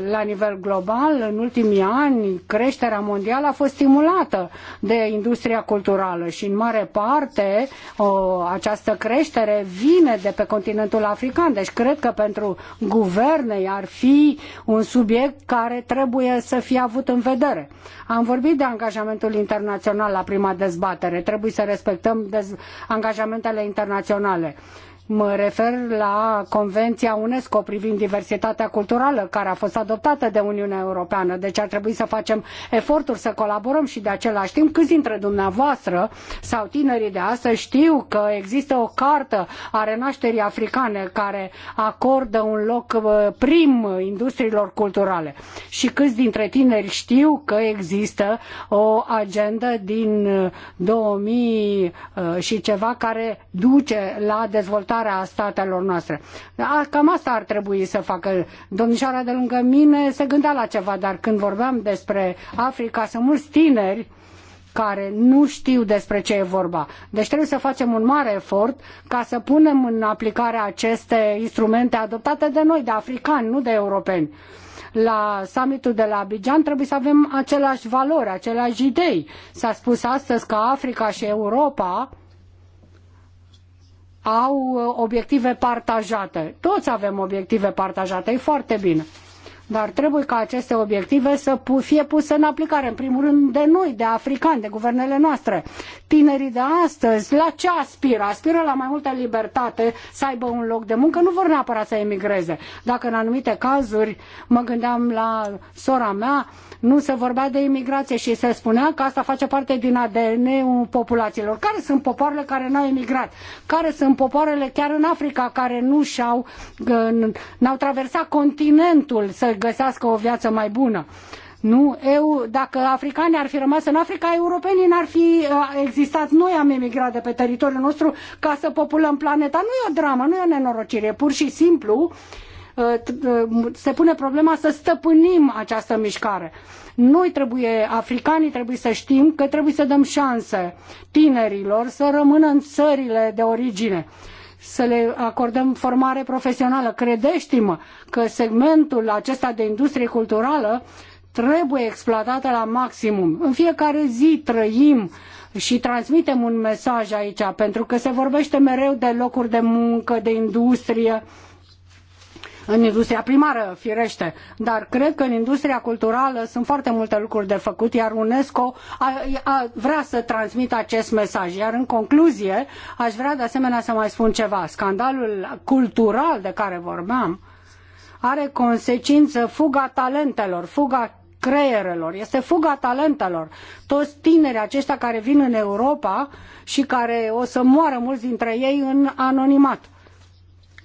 la nivel global, în ultimii ani, creșterea mondială a fost stimulată de industria culturală și, în mare parte, o, această creștere vine de pe continentul african. Deci, cred că pentru guverne ar fi un subiect care trebuie să fie avut în vedere. Am vorbit de angajamentul internațional la prima dezbatere. Trebuie să respectăm angajamentele internaționale. Mă refer la Convenția UNESCO privind diversitatea culturală, care a fost adoptată de Uniunea Europeană. Deci ar trebui să facem eforturi să colaborăm și de același timp câți dintre dumneavoastră sau tinerii de astăzi știu că există o cartă a renașterii africane care acordă un loc uh, prim industriilor culturale și câți dintre tineri știu că există o agendă din 2000 uh, uh, și ceva care duce la dezvoltarea dezvoltarea statelor noastre. Cam asta ar trebui să facă. Domnișoara de lângă mine se gândea la ceva, dar când vorbeam despre Africa, sunt mulți tineri care nu știu despre ce e vorba. Deci trebuie să facem un mare efort ca să punem în aplicare aceste instrumente adoptate de noi, de africani, nu de europeni. La summitul de la Abidjan trebuie să avem aceleași valori, aceleași idei. S-a spus astăzi că Africa și Europa au uh, obiective partajate. Toți avem obiective partajate, e foarte bine. Dar trebuie ca aceste obiective să fie puse în aplicare, în primul rând de noi, de africani, de guvernele noastre. Tinerii de astăzi, la ce aspiră? Aspiră la mai multă libertate, să aibă un loc de muncă, nu vor neapărat să emigreze. Dacă în anumite cazuri, mă gândeam la sora mea, nu se vorbea de imigrație și se spunea că asta face parte din ADN-ul populațiilor. Care sunt popoarele care n-au emigrat? Care sunt popoarele chiar în Africa care nu și-au, n-au traversat continentul să să găsească o viață mai bună. Nu, eu, dacă africanii ar fi rămas în Africa, europenii n-ar fi uh, existat. Noi am emigrat de pe teritoriul nostru ca să populăm planeta. Nu e o dramă, nu e o nenorocire. Pur și simplu uh, uh, se pune problema să stăpânim această mișcare. Noi trebuie, africanii trebuie să știm că trebuie să dăm șanse tinerilor să rămână în țările de origine să le acordăm formare profesională. Credeți-mă că segmentul acesta de industrie culturală trebuie exploatată la maximum. În fiecare zi trăim și transmitem un mesaj aici, pentru că se vorbește mereu de locuri de muncă, de industrie, în industria primară, firește, dar cred că în industria culturală sunt foarte multe lucruri de făcut, iar UNESCO a, a, vrea să transmită acest mesaj. Iar în concluzie, aș vrea de asemenea să mai spun ceva. Scandalul cultural de care vorbeam are consecință fuga talentelor, fuga creierelor, este fuga talentelor. Toți tinerii aceștia care vin în Europa și care o să moară mulți dintre ei în anonimat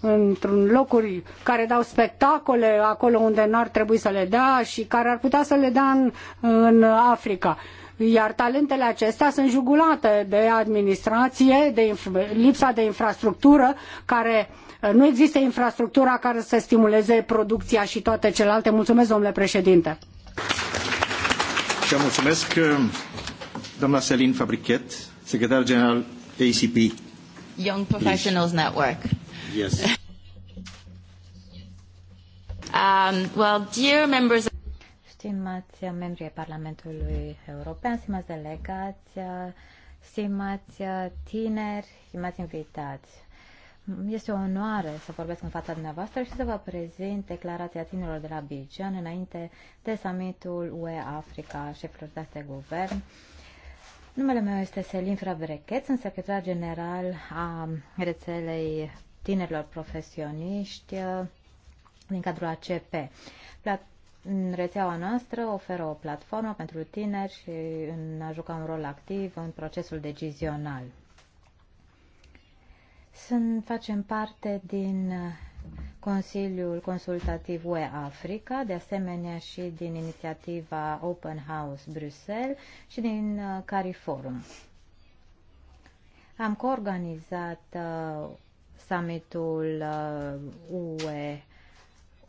într-un locuri care dau spectacole acolo unde n-ar trebui să le dea și care ar putea să le dea în, în Africa iar talentele acestea sunt jugulate de administrație, de lipsa de infrastructură, care eh, nu există infrastructura care să stimuleze producția și toate celelalte. Mulțumesc, domnule președinte. Și mulțumesc, eh, doamna Selin Fabrichet, secretar general ACP. Young Professionals Network. Yes. Um, well, dear members... Stimați membrii Parlamentului European, stimați delegați, stimați tineri, stimați invitați, este o onoare să vorbesc în fața dumneavoastră și să vă prezint declarația tinerilor de la Bijan înainte de summitul UE-Africa șefilor de stat guvern. Numele meu este Selin Frabrechet, sunt secretar general a rețelei tinerilor profesioniști uh, din cadrul ACP. în rețeaua noastră oferă o platformă pentru tineri și în a juca un rol activ în procesul decizional. Sunt, facem parte din uh, Consiliul Consultativ UE Africa, de asemenea și din inițiativa Open House Bruxelles și din uh, CariForum. Am coorganizat summitul UE uh,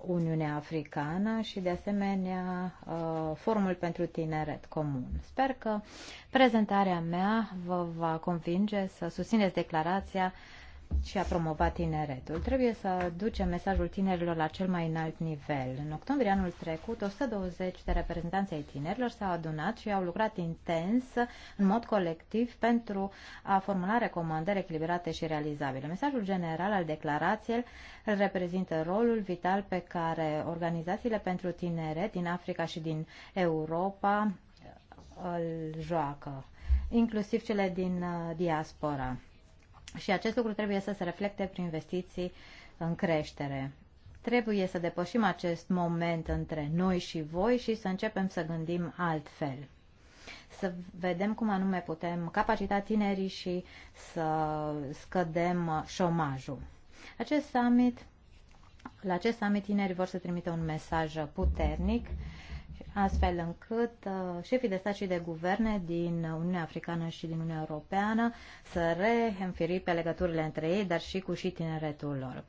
Uniunea Africană și, de asemenea, uh, Forumul pentru Tineret Comun. Sper că prezentarea mea vă va convinge să susțineți declarația și a promovat tineretul. Trebuie să ducem mesajul tinerilor la cel mai înalt nivel. În octombrie anul trecut, 120 de reprezentanți ai tinerilor s-au adunat și au lucrat intens, în mod colectiv, pentru a formula recomandări echilibrate și realizabile. Mesajul general al declarației îl reprezintă rolul vital pe care organizațiile pentru tinere din Africa și din Europa uh, îl joacă, inclusiv cele din uh, diaspora. Și acest lucru trebuie să se reflecte prin investiții în creștere. Trebuie să depășim acest moment între noi și voi și să începem să gândim altfel. Să vedem cum anume putem capacita tinerii și să scădem șomajul. Acest summit, la acest summit tinerii vor să trimită un mesaj puternic astfel încât uh, șefii de stat și de guverne din Uniunea Africană și din Uniunea Europeană să reînfiripe legăturile între ei, dar și cu și tineretul lor.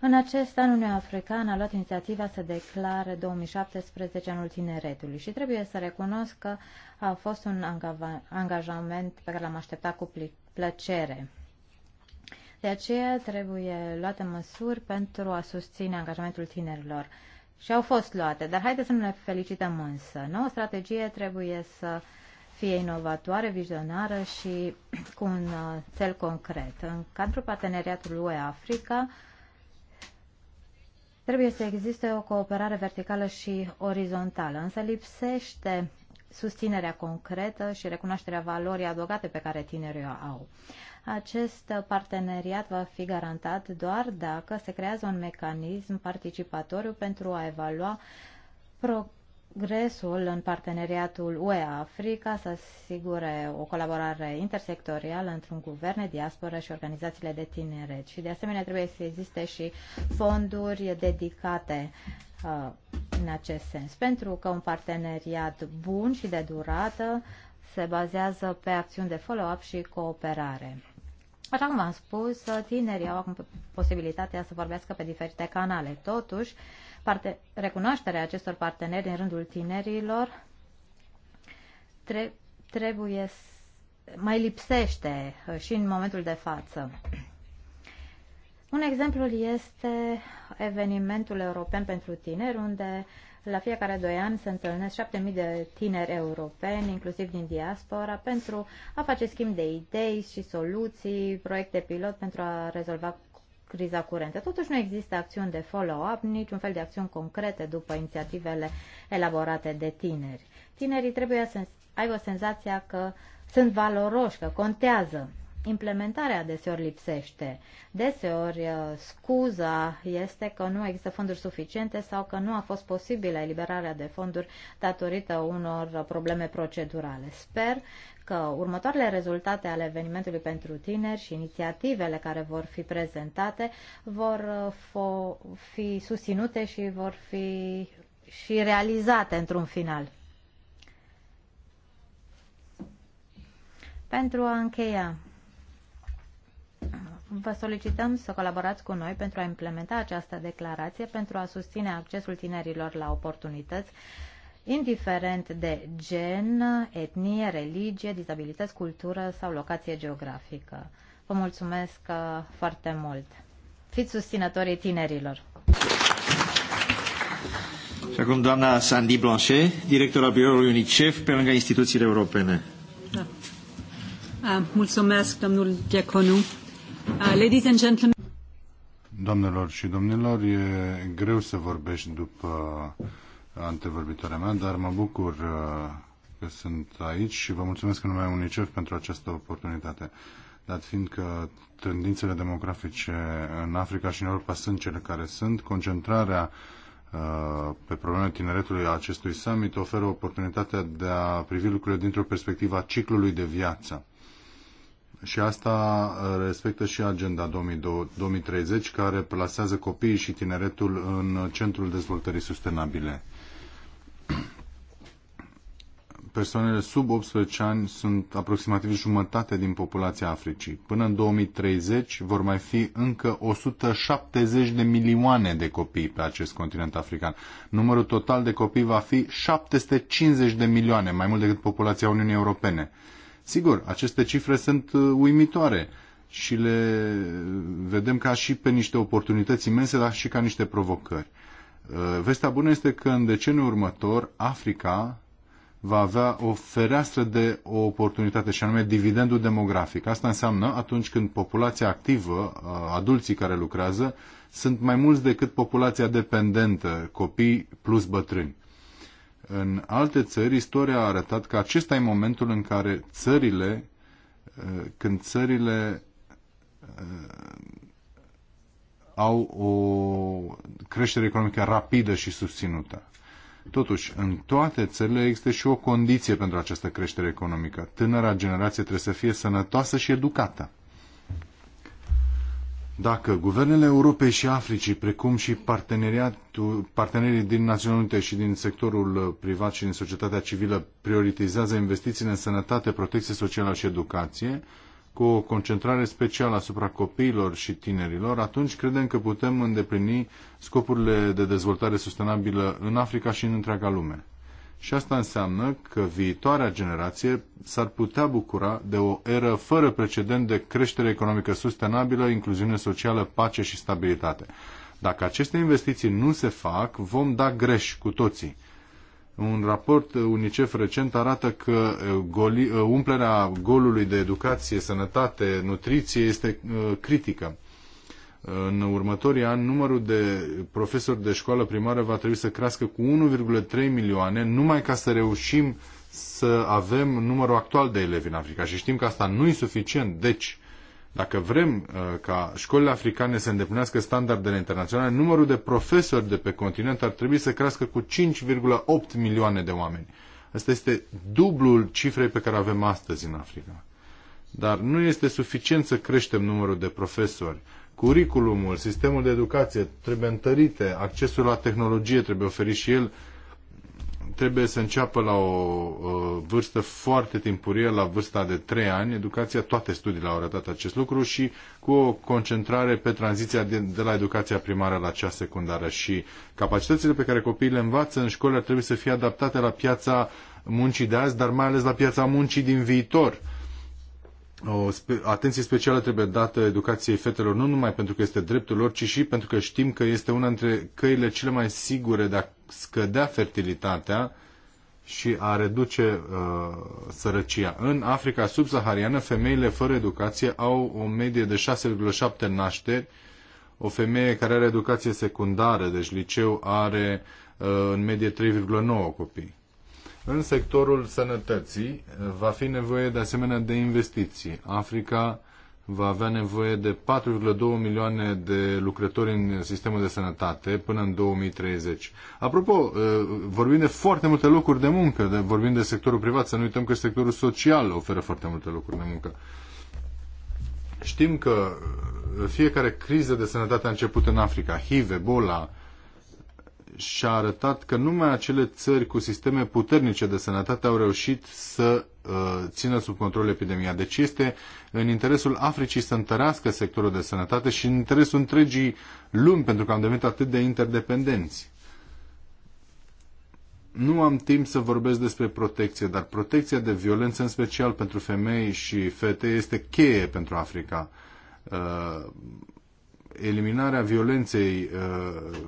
În acest an, Uniunea Africană a luat inițiativa să declare 2017 anul tineretului și trebuie să recunosc că a fost un angajament pe care l-am așteptat cu plăcere. De aceea trebuie luate măsuri pentru a susține angajamentul tinerilor și au fost luate. Dar haideți să ne felicităm însă. Noua strategie trebuie să fie inovatoare, vizionară și cu un uh, cel concret. În cadrul parteneriatului UE-Africa trebuie să existe o cooperare verticală și orizontală, însă lipsește susținerea concretă și recunoașterea valorii adăugate pe care tinerii o au. Acest parteneriat va fi garantat doar dacă se creează un mecanism participatoriu pentru a evalua progresul în parteneriatul UE-Africa, să asigure o colaborare intersectorială între un guvern, diaspora și organizațiile de tineret. Și de asemenea trebuie să existe și fonduri dedicate uh, în acest sens, pentru că un parteneriat bun și de durată se bazează pe acțiuni de follow-up și cooperare. Așa cum v-am spus, tinerii au acum posibilitatea să vorbească pe diferite canale. Totuși, parte, recunoașterea acestor parteneri în rândul tinerilor tre- trebuie mai lipsește uh, și în momentul de față. Un exemplu este evenimentul european pentru tineri, unde la fiecare doi ani se întâlnesc 7.000 de tineri europeni, inclusiv din diaspora, pentru a face schimb de idei și soluții, proiecte pilot pentru a rezolva criza curentă. Totuși nu există acțiuni de follow-up, niciun fel de acțiuni concrete după inițiativele elaborate de tineri. Tinerii trebuie să aibă senzația că sunt valoroși, că contează implementarea deseori lipsește. Deseori uh, scuza este că nu există fonduri suficiente sau că nu a fost posibilă eliberarea de fonduri datorită unor probleme procedurale. Sper că următoarele rezultate ale evenimentului pentru tineri și inițiativele care vor fi prezentate vor uh, fi susținute și vor fi și realizate într-un final. Pentru a încheia, vă solicităm să colaborați cu noi pentru a implementa această declarație, pentru a susține accesul tinerilor la oportunități, indiferent de gen, etnie, religie, dizabilități, cultură sau locație geografică. Vă mulțumesc uh, foarte mult. Fiți susținătorii tinerilor. Și acum doamna Sandy Blanchet, director al biroului UNICEF pe lângă instituțiile europene. Da. Ah, mulțumesc, domnul Diaconu. Uh, ladies and gentlemen. Doamnelor și domnilor, e greu să vorbești după antevorbitoarea mea, dar mă bucur uh, că sunt aici și vă mulțumesc în numai UNICEF pentru această oportunitate. Dat fiindcă tendințele demografice în Africa și în Europa sunt cele care sunt, concentrarea uh, pe problemele tineretului a acestui summit oferă oportunitatea de a privi lucrurile dintr-o perspectivă a ciclului de viață și asta uh, respectă și agenda 2030, care plasează copiii și tineretul în centrul dezvoltării sustenabile. Persoanele sub 18 ani sunt aproximativ jumătate din populația Africii. Până în 2030 vor mai fi încă 170 de milioane de copii pe acest continent african. Numărul total de copii va fi 750 de milioane, mai mult decât populația Uniunii Europene Sigur, aceste cifre sunt uh, uimitoare și le vedem ca și pe niște oportunități imense, dar și ca niște provocări. Uh, vestea bună este că în deceniul următor Africa va avea o fereastră de o oportunitate și anume dividendul demografic. Asta înseamnă atunci când populația activă, uh, adulții care lucrează, sunt mai mulți decât populația dependentă, copii plus bătrâni. În alte țări, istoria a arătat că acesta e momentul în care țările, uh, când țările uh, au o creștere economică rapidă și susținută. Totuși, în toate țările există și o condiție pentru această creștere economică. Tânăra generație trebuie să fie sănătoasă și educată. Dacă guvernele Europei și Africii, precum și partenerii din Națiunile Unite și din sectorul uh, privat și din societatea civilă, prioritizează investițiile în sănătate, protecție socială și educație, cu o concentrare specială asupra copiilor și tinerilor, atunci credem că putem îndeplini scopurile de dezvoltare sustenabilă în Africa și în întreaga lume și asta înseamnă că viitoarea generație s-ar putea bucura de o eră fără precedent de creștere economică sustenabilă, incluziune socială, pace și stabilitate. Dacă aceste investiții nu se fac, vom da greș cu toții. Un raport UNICEF recent arată că umplerea golului de educație, sănătate, nutriție este critică în următorii ani numărul de profesori de școală primară va trebui să crească cu 1,3 milioane numai ca să reușim să avem numărul actual de elevi în Africa și știm că asta nu e suficient. Deci, dacă vrem uh, ca școlile africane să îndeplinească standardele internaționale, numărul de profesori de pe continent ar trebui să crească cu 5,8 milioane de oameni. Asta este dublul cifrei pe care avem astăzi în Africa. Dar nu este suficient să creștem numărul de profesori Curriculumul, sistemul de educație trebuie întărite, accesul la tehnologie trebuie oferit și el trebuie să înceapă la o vârstă foarte timpurie, la vârsta de 3 ani. Educația, toate studiile au arătat acest lucru și cu o concentrare pe tranziția de, de la educația primară la cea secundară și capacitățile pe care copiii le învață în școli ar trebui să fie adaptate la piața muncii de azi, dar mai ales la piața muncii din viitor o atenție specială trebuie dată educației fetelor, nu numai pentru că este dreptul lor, ci și pentru că știm că este una dintre căile cele mai sigure de a scădea fertilitatea și a reduce uh, sărăcia. În Africa subsahariană, femeile fără educație au o medie de 6,7 nașteri. O femeie care are educație secundară, deci liceu, are uh, în medie 3,9 copii. În sectorul sănătății va fi nevoie de asemenea de investiții. Africa va avea nevoie de 4,2 milioane de lucrători în sistemul de sănătate până în 2030. Apropo, eh, vorbim de foarte multe locuri de muncă, de, vorbim de sectorul privat, să nu uităm că sectorul social oferă foarte multe locuri de muncă. Știm că eh, fiecare criză de sănătate a început în Africa, HIV, Ebola, și-a arătat că numai acele țări cu sisteme puternice de sănătate au reușit să uh, țină sub control epidemia. Deci este în interesul Africii să întărească sectorul de sănătate și în interesul întregii lumi, pentru că am devenit atât de interdependenți. Nu am timp să vorbesc despre protecție, dar protecția de violență, în special pentru femei și fete, este cheie pentru Africa. Uh, eliminarea violenței uh,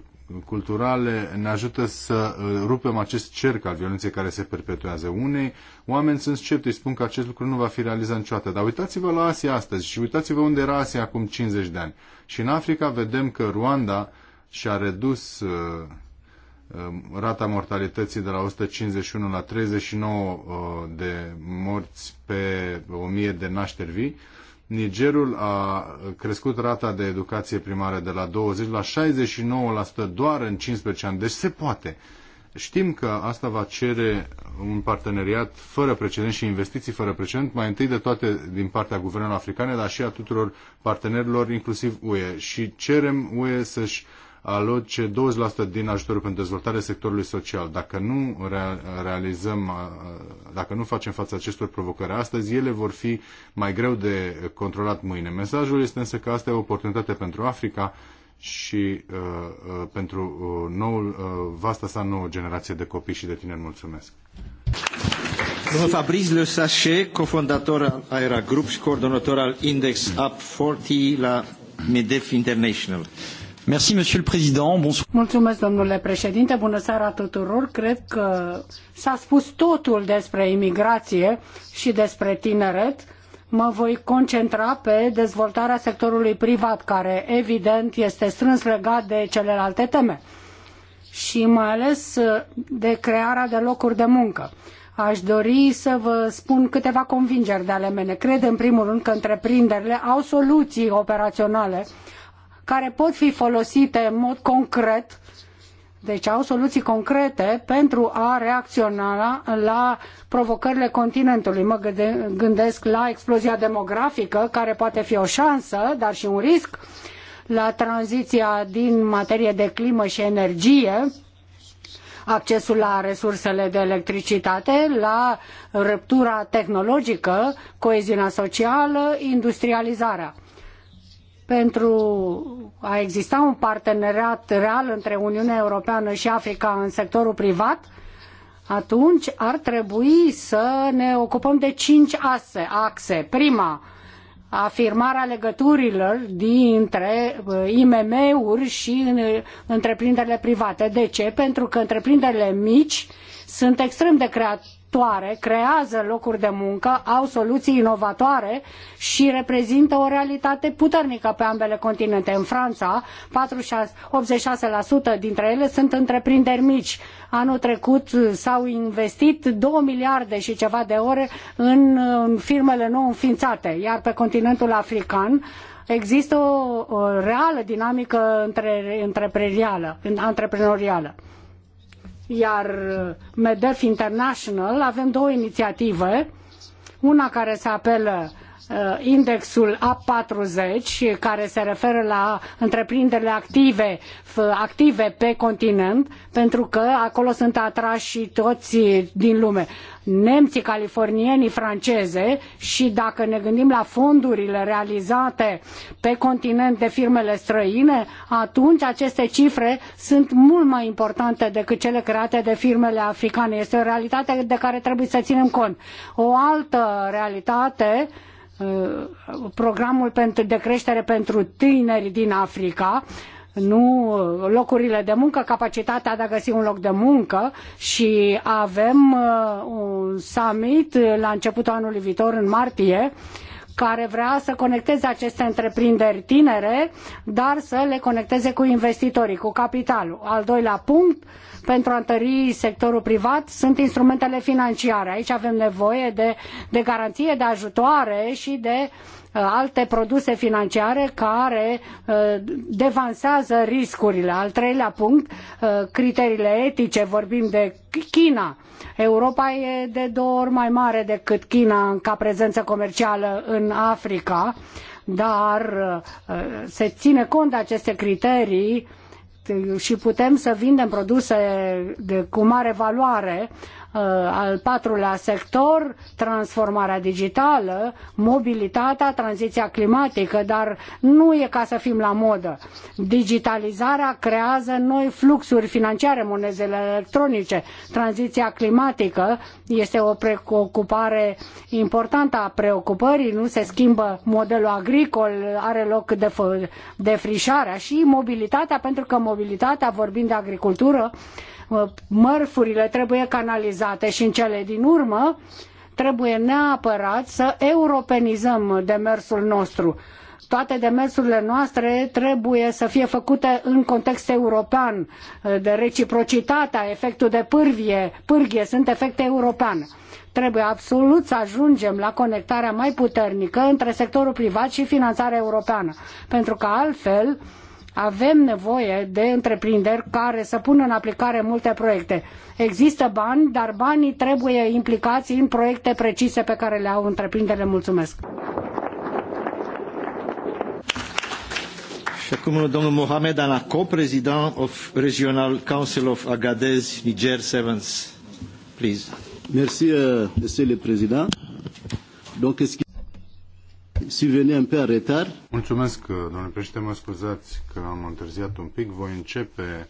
culturale ne ajută să uh, rupem acest cerc al violenței care se perpetuează. Unei oameni sunt sceptici, spun că acest lucru nu va fi realizat niciodată. Dar uitați-vă la Asia astăzi și uitați-vă unde era Asia acum 50 de ani. Și în Africa vedem că Rwanda și-a redus uh, uh, rata mortalității de la 151 la 39 de morți pe 1000 de nașteri vii Nigerul a crescut rata de educație primară de la 20 la 69% doar în 15 ani. Deci se poate. Știm că asta va cere un parteneriat fără precedent și investiții fără precedent, mai întâi de toate din partea guvernelor africane, dar și a tuturor partenerilor, inclusiv UE. Și cerem UE să-și uh, aloce 20% din ajutorul pentru dezvoltare sectorului social. Dacă nu realizăm, dacă nu facem față acestor provocări astăzi, ele vor fi mai greu de controlat mâine. Mesajul este însă că asta e o oportunitate pentru Africa și uh, uh, pentru uh, noul, uh, vasta sa nouă generație de copii și de tineri. Mulțumesc! Domnul Fabrice Le Sache, cofondator al Aera Group și coordonator al Index Up 40 la Medef International. Merci, Monsieur le Président. Bonsoir. Mulțumesc, domnule președinte. Bună seara tuturor. Cred că s-a spus totul despre imigrație și despre tineret. Mă voi concentra pe dezvoltarea sectorului privat, care evident este strâns legat de celelalte teme și mai ales de crearea de locuri de muncă. Aș dori să vă spun câteva convingeri de ale mele. Cred în primul rând că întreprinderile au soluții operaționale care pot fi folosite în mod concret, deci au soluții concrete pentru a reacționa la provocările continentului. Mă gândesc la explozia demografică, care poate fi o șansă, dar și un risc, la tranziția din materie de climă și energie, accesul la resursele de electricitate, la ruptura tehnologică, coeziunea socială, industrializarea pentru a exista un parteneriat real între Uniunea Europeană și Africa în sectorul privat, atunci ar trebui să ne ocupăm de cinci axe. axe. Prima, afirmarea legăturilor dintre uh, IMM-uri și întreprinderile private. De ce? Pentru că întreprinderile mici sunt extrem de inovatoare, creează locuri de muncă, au soluții inovatoare și reprezintă o realitate puternică pe ambele continente. În Franța, 46, 86% dintre ele sunt întreprinderi mici. Anul trecut s-au investit 2 miliarde și ceva de ore în firmele nou înființate, iar pe continentul african există o, o reală dinamică între, antreprenorială iar uh, MEDEF International avem două inițiative, una care se apelă Uh, indexul A40 care se referă la întreprinderile active, active pe continent, pentru că acolo sunt atrași toți din lume. Nemții, californienii, franceze și dacă ne gândim la fondurile realizate pe continent de firmele străine, atunci aceste cifre sunt mult mai importante decât cele create de firmele africane. Este o realitate de care trebuie să ținem cont. O altă realitate programul pentru, de creștere pentru tineri din Africa, nu locurile de muncă, capacitatea de a găsi un loc de muncă și avem uh, un summit la începutul anului viitor, în martie, care vrea să conecteze aceste întreprinderi tinere, dar să le conecteze cu investitorii, cu capitalul. Al doilea punct, uh, pentru a întări sectorul privat sunt instrumentele financiare. Aici avem nevoie de, de garanție, de ajutoare și de uh, alte produse financiare care uh, devansează riscurile. Al treilea punct, uh, criteriile etice, vorbim de China. Europa e de două ori mai mare decât China ca prezență comercială în Africa, dar se ține cont de aceste criterii și putem să vindem produse de, cu mare valoare Uh, al patrulea sector, transformarea digitală, mobilitatea, tranziția climatică, dar nu e ca să fim la modă. Digitalizarea creează noi fluxuri financiare, monezele electronice, tranziția climatică este o preocupare importantă a preocupării, nu se schimbă modelul agricol, are loc de defrișarea și mobilitatea, pentru că mobilitatea, vorbind de agricultură, Uh, mărfurile trebuie canalizate și în cele din urmă trebuie neapărat să europenizăm demersul nostru. Toate demersurile noastre trebuie să fie făcute în context european, uh, de reciprocitatea, efectul de pârghie, pârghie sunt efecte europene trebuie absolut să ajungem la conectarea mai puternică între sectorul privat și finanțarea europeană, pentru că altfel avem nevoie de întreprinderi care să pună în aplicare multe proiecte. Există bani, dar banii trebuie implicați în proiecte precise pe care le au întreprinderile. Mulțumesc! Și acum domnul Mohamed Anako, president of Regional Council of Agadez, Niger Sevens. Please. Merci, uh, monsieur le président. Donc, si un peu retard. Mulțumesc, domnule președinte, mă scuzați că am întârziat un pic. Voi începe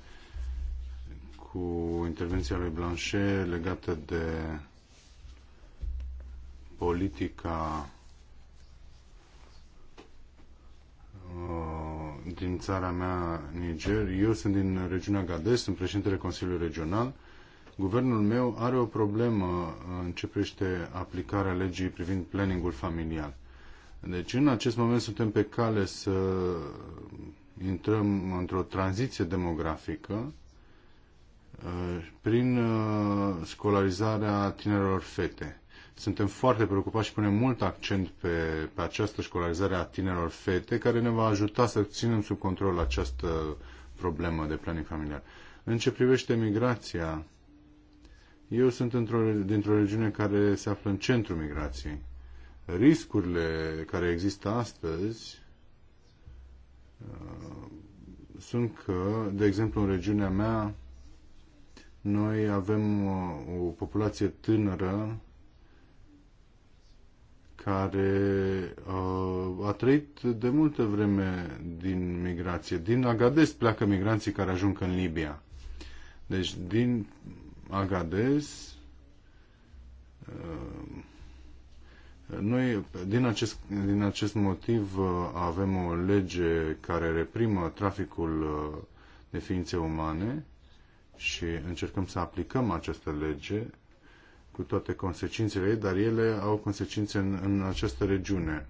cu intervenția lui Blanchet legată de politica uh, din țara mea, Niger. Eu sunt din regiunea Gades, sunt președintele Consiliului Regional. Guvernul meu are o problemă în ce privește aplicarea legii privind planningul familial. Deci în acest moment suntem pe cale să intrăm într-o tranziție demografică uh, prin școlarizarea uh, tinerilor fete. Suntem foarte preocupați și punem mult accent pe, pe această școlarizare a tinerilor fete care ne va ajuta să ținem sub control această problemă de planning familial. În ce privește migrația, eu sunt într-o, dintr-o regiune care se află în centrul migrației riscurile care există astăzi uh, sunt că, de exemplu, în regiunea mea, noi avem uh, o populație tânără care uh, a trăit de multă vreme din migrație. Din Agades pleacă migranții care ajung în Libia. Deci din Agades noi, din acest, din acest motiv, uh, avem o lege care reprimă traficul uh, de ființe umane și încercăm să aplicăm această lege cu toate consecințele ei, dar ele au consecințe în, în această regiune.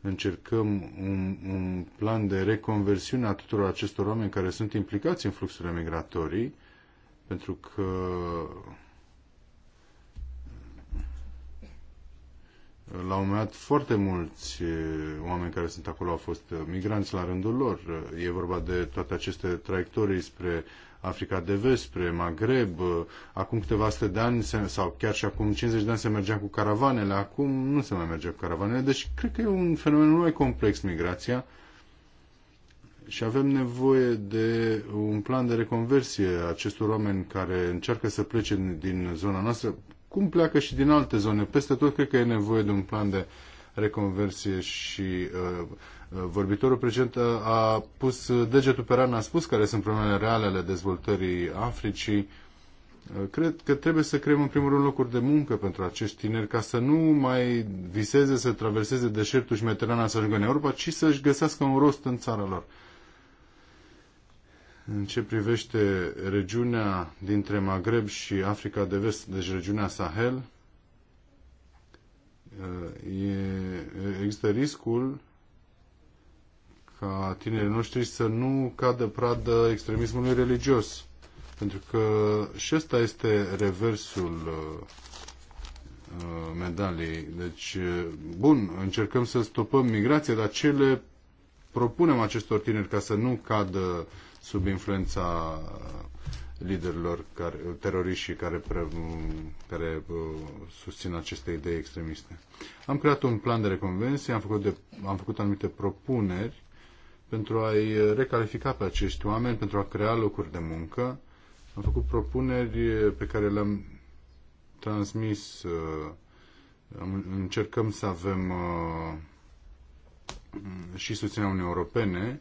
Încercăm un, un plan de reconversiune a tuturor acestor oameni care sunt implicați în fluxurile migratorii, pentru că la un moment dat foarte mulți eh, oameni care sunt acolo au fost eh, migranți la rândul lor. Eh, e vorba de toate aceste traiectorii spre Africa de Vest, spre Maghreb. Acum câteva sute de ani, sau chiar și acum 50 de ani se mergea cu caravanele, acum nu se mai merge cu caravanele. Deci cred că e un fenomen mai complex migrația și avem nevoie de un plan de reconversie acestor oameni care încearcă să plece din zona noastră, cum pleacă și din alte zone. Peste tot cred că e nevoie de un plan de reconversie și uh, uh vorbitorul prezent a pus degetul pe rană, a spus care sunt problemele reale ale dezvoltării Africii. Uh, cred că trebuie să creăm în primul rând locuri de muncă pentru acești tineri ca să nu mai viseze să traverseze deșertul și Mediterana să ajungă în Europa, ci să-și găsească un rost în țara lor. În ce privește regiunea dintre Maghreb și Africa de Vest, deci regiunea Sahel, uh, e, există riscul ca tinerii noștri să nu cadă pradă extremismului religios. Pentru că și ăsta este reversul uh, uh, medalii. Deci, bun, încercăm să stopăm migrația, dar ce le propunem acestor tineri ca să nu cadă sub influența liderilor care, teroriștii care, pre, care uh, susțin aceste idei extremiste. Am creat un plan de reconvenție, am făcut, de, am făcut anumite propuneri pentru a-i recalifica pe acești oameni, pentru a crea locuri de muncă. Am făcut propuneri pe care le-am transmis. Uh, încercăm să avem uh, și susținerea Unii Europene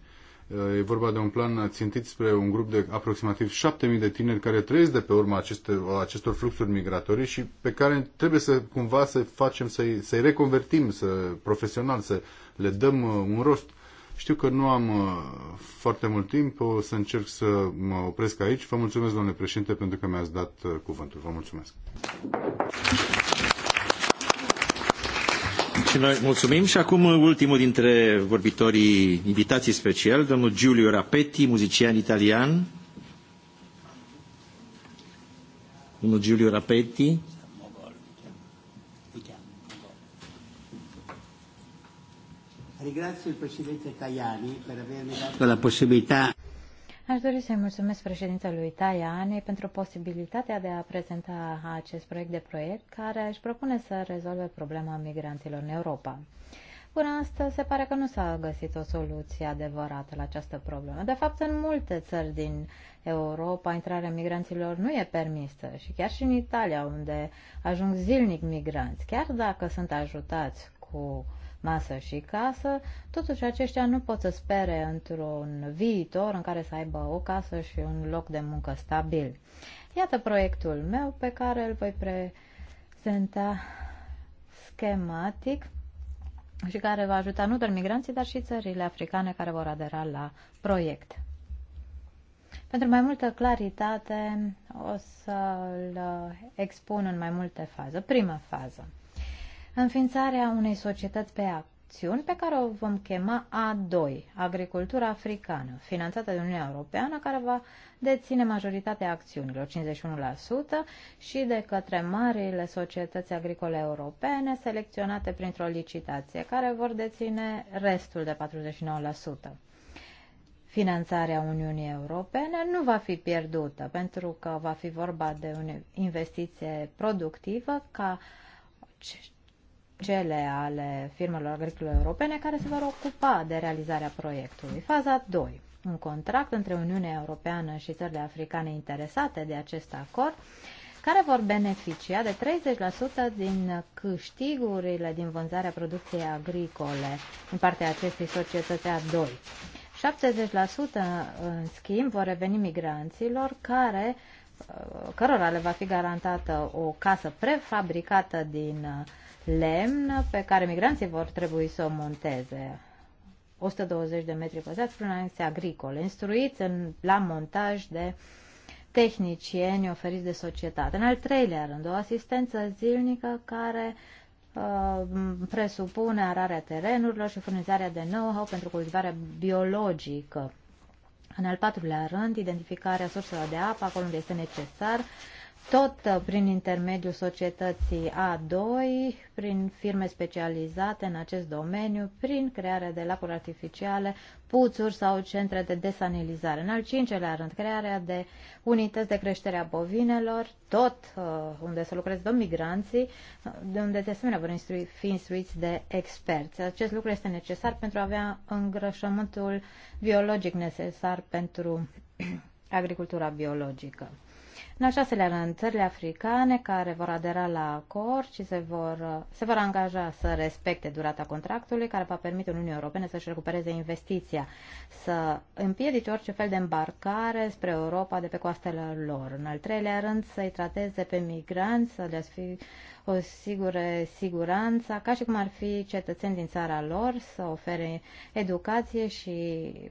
E vorba de un plan țintit spre un grup de aproximativ 7.000 de tineri care trăiesc de pe urma aceste, acestor fluxuri migratorii și pe care trebuie să cumva să facem, să-i, să reconvertim să, profesional, să le dăm uh, un rost. Știu că nu am uh, foarte mult timp, o să încerc să mă opresc aici. Vă mulțumesc, domnule președinte, pentru că mi-ați dat uh, cuvântul. Vă mulțumesc. Și noi mulțumim și acum uh, ultimul dintre vorbitorii invitații special, domnul Giulio Rapetti, muzician italian. Domnul Giulio Rapetti. Ringrazio il Presidente Tajani per avermi dato la possibilità Aș dori să-i mulțumesc președintelui Taianei pentru posibilitatea de a prezenta acest proiect de proiect care își propune să rezolve problema migranților în Europa. Până astăzi se pare că nu s-a găsit o soluție adevărată la această problemă. De fapt, în multe țări din Europa, intrarea migranților nu e permisă și chiar și în Italia, unde ajung zilnic migranți, chiar dacă sunt ajutați cu masă și casă, totuși aceștia nu pot să spere într-un viitor în care să aibă o casă și un loc de muncă stabil. Iată proiectul meu pe care îl voi prezenta schematic și care va ajuta nu doar migranții, dar și țările africane care vor adera la proiect. Pentru mai multă claritate o să-l expun în mai multe faze. Prima fază înființarea unei societăți pe acțiuni pe care o vom chema A2, Agricultura Africană, finanțată de Uniunea Europeană, care va deține majoritatea acțiunilor, 51%, și de către marile societăți agricole europene selecționate printr-o licitație, care vor deține restul de 49%. Finanțarea Uniunii Europene nu va fi pierdută, pentru că va fi vorba de o investiție productivă ca cele ale firmelor agricole europene care se vor ocupa de realizarea proiectului. Faza 2. Un contract între Uniunea Europeană și țările africane interesate de acest acord care vor beneficia de 30% din câștigurile din vânzarea producției agricole în partea acestei societăți a 2. 70% în schimb vor reveni migranților care cărora le va fi garantată o casă prefabricată din uh, lemn pe care migranții vor trebui să o monteze. 120 de metri pătrați pronanțe agricole, instruiți în, la montaj de tehnicieni oferiți de societate. În al treilea rând, o asistență zilnică care uh, presupune ararea terenurilor și furnizarea de know-how pentru cultivarea biologică. În al patrulea rând, identificarea surselor de apă acolo unde este necesar tot uh, prin intermediul societății A2, prin firme specializate în acest domeniu, prin crearea de lacuri artificiale, puțuri sau centre de desanilizare. În al cincelea rând, crearea de unități de creștere a bovinelor, tot uh, unde să lucreze tot migranții, de unde de asemenea vor instrui, fi instruiți de experți. Acest lucru este necesar pentru a avea îngrășământul biologic necesar pentru agricultura biologică. În al șaselea rând, țările africane care vor adera la acord și se vor, se vor angaja să respecte durata contractului, care va permite Uniunii Europene să-și recupereze investiția, să împiedice orice fel de îmbarcare spre Europa de pe coastele lor. În al treilea rând, să-i trateze pe migranți, să le o sigură siguranța, ca și cum ar fi cetățeni din țara lor, să ofere educație și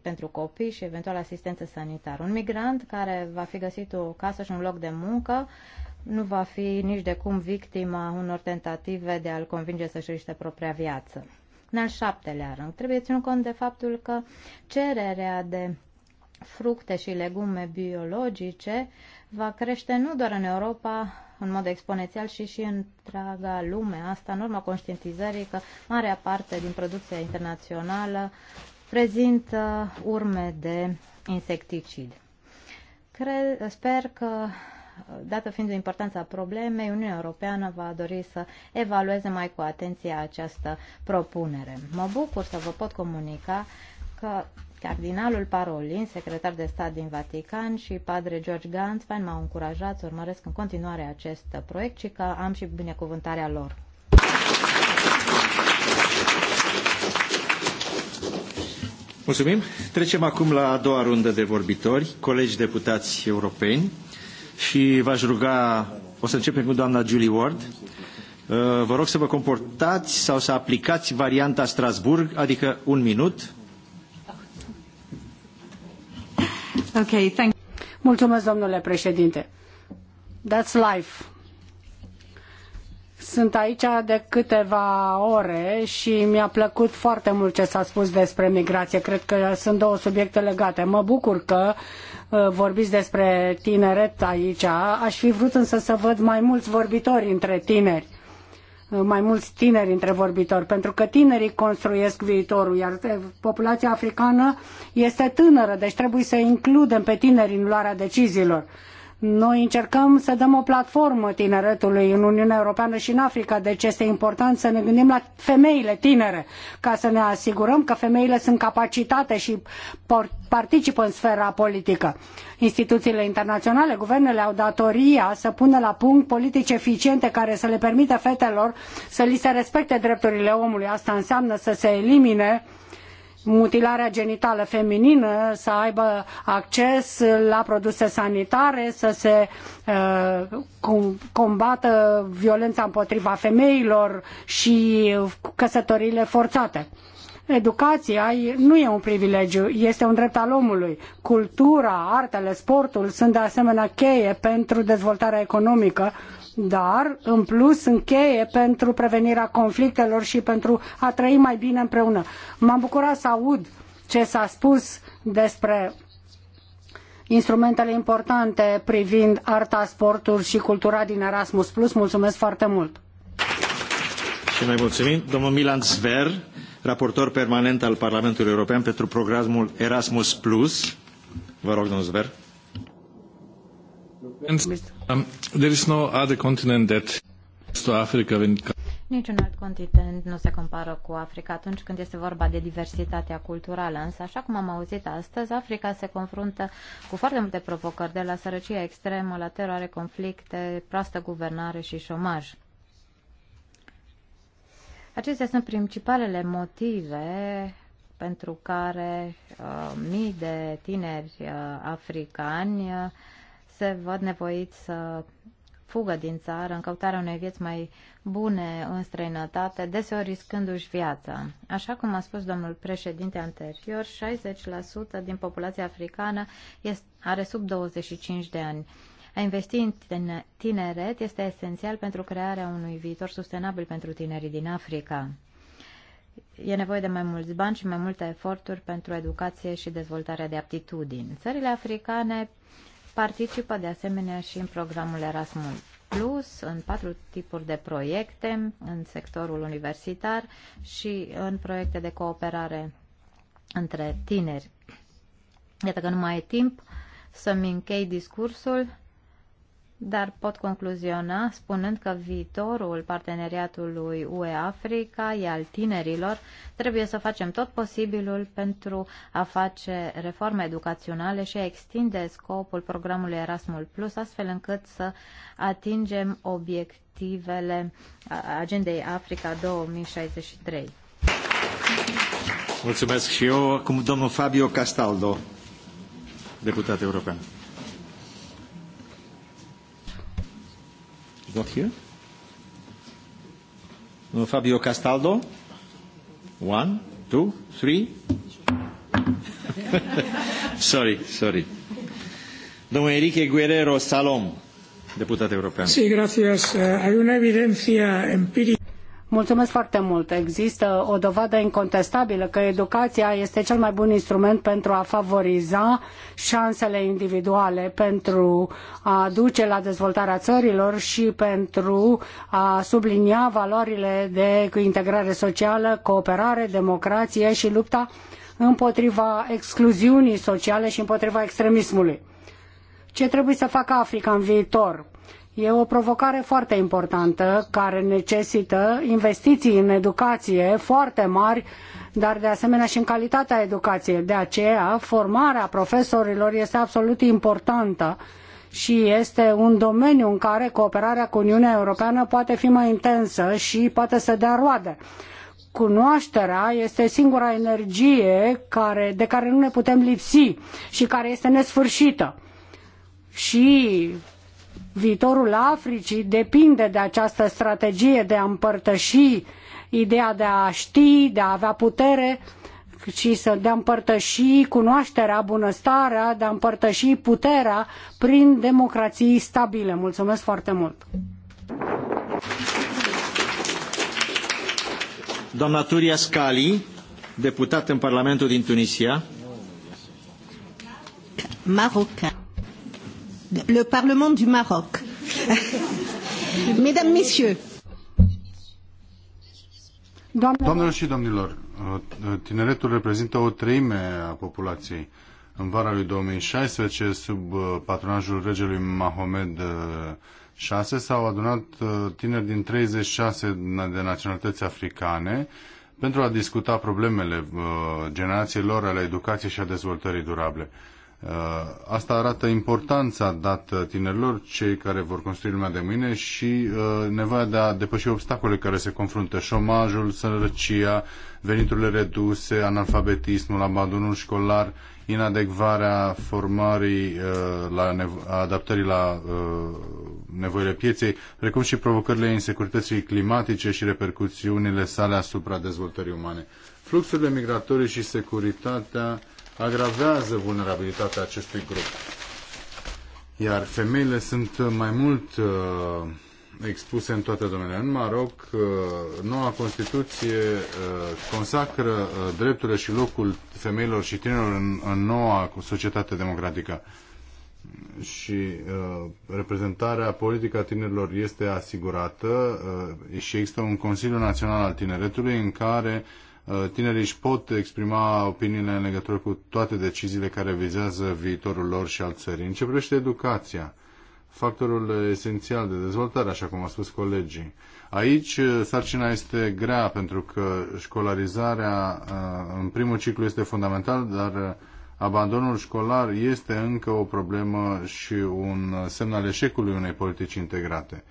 pentru copii și eventual asistență sanitară. Un migrant care va fi găsit o casă și un loc de muncă nu va fi nici de cum victima unor tentative de a-l convinge să-și riște propria viață. În al șaptelea rând, trebuie ținut cont de faptul că cererea de fructe și legume biologice uh, va crește nu doar în Europa în mod exponențial și și întreaga lume. Asta în urma conștientizării că marea parte din producția internațională prezintă uh, urme de insecticid. Cred, sper că uh, dată fiind importanța problemei, Uniunea Europeană va dori să evalueze mai cu atenție această propunere. Mă bucur să vă pot comunica că Cardinalul Parolin, secretar de stat din Vatican și padre George Gantzfein m-au încurajat să urmăresc în continuare acest proiect și că am și binecuvântarea lor. Mulțumim. Trecem acum la a doua rundă de vorbitori, colegi deputați europeni și v-aș ruga, o să începem cu doamna Julie Ward. Uh, vă rog să vă comportați sau să aplicați varianta Strasburg, adică un minut, Mulțumesc, domnule președinte. That's life. Sunt aici de câteva ore și mi-a plăcut foarte mult ce s-a spus despre migrație. Cred că sunt două subiecte legate. Mă bucur că uh, vorbiți despre tineret aici. Aș fi vrut însă să văd mai mulți vorbitori între tineri Uh, mai mulți tineri între vorbitori, pentru că tinerii construiesc viitorul, iar uh, populația africană este tânără, deci trebuie să includem pe tineri în luarea deciziilor. Noi încercăm să dăm o platformă tineretului în Uniunea Europeană și în Africa, deci este important să ne gândim la femeile tinere, ca să ne asigurăm că femeile sunt capacitate și participă în sfera politică. Instituțiile internaționale, guvernele au datoria să pună la punct politici eficiente care să le permită fetelor să li se respecte drepturile omului. Asta înseamnă să se elimine uh, mutilarea genitală feminină, să aibă acces la produse sanitare, să se uh, combată violența împotriva femeilor și căsătoriile forțate. Educația nu e un privilegiu, este un drept al omului. Cultura, artele, sportul sunt de asemenea cheie pentru dezvoltarea economică dar în plus încheie pentru prevenirea conflictelor și pentru a trăi mai bine împreună. M-am bucurat să aud ce s-a spus despre instrumentele importante privind arta, sportul și cultura din Erasmus+. Plus. Mulțumesc foarte mult! Și noi mulțumim. Domnul Milan Zver, raportor permanent al Parlamentului European pentru programul Erasmus+. Plus. Vă rog, domnul Zver. Um, there is no other continent that to Africa when... Niciun alt continent nu se compară cu Africa atunci când este vorba de diversitatea culturală, însă, așa cum am auzit astăzi, Africa se confruntă cu foarte multe provocări, de la sărăcia extremă, la teroare, conflicte, proastă guvernare și șomaj. Acestea sunt principalele motive pentru care uh, mii de tineri uh, africani uh, se văd nevoiți să fugă din țară în căutarea unei vieți mai bune în străinătate, deseori riscându-și viața. Așa cum a spus domnul președinte anterior, 60% din populația africană are sub 25 de ani. A investi în tineret este esențial pentru crearea unui viitor sustenabil pentru tinerii din Africa. E nevoie de mai mulți bani și mai multe eforturi pentru educație și dezvoltarea de aptitudini. Țările africane Participă de asemenea și în programul Erasmus Plus, în patru tipuri de proiecte, în sectorul universitar și în proiecte de cooperare între tineri. Iată că nu mai e timp să-mi închei discursul dar pot concluziona spunând că viitorul parteneriatului UE-Africa e al tinerilor. Trebuie să facem tot posibilul pentru a face reforme educaționale și a extinde scopul programului Erasmus Plus, astfel încât să atingem obiectivele agendei Africa 2063. Mulțumesc și eu. Acum domnul Fabio Castaldo, deputat european. not here. No, Fabio Castaldo. One, two, three. sorry, sorry. Don Enrique Guerrero Salom, diputado europeo. Sí, gracias. Uh, hay una evidencia empírica. Mulțumesc foarte mult. Există o dovadă incontestabilă că educația este cel mai bun instrument pentru a favoriza șansele individuale, pentru a duce la dezvoltarea țărilor și pentru a sublinia valorile de integrare socială, cooperare, democrație și lupta împotriva excluziunii sociale și împotriva extremismului. Ce trebuie să facă Africa în viitor? E o provocare foarte importantă care necesită investiții în educație foarte mari, dar de asemenea și în calitatea educației. De aceea, formarea profesorilor este absolut importantă și este un domeniu în care cooperarea cu Uniunea Europeană poate fi mai intensă și poate să dea roade. Cunoașterea este singura energie care, de care nu ne putem lipsi și care este nesfârșită. Și Viitorul Africii depinde de această strategie de a împărtăși ideea de a ști, de a avea putere și să de a împărtăși cunoașterea, bunăstarea, de a împărtăși puterea prin democrații stabile. Mulțumesc foarte mult! Doamna Turia Scali, deputat în Parlamentul din Tunisia. Marocan le Parlement du Maroc. Mesdames, Messieurs. Doamnelor și domnilor, tineretul reprezintă o treime a populației. În vara lui 2016, sub uh, patronajul regelui Mahomed VI, uh, s-au adunat uh, tineri din 36 de naționalități africane pentru a discuta problemele generației lor ale educației și a dezvoltării durabile. Uh, asta arată importanța dată tinerilor, cei care vor construi lumea de mâine și uh, nevoia de a depăși obstacole care se confruntă, șomajul, sărăcia, veniturile reduse, analfabetismul, abandonul școlar, inadecvarea formării uh, la adaptării la nevoile pieței, precum și provocările insecurității climatice și repercuțiunile sale asupra dezvoltării umane. Fluxurile migratorii și securitatea agravează vulnerabilitatea acestui grup. Iar femeile sunt mai mult uh, expuse în toate domeniile. În Maroc, uh, noua Constituție uh, consacră uh, drepturile și locul femeilor și tinerilor în, în noua societate democratică. Și uh, reprezentarea politică a tinerilor este asigurată uh, și există un Consiliu Național al Tineretului în care Uh, tinerii își pot exprima opiniile în legătură cu toate deciziile care vizează viitorul lor și al țării. În ce privește educația, factorul esențial de dezvoltare, așa cum au spus colegii. Aici uh, sarcina este grea pentru că școlarizarea uh, în primul ciclu este fundamental, dar abandonul școlar este încă o problemă și un semn al eșecului unei politici integrate.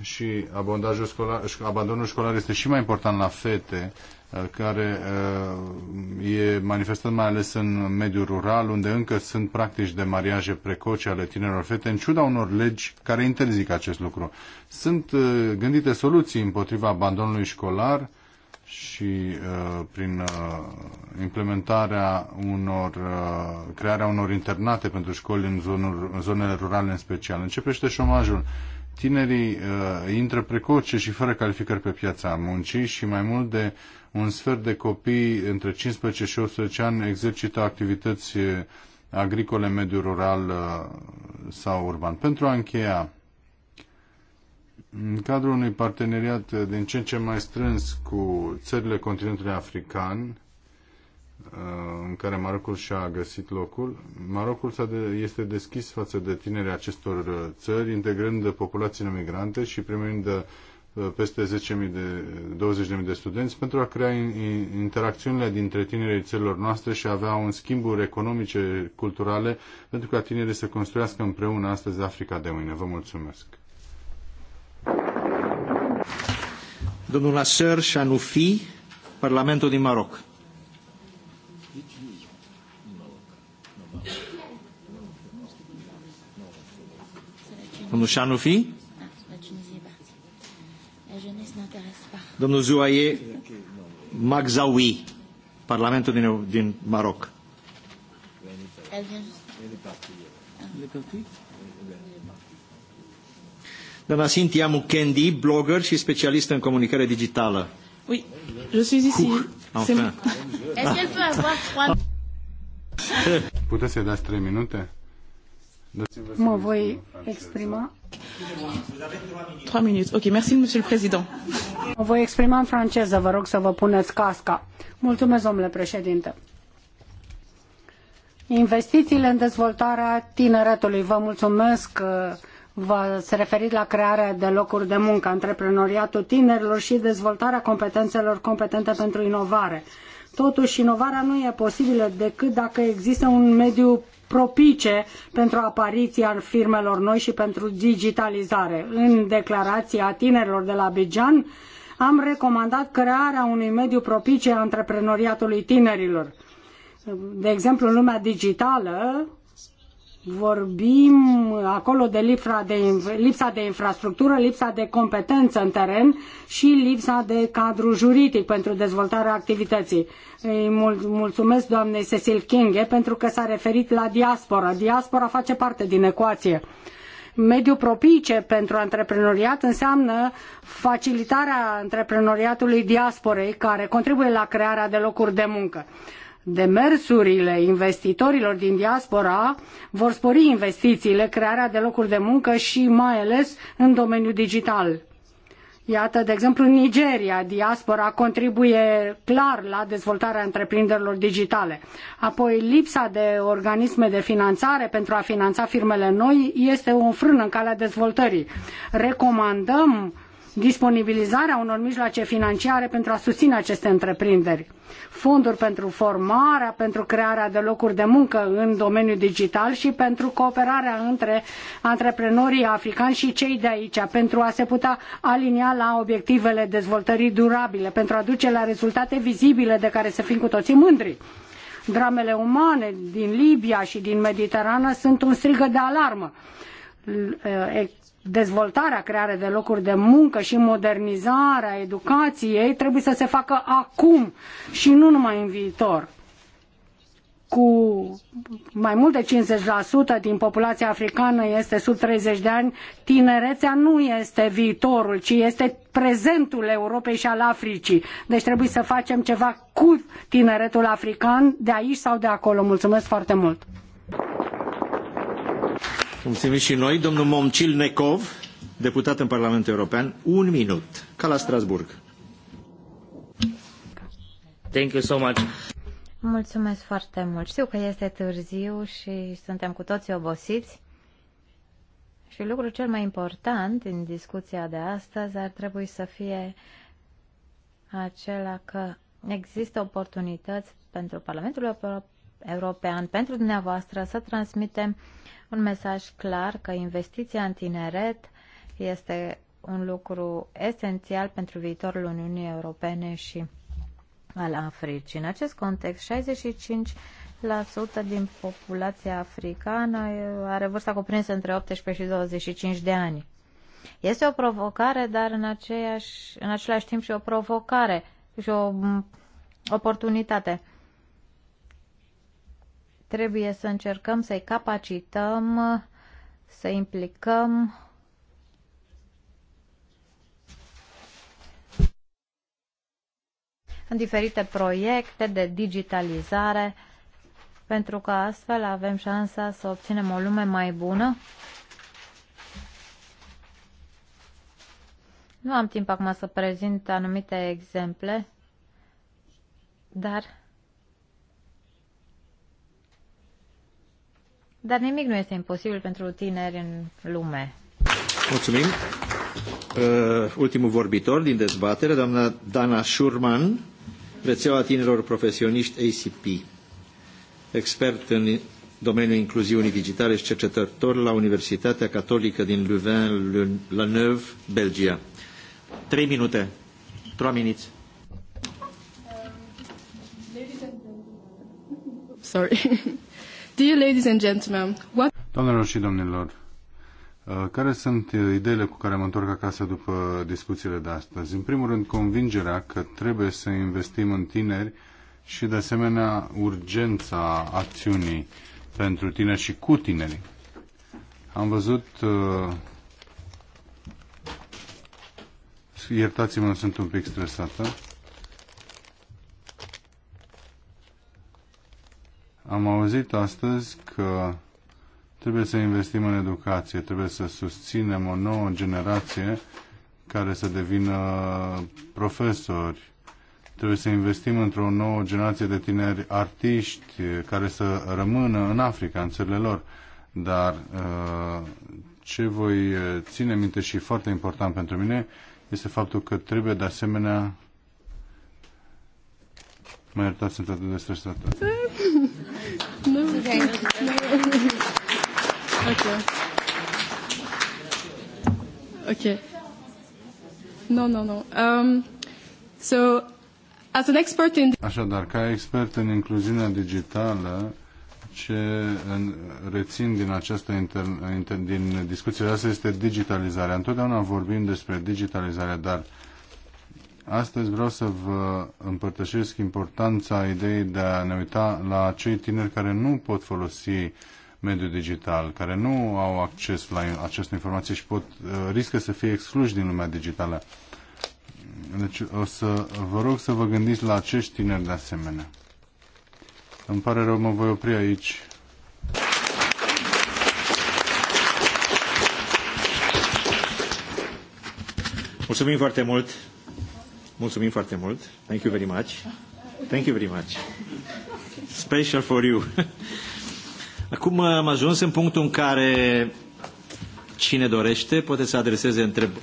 Și abandonul școlar, abandonul școlar este și mai important la fete Uh, care uh, e manifestat mai ales în mediul rural, unde încă sunt practici de mariaje precoce ale tinerilor fete, în ciuda unor legi care interzic acest lucru. Sunt uh, gândite soluții împotriva abandonului școlar și prin implementarea unor, crearea unor internate pentru școli în, zonele rurale în special. Începește șomajul tinerii uh, intră precoce și fără calificări pe piața muncii și mai mult de un sfert de copii între 15 și 18 ani exercită activități eh, agricole, mediul rural eh, sau urban. Pentru a încheia, în cadrul unui parteneriat eh, din ce în ce mai strâns cu țările continentului african, în care Marocul și-a găsit locul. Marocul este deschis față de tinerii acestor țări, integrând populațiile migrante și primind peste 10.000 de, 20.000 de studenți pentru a crea interacțiunile dintre tinerii țărilor noastre și a avea un schimburi economice, culturale, pentru ca tinerii să construiască împreună astăzi Africa de mâine. Vă mulțumesc! Domnul Nasser Shanufi, Parlamentul din Maroc. Domnul Shanufi? domnul Zuaie Magzawi, Parlamentul din, din Maroc. Doamna Cynthia Mukendi, blogger și specialistă în comunicare digitală. Oui, je suis ici. Enfin. Est-ce qu'elle peut avoir 3 Puteți să-i dați 3 minute? Mă voi exprima. 3 minute. Ok, merci, monsieur le président. Mă voi exprima în franceză, vă rog să vă puneți casca. Mulțumesc, domnule președinte. Investițiile în dezvoltarea tineretului. Vă mulțumesc că v-ați referit la crearea de locuri de muncă, antreprenoriatul tinerilor și dezvoltarea competențelor competente pentru inovare. Totuși, inovarea nu e posibilă decât dacă există un mediu propice pentru apariția firmelor noi și pentru digitalizare. În declarația tinerilor de la Bijan am recomandat crearea unui mediu propice antreprenoriatului tinerilor. De exemplu, în lumea digitală, vorbim acolo de lipsa de, lipsa de infrastructură, lipsa de competență în teren și lipsa de cadru juridic pentru dezvoltarea activității. Îi mulțumesc doamnei Cecil Kinge pentru că s-a referit la diaspora. Diaspora face parte din ecuație mediu propice pentru antreprenoriat înseamnă facilitarea antreprenoriatului diasporei care contribuie la crearea de locuri de muncă demersurile investitorilor din diaspora vor spori investițiile, crearea de locuri de muncă și mai ales în domeniul digital. Iată, de exemplu, în Nigeria, diaspora contribuie clar la dezvoltarea întreprinderilor digitale. Apoi, lipsa de organisme de finanțare pentru a finanța firmele noi este un frână în calea dezvoltării. Recomandăm uh, disponibilizarea unor mijloace financiare pentru a susține aceste întreprinderi. Fonduri pentru formarea, pentru crearea de locuri de muncă în domeniul digital și pentru cooperarea între antreprenorii africani și cei de aici, pentru a se putea alinia la obiectivele dezvoltării durabile, pentru a duce la rezultate vizibile de care să fim cu toții mândri dramele umane din Libia și din Mediterană sunt un strigă de alarmă dezvoltarea, crearea de locuri de muncă și modernizarea educației trebuie să se facă acum și nu numai în viitor cu mai mult de 50% din populația africană este sub 30 de ani, tinerețea nu este viitorul, ci este prezentul Europei și al Africii. Deci trebuie să facem ceva cu tineretul african de aici sau de acolo. Mulțumesc foarte mult! Mulțumim și noi. Domnul Momcil Necov, deputat în Parlamentul European, un minut, ca la Strasburg. Thank you so much. Mulțumesc foarte mult. Știu că este târziu și suntem cu toții obosiți. Și lucrul cel mai important în discuția de astăzi ar trebui să fie acela că există oportunități pentru Parlamentul European, pentru dumneavoastră, să transmitem un mesaj clar că investiția în tineret este un lucru esențial pentru viitorul Uniunii Europene și al Africii. În acest context, 65 sută din populația africană are vârsta cuprinsă între 18 și 25 de ani. Este o provocare, dar în, aceeași, în același timp și o provocare și o oportunitate. Trebuie să încercăm să-i capacităm, să implicăm în diferite proiecte de digitalizare, pentru că astfel avem șansa să obținem o lume mai bună. Nu am timp acum să prezint anumite exemple, dar Dar nimic nu este imposibil pentru tineri în lume. Mulțumim. Uh, ultimul vorbitor din dezbatere, doamna Dana Schurman, rețeaua tinerilor profesioniști ACP, expert în domeniul incluziunii digitale și cercetător la Universitatea Catolică din Louvain, la Neuve, Belgia. Trei minute. Trei minute. Sorry. Dear ladies and gentlemen, what... Doamnelor și domnilor, uh, care sunt uh, ideile cu care mă întorc acasă după discuțiile de astăzi? În primul rând, convingerea că trebuie să investim în tineri și, de asemenea, urgența acțiunii pentru tineri și cu tinerii. Am văzut, uh, iertați-mă, sunt un pic stresată, Am auzit astăzi că trebuie să investim în educație, trebuie să susținem o nouă generație care să devină profesori, trebuie să investim într-o nouă generație de tineri artiști care să rămână în Africa, în țările lor. Dar uh, ce voi uh, ține minte și foarte important pentru mine este faptul că trebuie de asemenea Mă iertați, sunt atât de stresată. Okay. ok. Okay. No, no, no. Um, so, as an expert in... Așadar, ca expert în incluziunea digitală, ce rețin din această inter, inter, din discuția asta este digitalizarea. Întotdeauna vorbim despre digitalizare, dar Astăzi vreau să vă împărtășesc importanța ideii de a ne uita la cei tineri care nu pot folosi mediul digital, care nu au acces la aceste informații și pot, uh, riscă să fie excluși din lumea digitală. Deci o să vă rog să vă gândiți la acești tineri de asemenea. Îmi pare rău, mă voi opri aici. Mulțumim foarte mult Mulțumim foarte mult. Thank you very much. Thank you very much. Special for you. Acum uh, am ajuns în punctul în care cine dorește poate să adreseze întrebări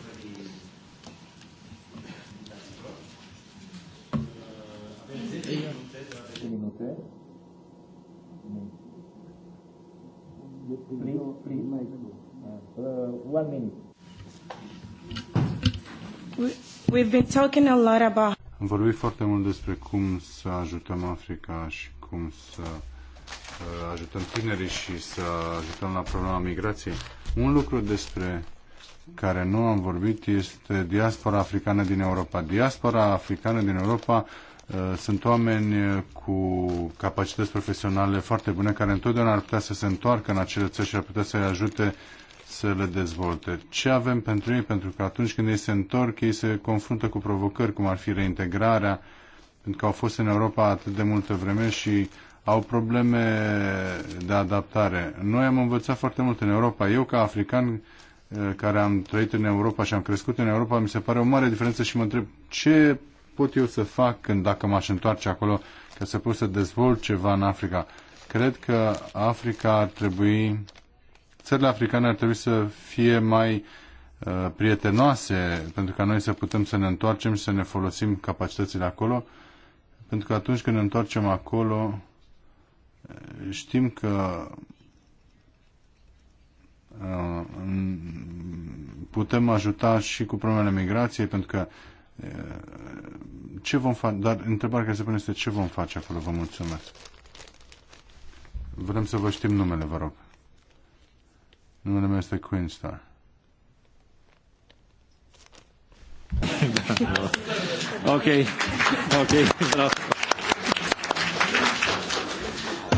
Am vorbit foarte mult despre cum să ajutăm Africa și cum să uh, ajutăm tinerii și să ajutăm la problema migrației. Un lucru despre care nu am vorbit este diaspora africană din Europa. Diaspora africană din Europa uh, sunt oameni cu capacități profesionale foarte bune care întotdeauna ar putea să se întoarcă în acele țări și ar putea să-i ajute să le dezvolte. Ce avem pentru ei? Pentru că atunci când ei se întorc, ei se confruntă cu provocări, cum ar fi reintegrarea, pentru că au fost în Europa atât de multă vreme și au probleme de adaptare. Noi am învățat foarte mult în Europa. Eu, ca african eh, care am trăit în Europa și am crescut în Europa, mi se pare o mare diferență și mă întreb ce pot eu să fac când dacă m-aș întoarce acolo ca să pot să dezvolt ceva în Africa. Cred că Africa ar trebui țările africane ar trebui să fie mai uh, prietenoase pentru ca noi să putem să ne întoarcem și să ne folosim capacitățile acolo, pentru că atunci când ne întoarcem acolo, uh, știm că uh, putem ajuta și cu problemele migrației, pentru că uh, ce vom face, dar întrebarea care se pune este ce vom face acolo, vă mulțumesc. Vrem să vă știm numele, vă rog. Numele meu este star. ok, ok, bravo.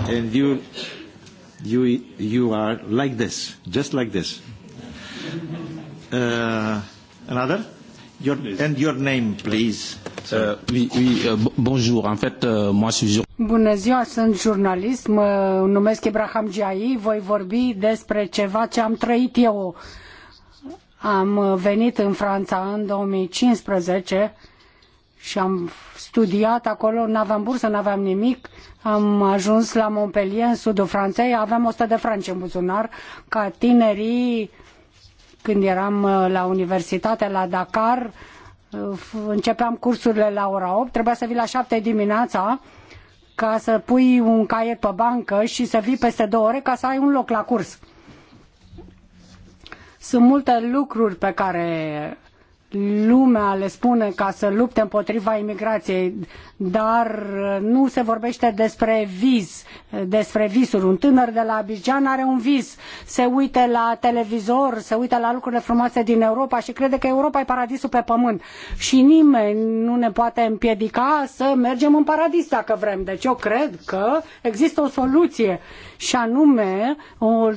And you, you, you are like this, just like this. Uh, another? Your, and your name, please. Uh, oui, oui uh, bonjour. En fait, uh, moi, je suis Bună ziua, sunt jurnalist, mă numesc Ibrahim Giai, voi vorbi despre ceva ce am trăit eu. Am venit în Franța în 2015 și am studiat acolo, nu aveam bursă, nu aveam nimic. Am ajuns la Montpellier, în sudul Franței, aveam 100 de franci în buzunar, ca tinerii, când eram uh, la universitate, la Dakar, uh, începeam cursurile la ora 8, trebuia să vii la 7 dimineața, ca să pui un caiet pe bancă și să vii peste două ore ca să ai un loc la curs. Sunt multe lucruri pe care lumea le spune ca să lupte împotriva imigrației, dar uh, nu se vorbește despre vis, despre visuri. Un tânăr de la Abidjan are un vis, se uită la televizor, se uită la lucrurile frumoase din Europa și crede că Europa e paradisul pe pământ. Și nimeni nu ne poate împiedica să mergem în paradis dacă vrem. Deci eu cred că există o soluție și anume o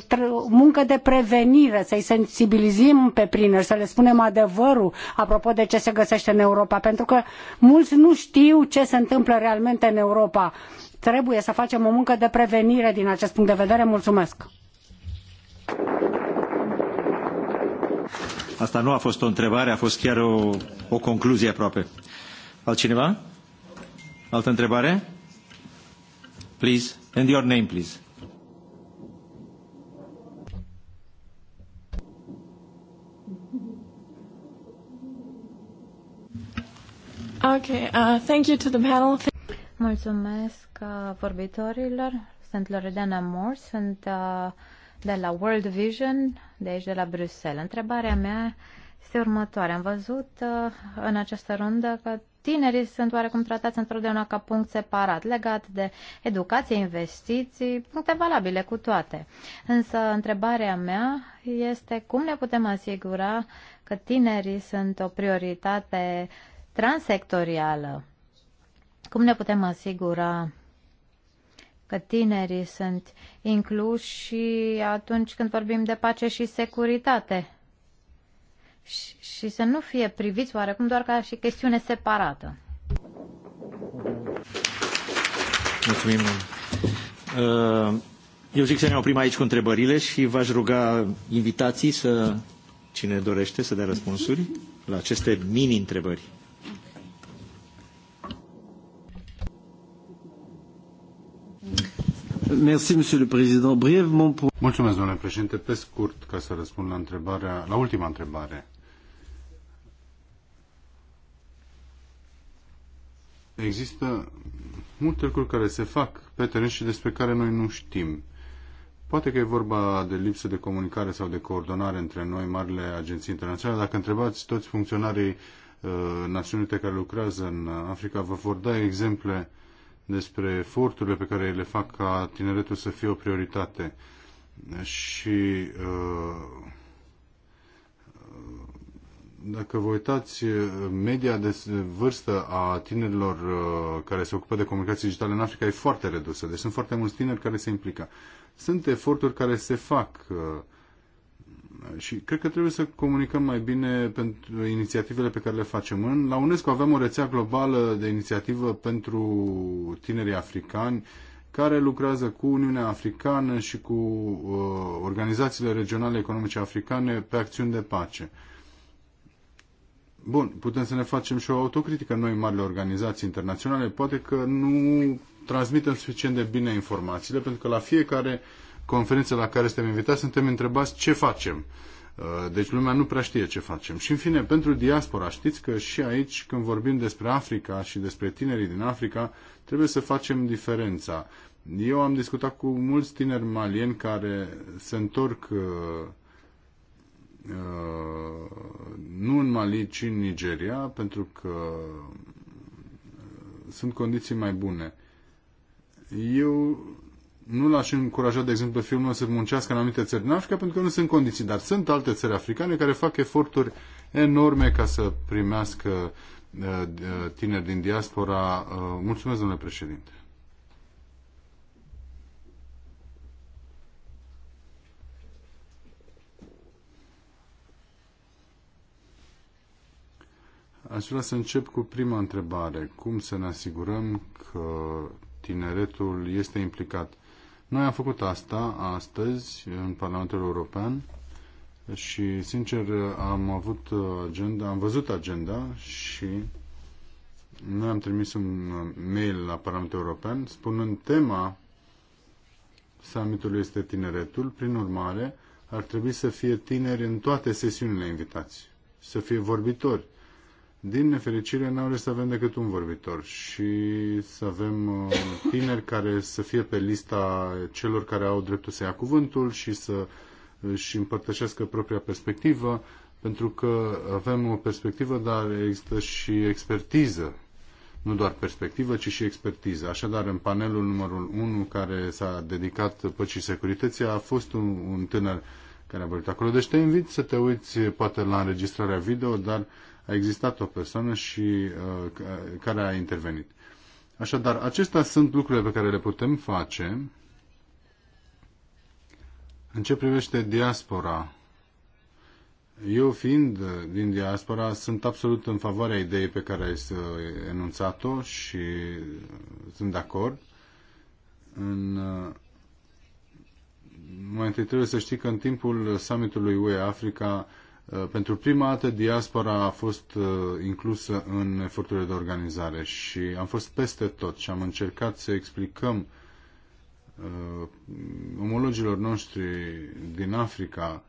muncă de prevenire, să-i sensibilizăm pe prineri, să le spunem adevărul apropo de ce se găsește în Europa, pentru că mulți nu știu ce se întâmplă realmente în Europa. Trebuie să facem o muncă de prevenire din acest punct de vedere. Mulțumesc! Asta nu a fost o întrebare, a fost chiar o, o concluzie aproape. Altcineva? Altă întrebare? Please, and your name, please. Okay, uh, thank you to the panel. Mulțumesc uh, vorbitorilor. Sunt Loredana Moore, sunt uh, de la World Vision, de aici de la Bruxelles. Întrebarea mea este următoarea. Am văzut uh, în această rundă că tinerii sunt oarecum tratați întotdeauna ca punct separat, legat de educație, investiții, puncte valabile cu toate. Însă întrebarea mea este cum ne putem asigura că tinerii sunt o prioritate transectorială. Cum ne putem asigura că tinerii sunt incluși și atunci când vorbim de pace și securitate? Și, și să nu fie priviți oarecum doar ca și chestiune separată. Mulțumim. Uh, eu zic să ne oprim aici cu întrebările și v-aș ruga invitații să, cine dorește, să dea răspunsuri la aceste mini-întrebări. Mulțumesc, domnule președinte. Pe scurt, ca să răspund la, întrebarea, la ultima întrebare. Există multe lucruri care se fac pe teren și despre care noi nu știm. Poate că e vorba de lipsă de comunicare sau de coordonare între noi, marile agenții internaționale. Dacă întrebați toți funcționarii uh, Națiunilor care lucrează în Africa, vă vor da exemple uh, despre eforturile pe care le fac ca tineretul să fie o prioritate și uh, dacă vă uitați, media de vârstă a tinerilor uh, care se ocupă de comunicații digitale în Africa e foarte redusă, deci sunt foarte mulți tineri care se implică. Sunt eforturi care se fac uh, și cred că trebuie să comunicăm mai bine pentru inițiativele pe care le facem. În, la UNESCO avem o rețea globală de inițiativă pentru tinerii africani care lucrează cu Uniunea Africană și cu uh, organizațiile regionale economice africane pe acțiuni de pace. Bun, putem să ne facem și o autocritică noi, marile organizații internaționale. Poate că nu transmitem suficient de bine informațiile, pentru că la fiecare uh, conferințe la care suntem invitați, suntem întrebați ce facem. Uh, deci lumea nu prea știe ce facem. Și în fine, pentru diaspora, știți că și aici, când vorbim despre Africa și despre tinerii din Africa, trebuie să facem diferența. Eu am discutat cu mulți tineri malieni care se întorc uh, uh, nu în Mali, ci în Nigeria, pentru că sunt condiții mai bune. Eu nu l-aș încuraja, de exemplu, filmul să muncească în anumite țări din Africa, pentru că nu sunt condiții. Dar sunt alte țări africane care fac eforturi enorme ca să primească uh, uh, tineri din diaspora. Uh, mulțumesc, domnule președinte. Aș vrea să încep cu prima întrebare. Cum să ne asigurăm că tineretul este implicat? Noi am făcut asta astăzi în Parlamentul European și, sincer, am avut agenda, am văzut agenda și noi am trimis un mail la Parlamentul European spunând tema summitului este tineretul, prin urmare ar trebui să fie tineri în toate sesiunile invitați, să fie vorbitori, din nefericire, n-au reușit să avem decât un vorbitor și să avem uh, tineri care să fie pe lista celor care au dreptul să ia cuvântul și să își împărtășească propria perspectivă, pentru că avem o perspectivă, dar există și expertiză. Nu doar perspectivă, ci și expertiză. Așadar, în panelul numărul 1, care s-a dedicat păcii securității, a fost un, un tânăr care a vorbit acolo. Deci te invit să te uiți poate la înregistrarea video, dar a existat o persoană și uh, care a intervenit. Așadar, acestea sunt lucrurile pe care le putem face. În ce privește diaspora, eu fiind din diaspora, sunt absolut în favoarea ideii pe care ai enunțat-o și sunt de acord. În, uh, mai întâi trebuie să știi că în timpul summitului UE Africa Uh, pentru prima dată, diaspora a fost uh, inclusă în eforturile de organizare și am fost peste tot și am încercat să explicăm uh, omologilor noștri din Africa,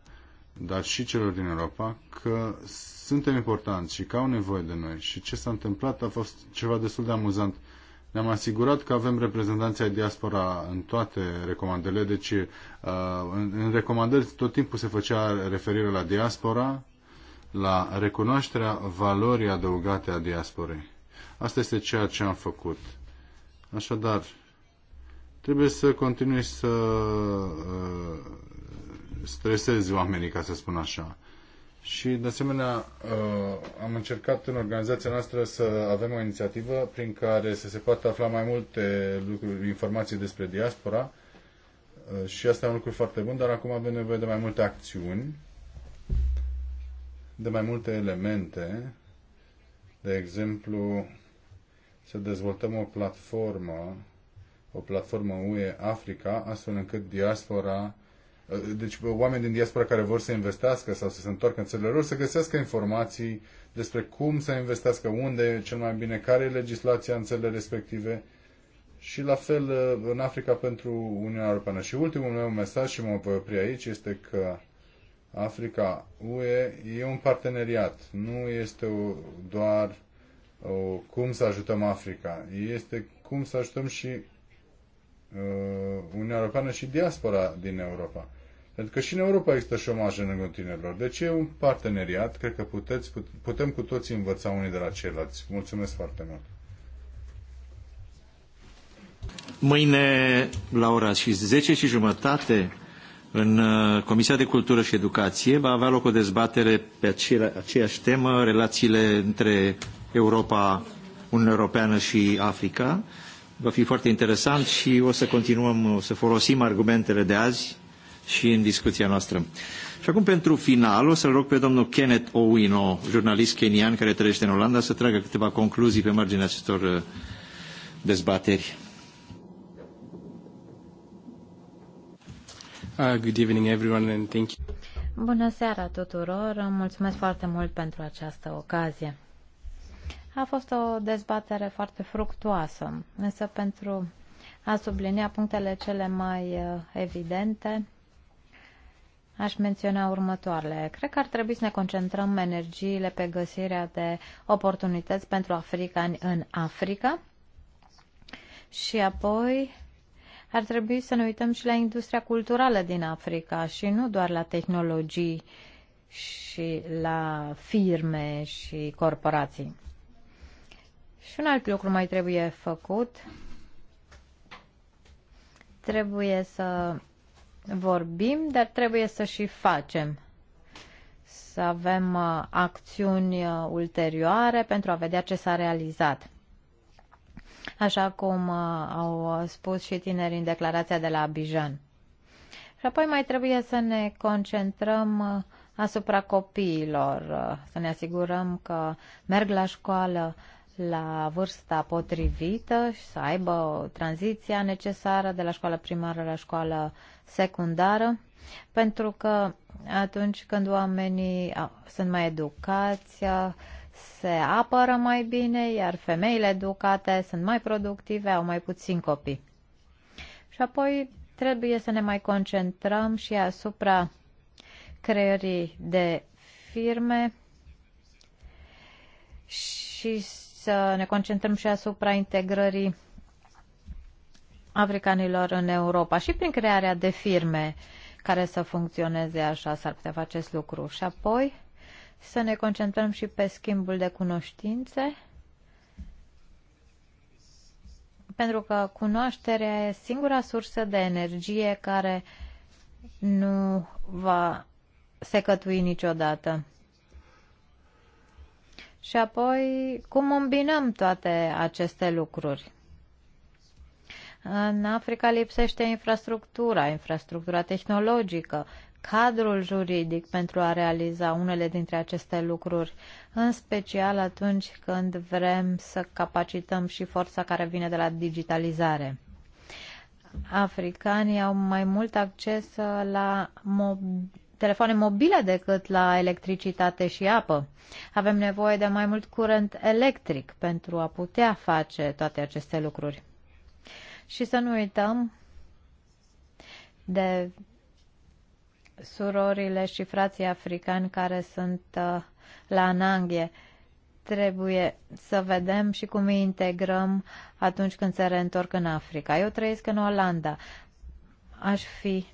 dar și celor din Europa, că suntem importanți și că au nevoie de noi. Și ce s-a întâmplat a fost ceva destul de amuzant. Ne-am asigurat că avem reprezentanția diaspora în toate recomandările, deci uh, în, în recomandări tot timpul se făcea referire la diaspora, la recunoașterea valorii adăugate a diasporei. Asta este ceea ce am făcut. Așadar, trebuie să continui să uh, stresezi oamenii, ca să spun așa. Și, de asemenea, uh, am încercat în organizația noastră să avem o inițiativă prin care să se poată afla mai multe lucruri, informații despre diaspora uh, și asta e un lucru foarte bun, dar acum avem nevoie de mai multe acțiuni, de mai multe elemente. De exemplu, să dezvoltăm o platformă, o platformă UE Africa, astfel încât diaspora deci oameni din diaspora care vor să investească sau să se întoarcă în țările lor, să găsească informații despre cum să investească, unde cel mai bine, care e legislația în țările respective și la fel în Africa pentru Uniunea Europeană. Și ultimul meu mesaj și mă voi opri aici este că Africa UE e un parteneriat, nu este o, doar o, cum să ajutăm Africa, este cum să ajutăm și uh, Uniunea Europeană și diaspora din Europa. Pentru că și în Europa există șomaj în rândul tinerilor. Deci e un parteneriat. Cred că puteți, putem cu toții învăța unii de la ceilalți. Mulțumesc foarte mult. Mâine, la ora și 10 și jumătate, în uh, Comisia de Cultură și Educație va avea loc o dezbatere pe aceeași temă, relațiile între Europa, Uniunea Europeană și Africa. Va fi foarte interesant și o să continuăm, o să folosim argumentele de azi și în discuția noastră. Și acum, pentru final, o să-l rog pe domnul Kenneth Owino, jurnalist kenian care trăiește în Olanda, să tragă câteva concluzii pe marginea acestor uh, dezbateri. Uh, good evening everyone and thank you. Bună seara tuturor, mulțumesc foarte mult pentru această ocazie. A fost o dezbatere foarte fructuoasă, însă pentru a sublinia punctele cele mai uh, evidente, aș menționa următoarele. Cred că ar trebui să ne concentrăm energiile pe găsirea de oportunități pentru africani în Africa și apoi ar trebui să ne uităm și la industria culturală din Africa și nu doar la tehnologii și la firme și corporații. Și un alt lucru mai trebuie făcut. Trebuie să vorbim, dar trebuie să și facem. Să avem uh, acțiuni uh, ulterioare pentru a vedea ce s-a realizat. Așa cum uh, au spus și tinerii în declarația de la Abijan. Și apoi mai trebuie să ne concentrăm asupra copiilor, să ne asigurăm că merg la școală, la vârsta potrivită și să aibă tranziția necesară de la școala primară la școala secundară, pentru că atunci când oamenii sunt mai educați, se apără mai bine, iar femeile educate sunt mai productive, au mai puțin copii. Și apoi trebuie să ne mai concentrăm și asupra creării de firme și să ne concentrăm și asupra integrării africanilor în Europa și prin crearea de firme care să funcționeze așa, s-ar putea face acest lucru. Și apoi să ne concentrăm și pe schimbul de cunoștințe, pentru că cunoașterea e singura sursă de energie care nu va secătui niciodată. Și apoi, cum îmbinăm toate aceste lucruri? În Africa lipsește infrastructura, infrastructura tehnologică, cadrul juridic pentru a realiza unele dintre aceste lucruri, în special atunci când vrem să capacităm și forța care vine de la digitalizare. Africanii au mai mult acces la mob- telefoane mobile decât la electricitate și apă. Avem nevoie de mai mult curent electric pentru a putea face toate aceste lucruri. Și să nu uităm de surorile și frații africani care sunt uh, la Nanghe. Trebuie să vedem și cum îi integrăm atunci când se reîntorc în Africa. Eu trăiesc în Olanda. Aș fi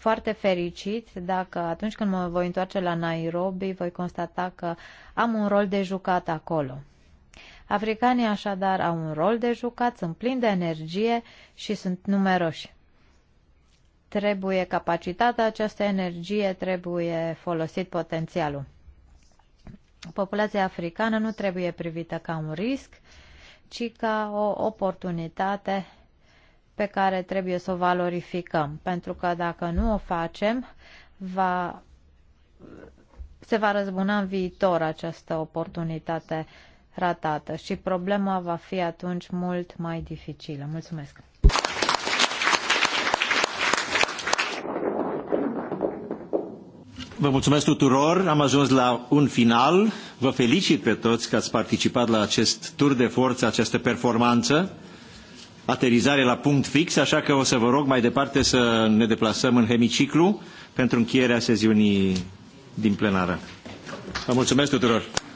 foarte fericit dacă atunci când mă voi întoarce la Nairobi voi constata că am un rol de jucat acolo. Africanii așadar au un rol de jucat, sunt plini de energie și sunt numeroși. Trebuie capacitatea această energie, trebuie folosit potențialul. Populația africană nu trebuie privită ca un risc, ci ca o oportunitate pe care trebuie să o valorificăm, pentru că dacă nu o facem, va, se va răzbuna în viitor această oportunitate ratată și problema va fi atunci mult mai dificilă. Mulțumesc! Vă mulțumesc tuturor, am ajuns la un final. Vă felicit pe toți că ați participat la acest tur de forță, această performanță aterizare la punct fix, așa că o să vă rog mai departe să ne deplasăm în hemiciclu pentru încheierea sesiunii din plenară. Vă mulțumesc tuturor!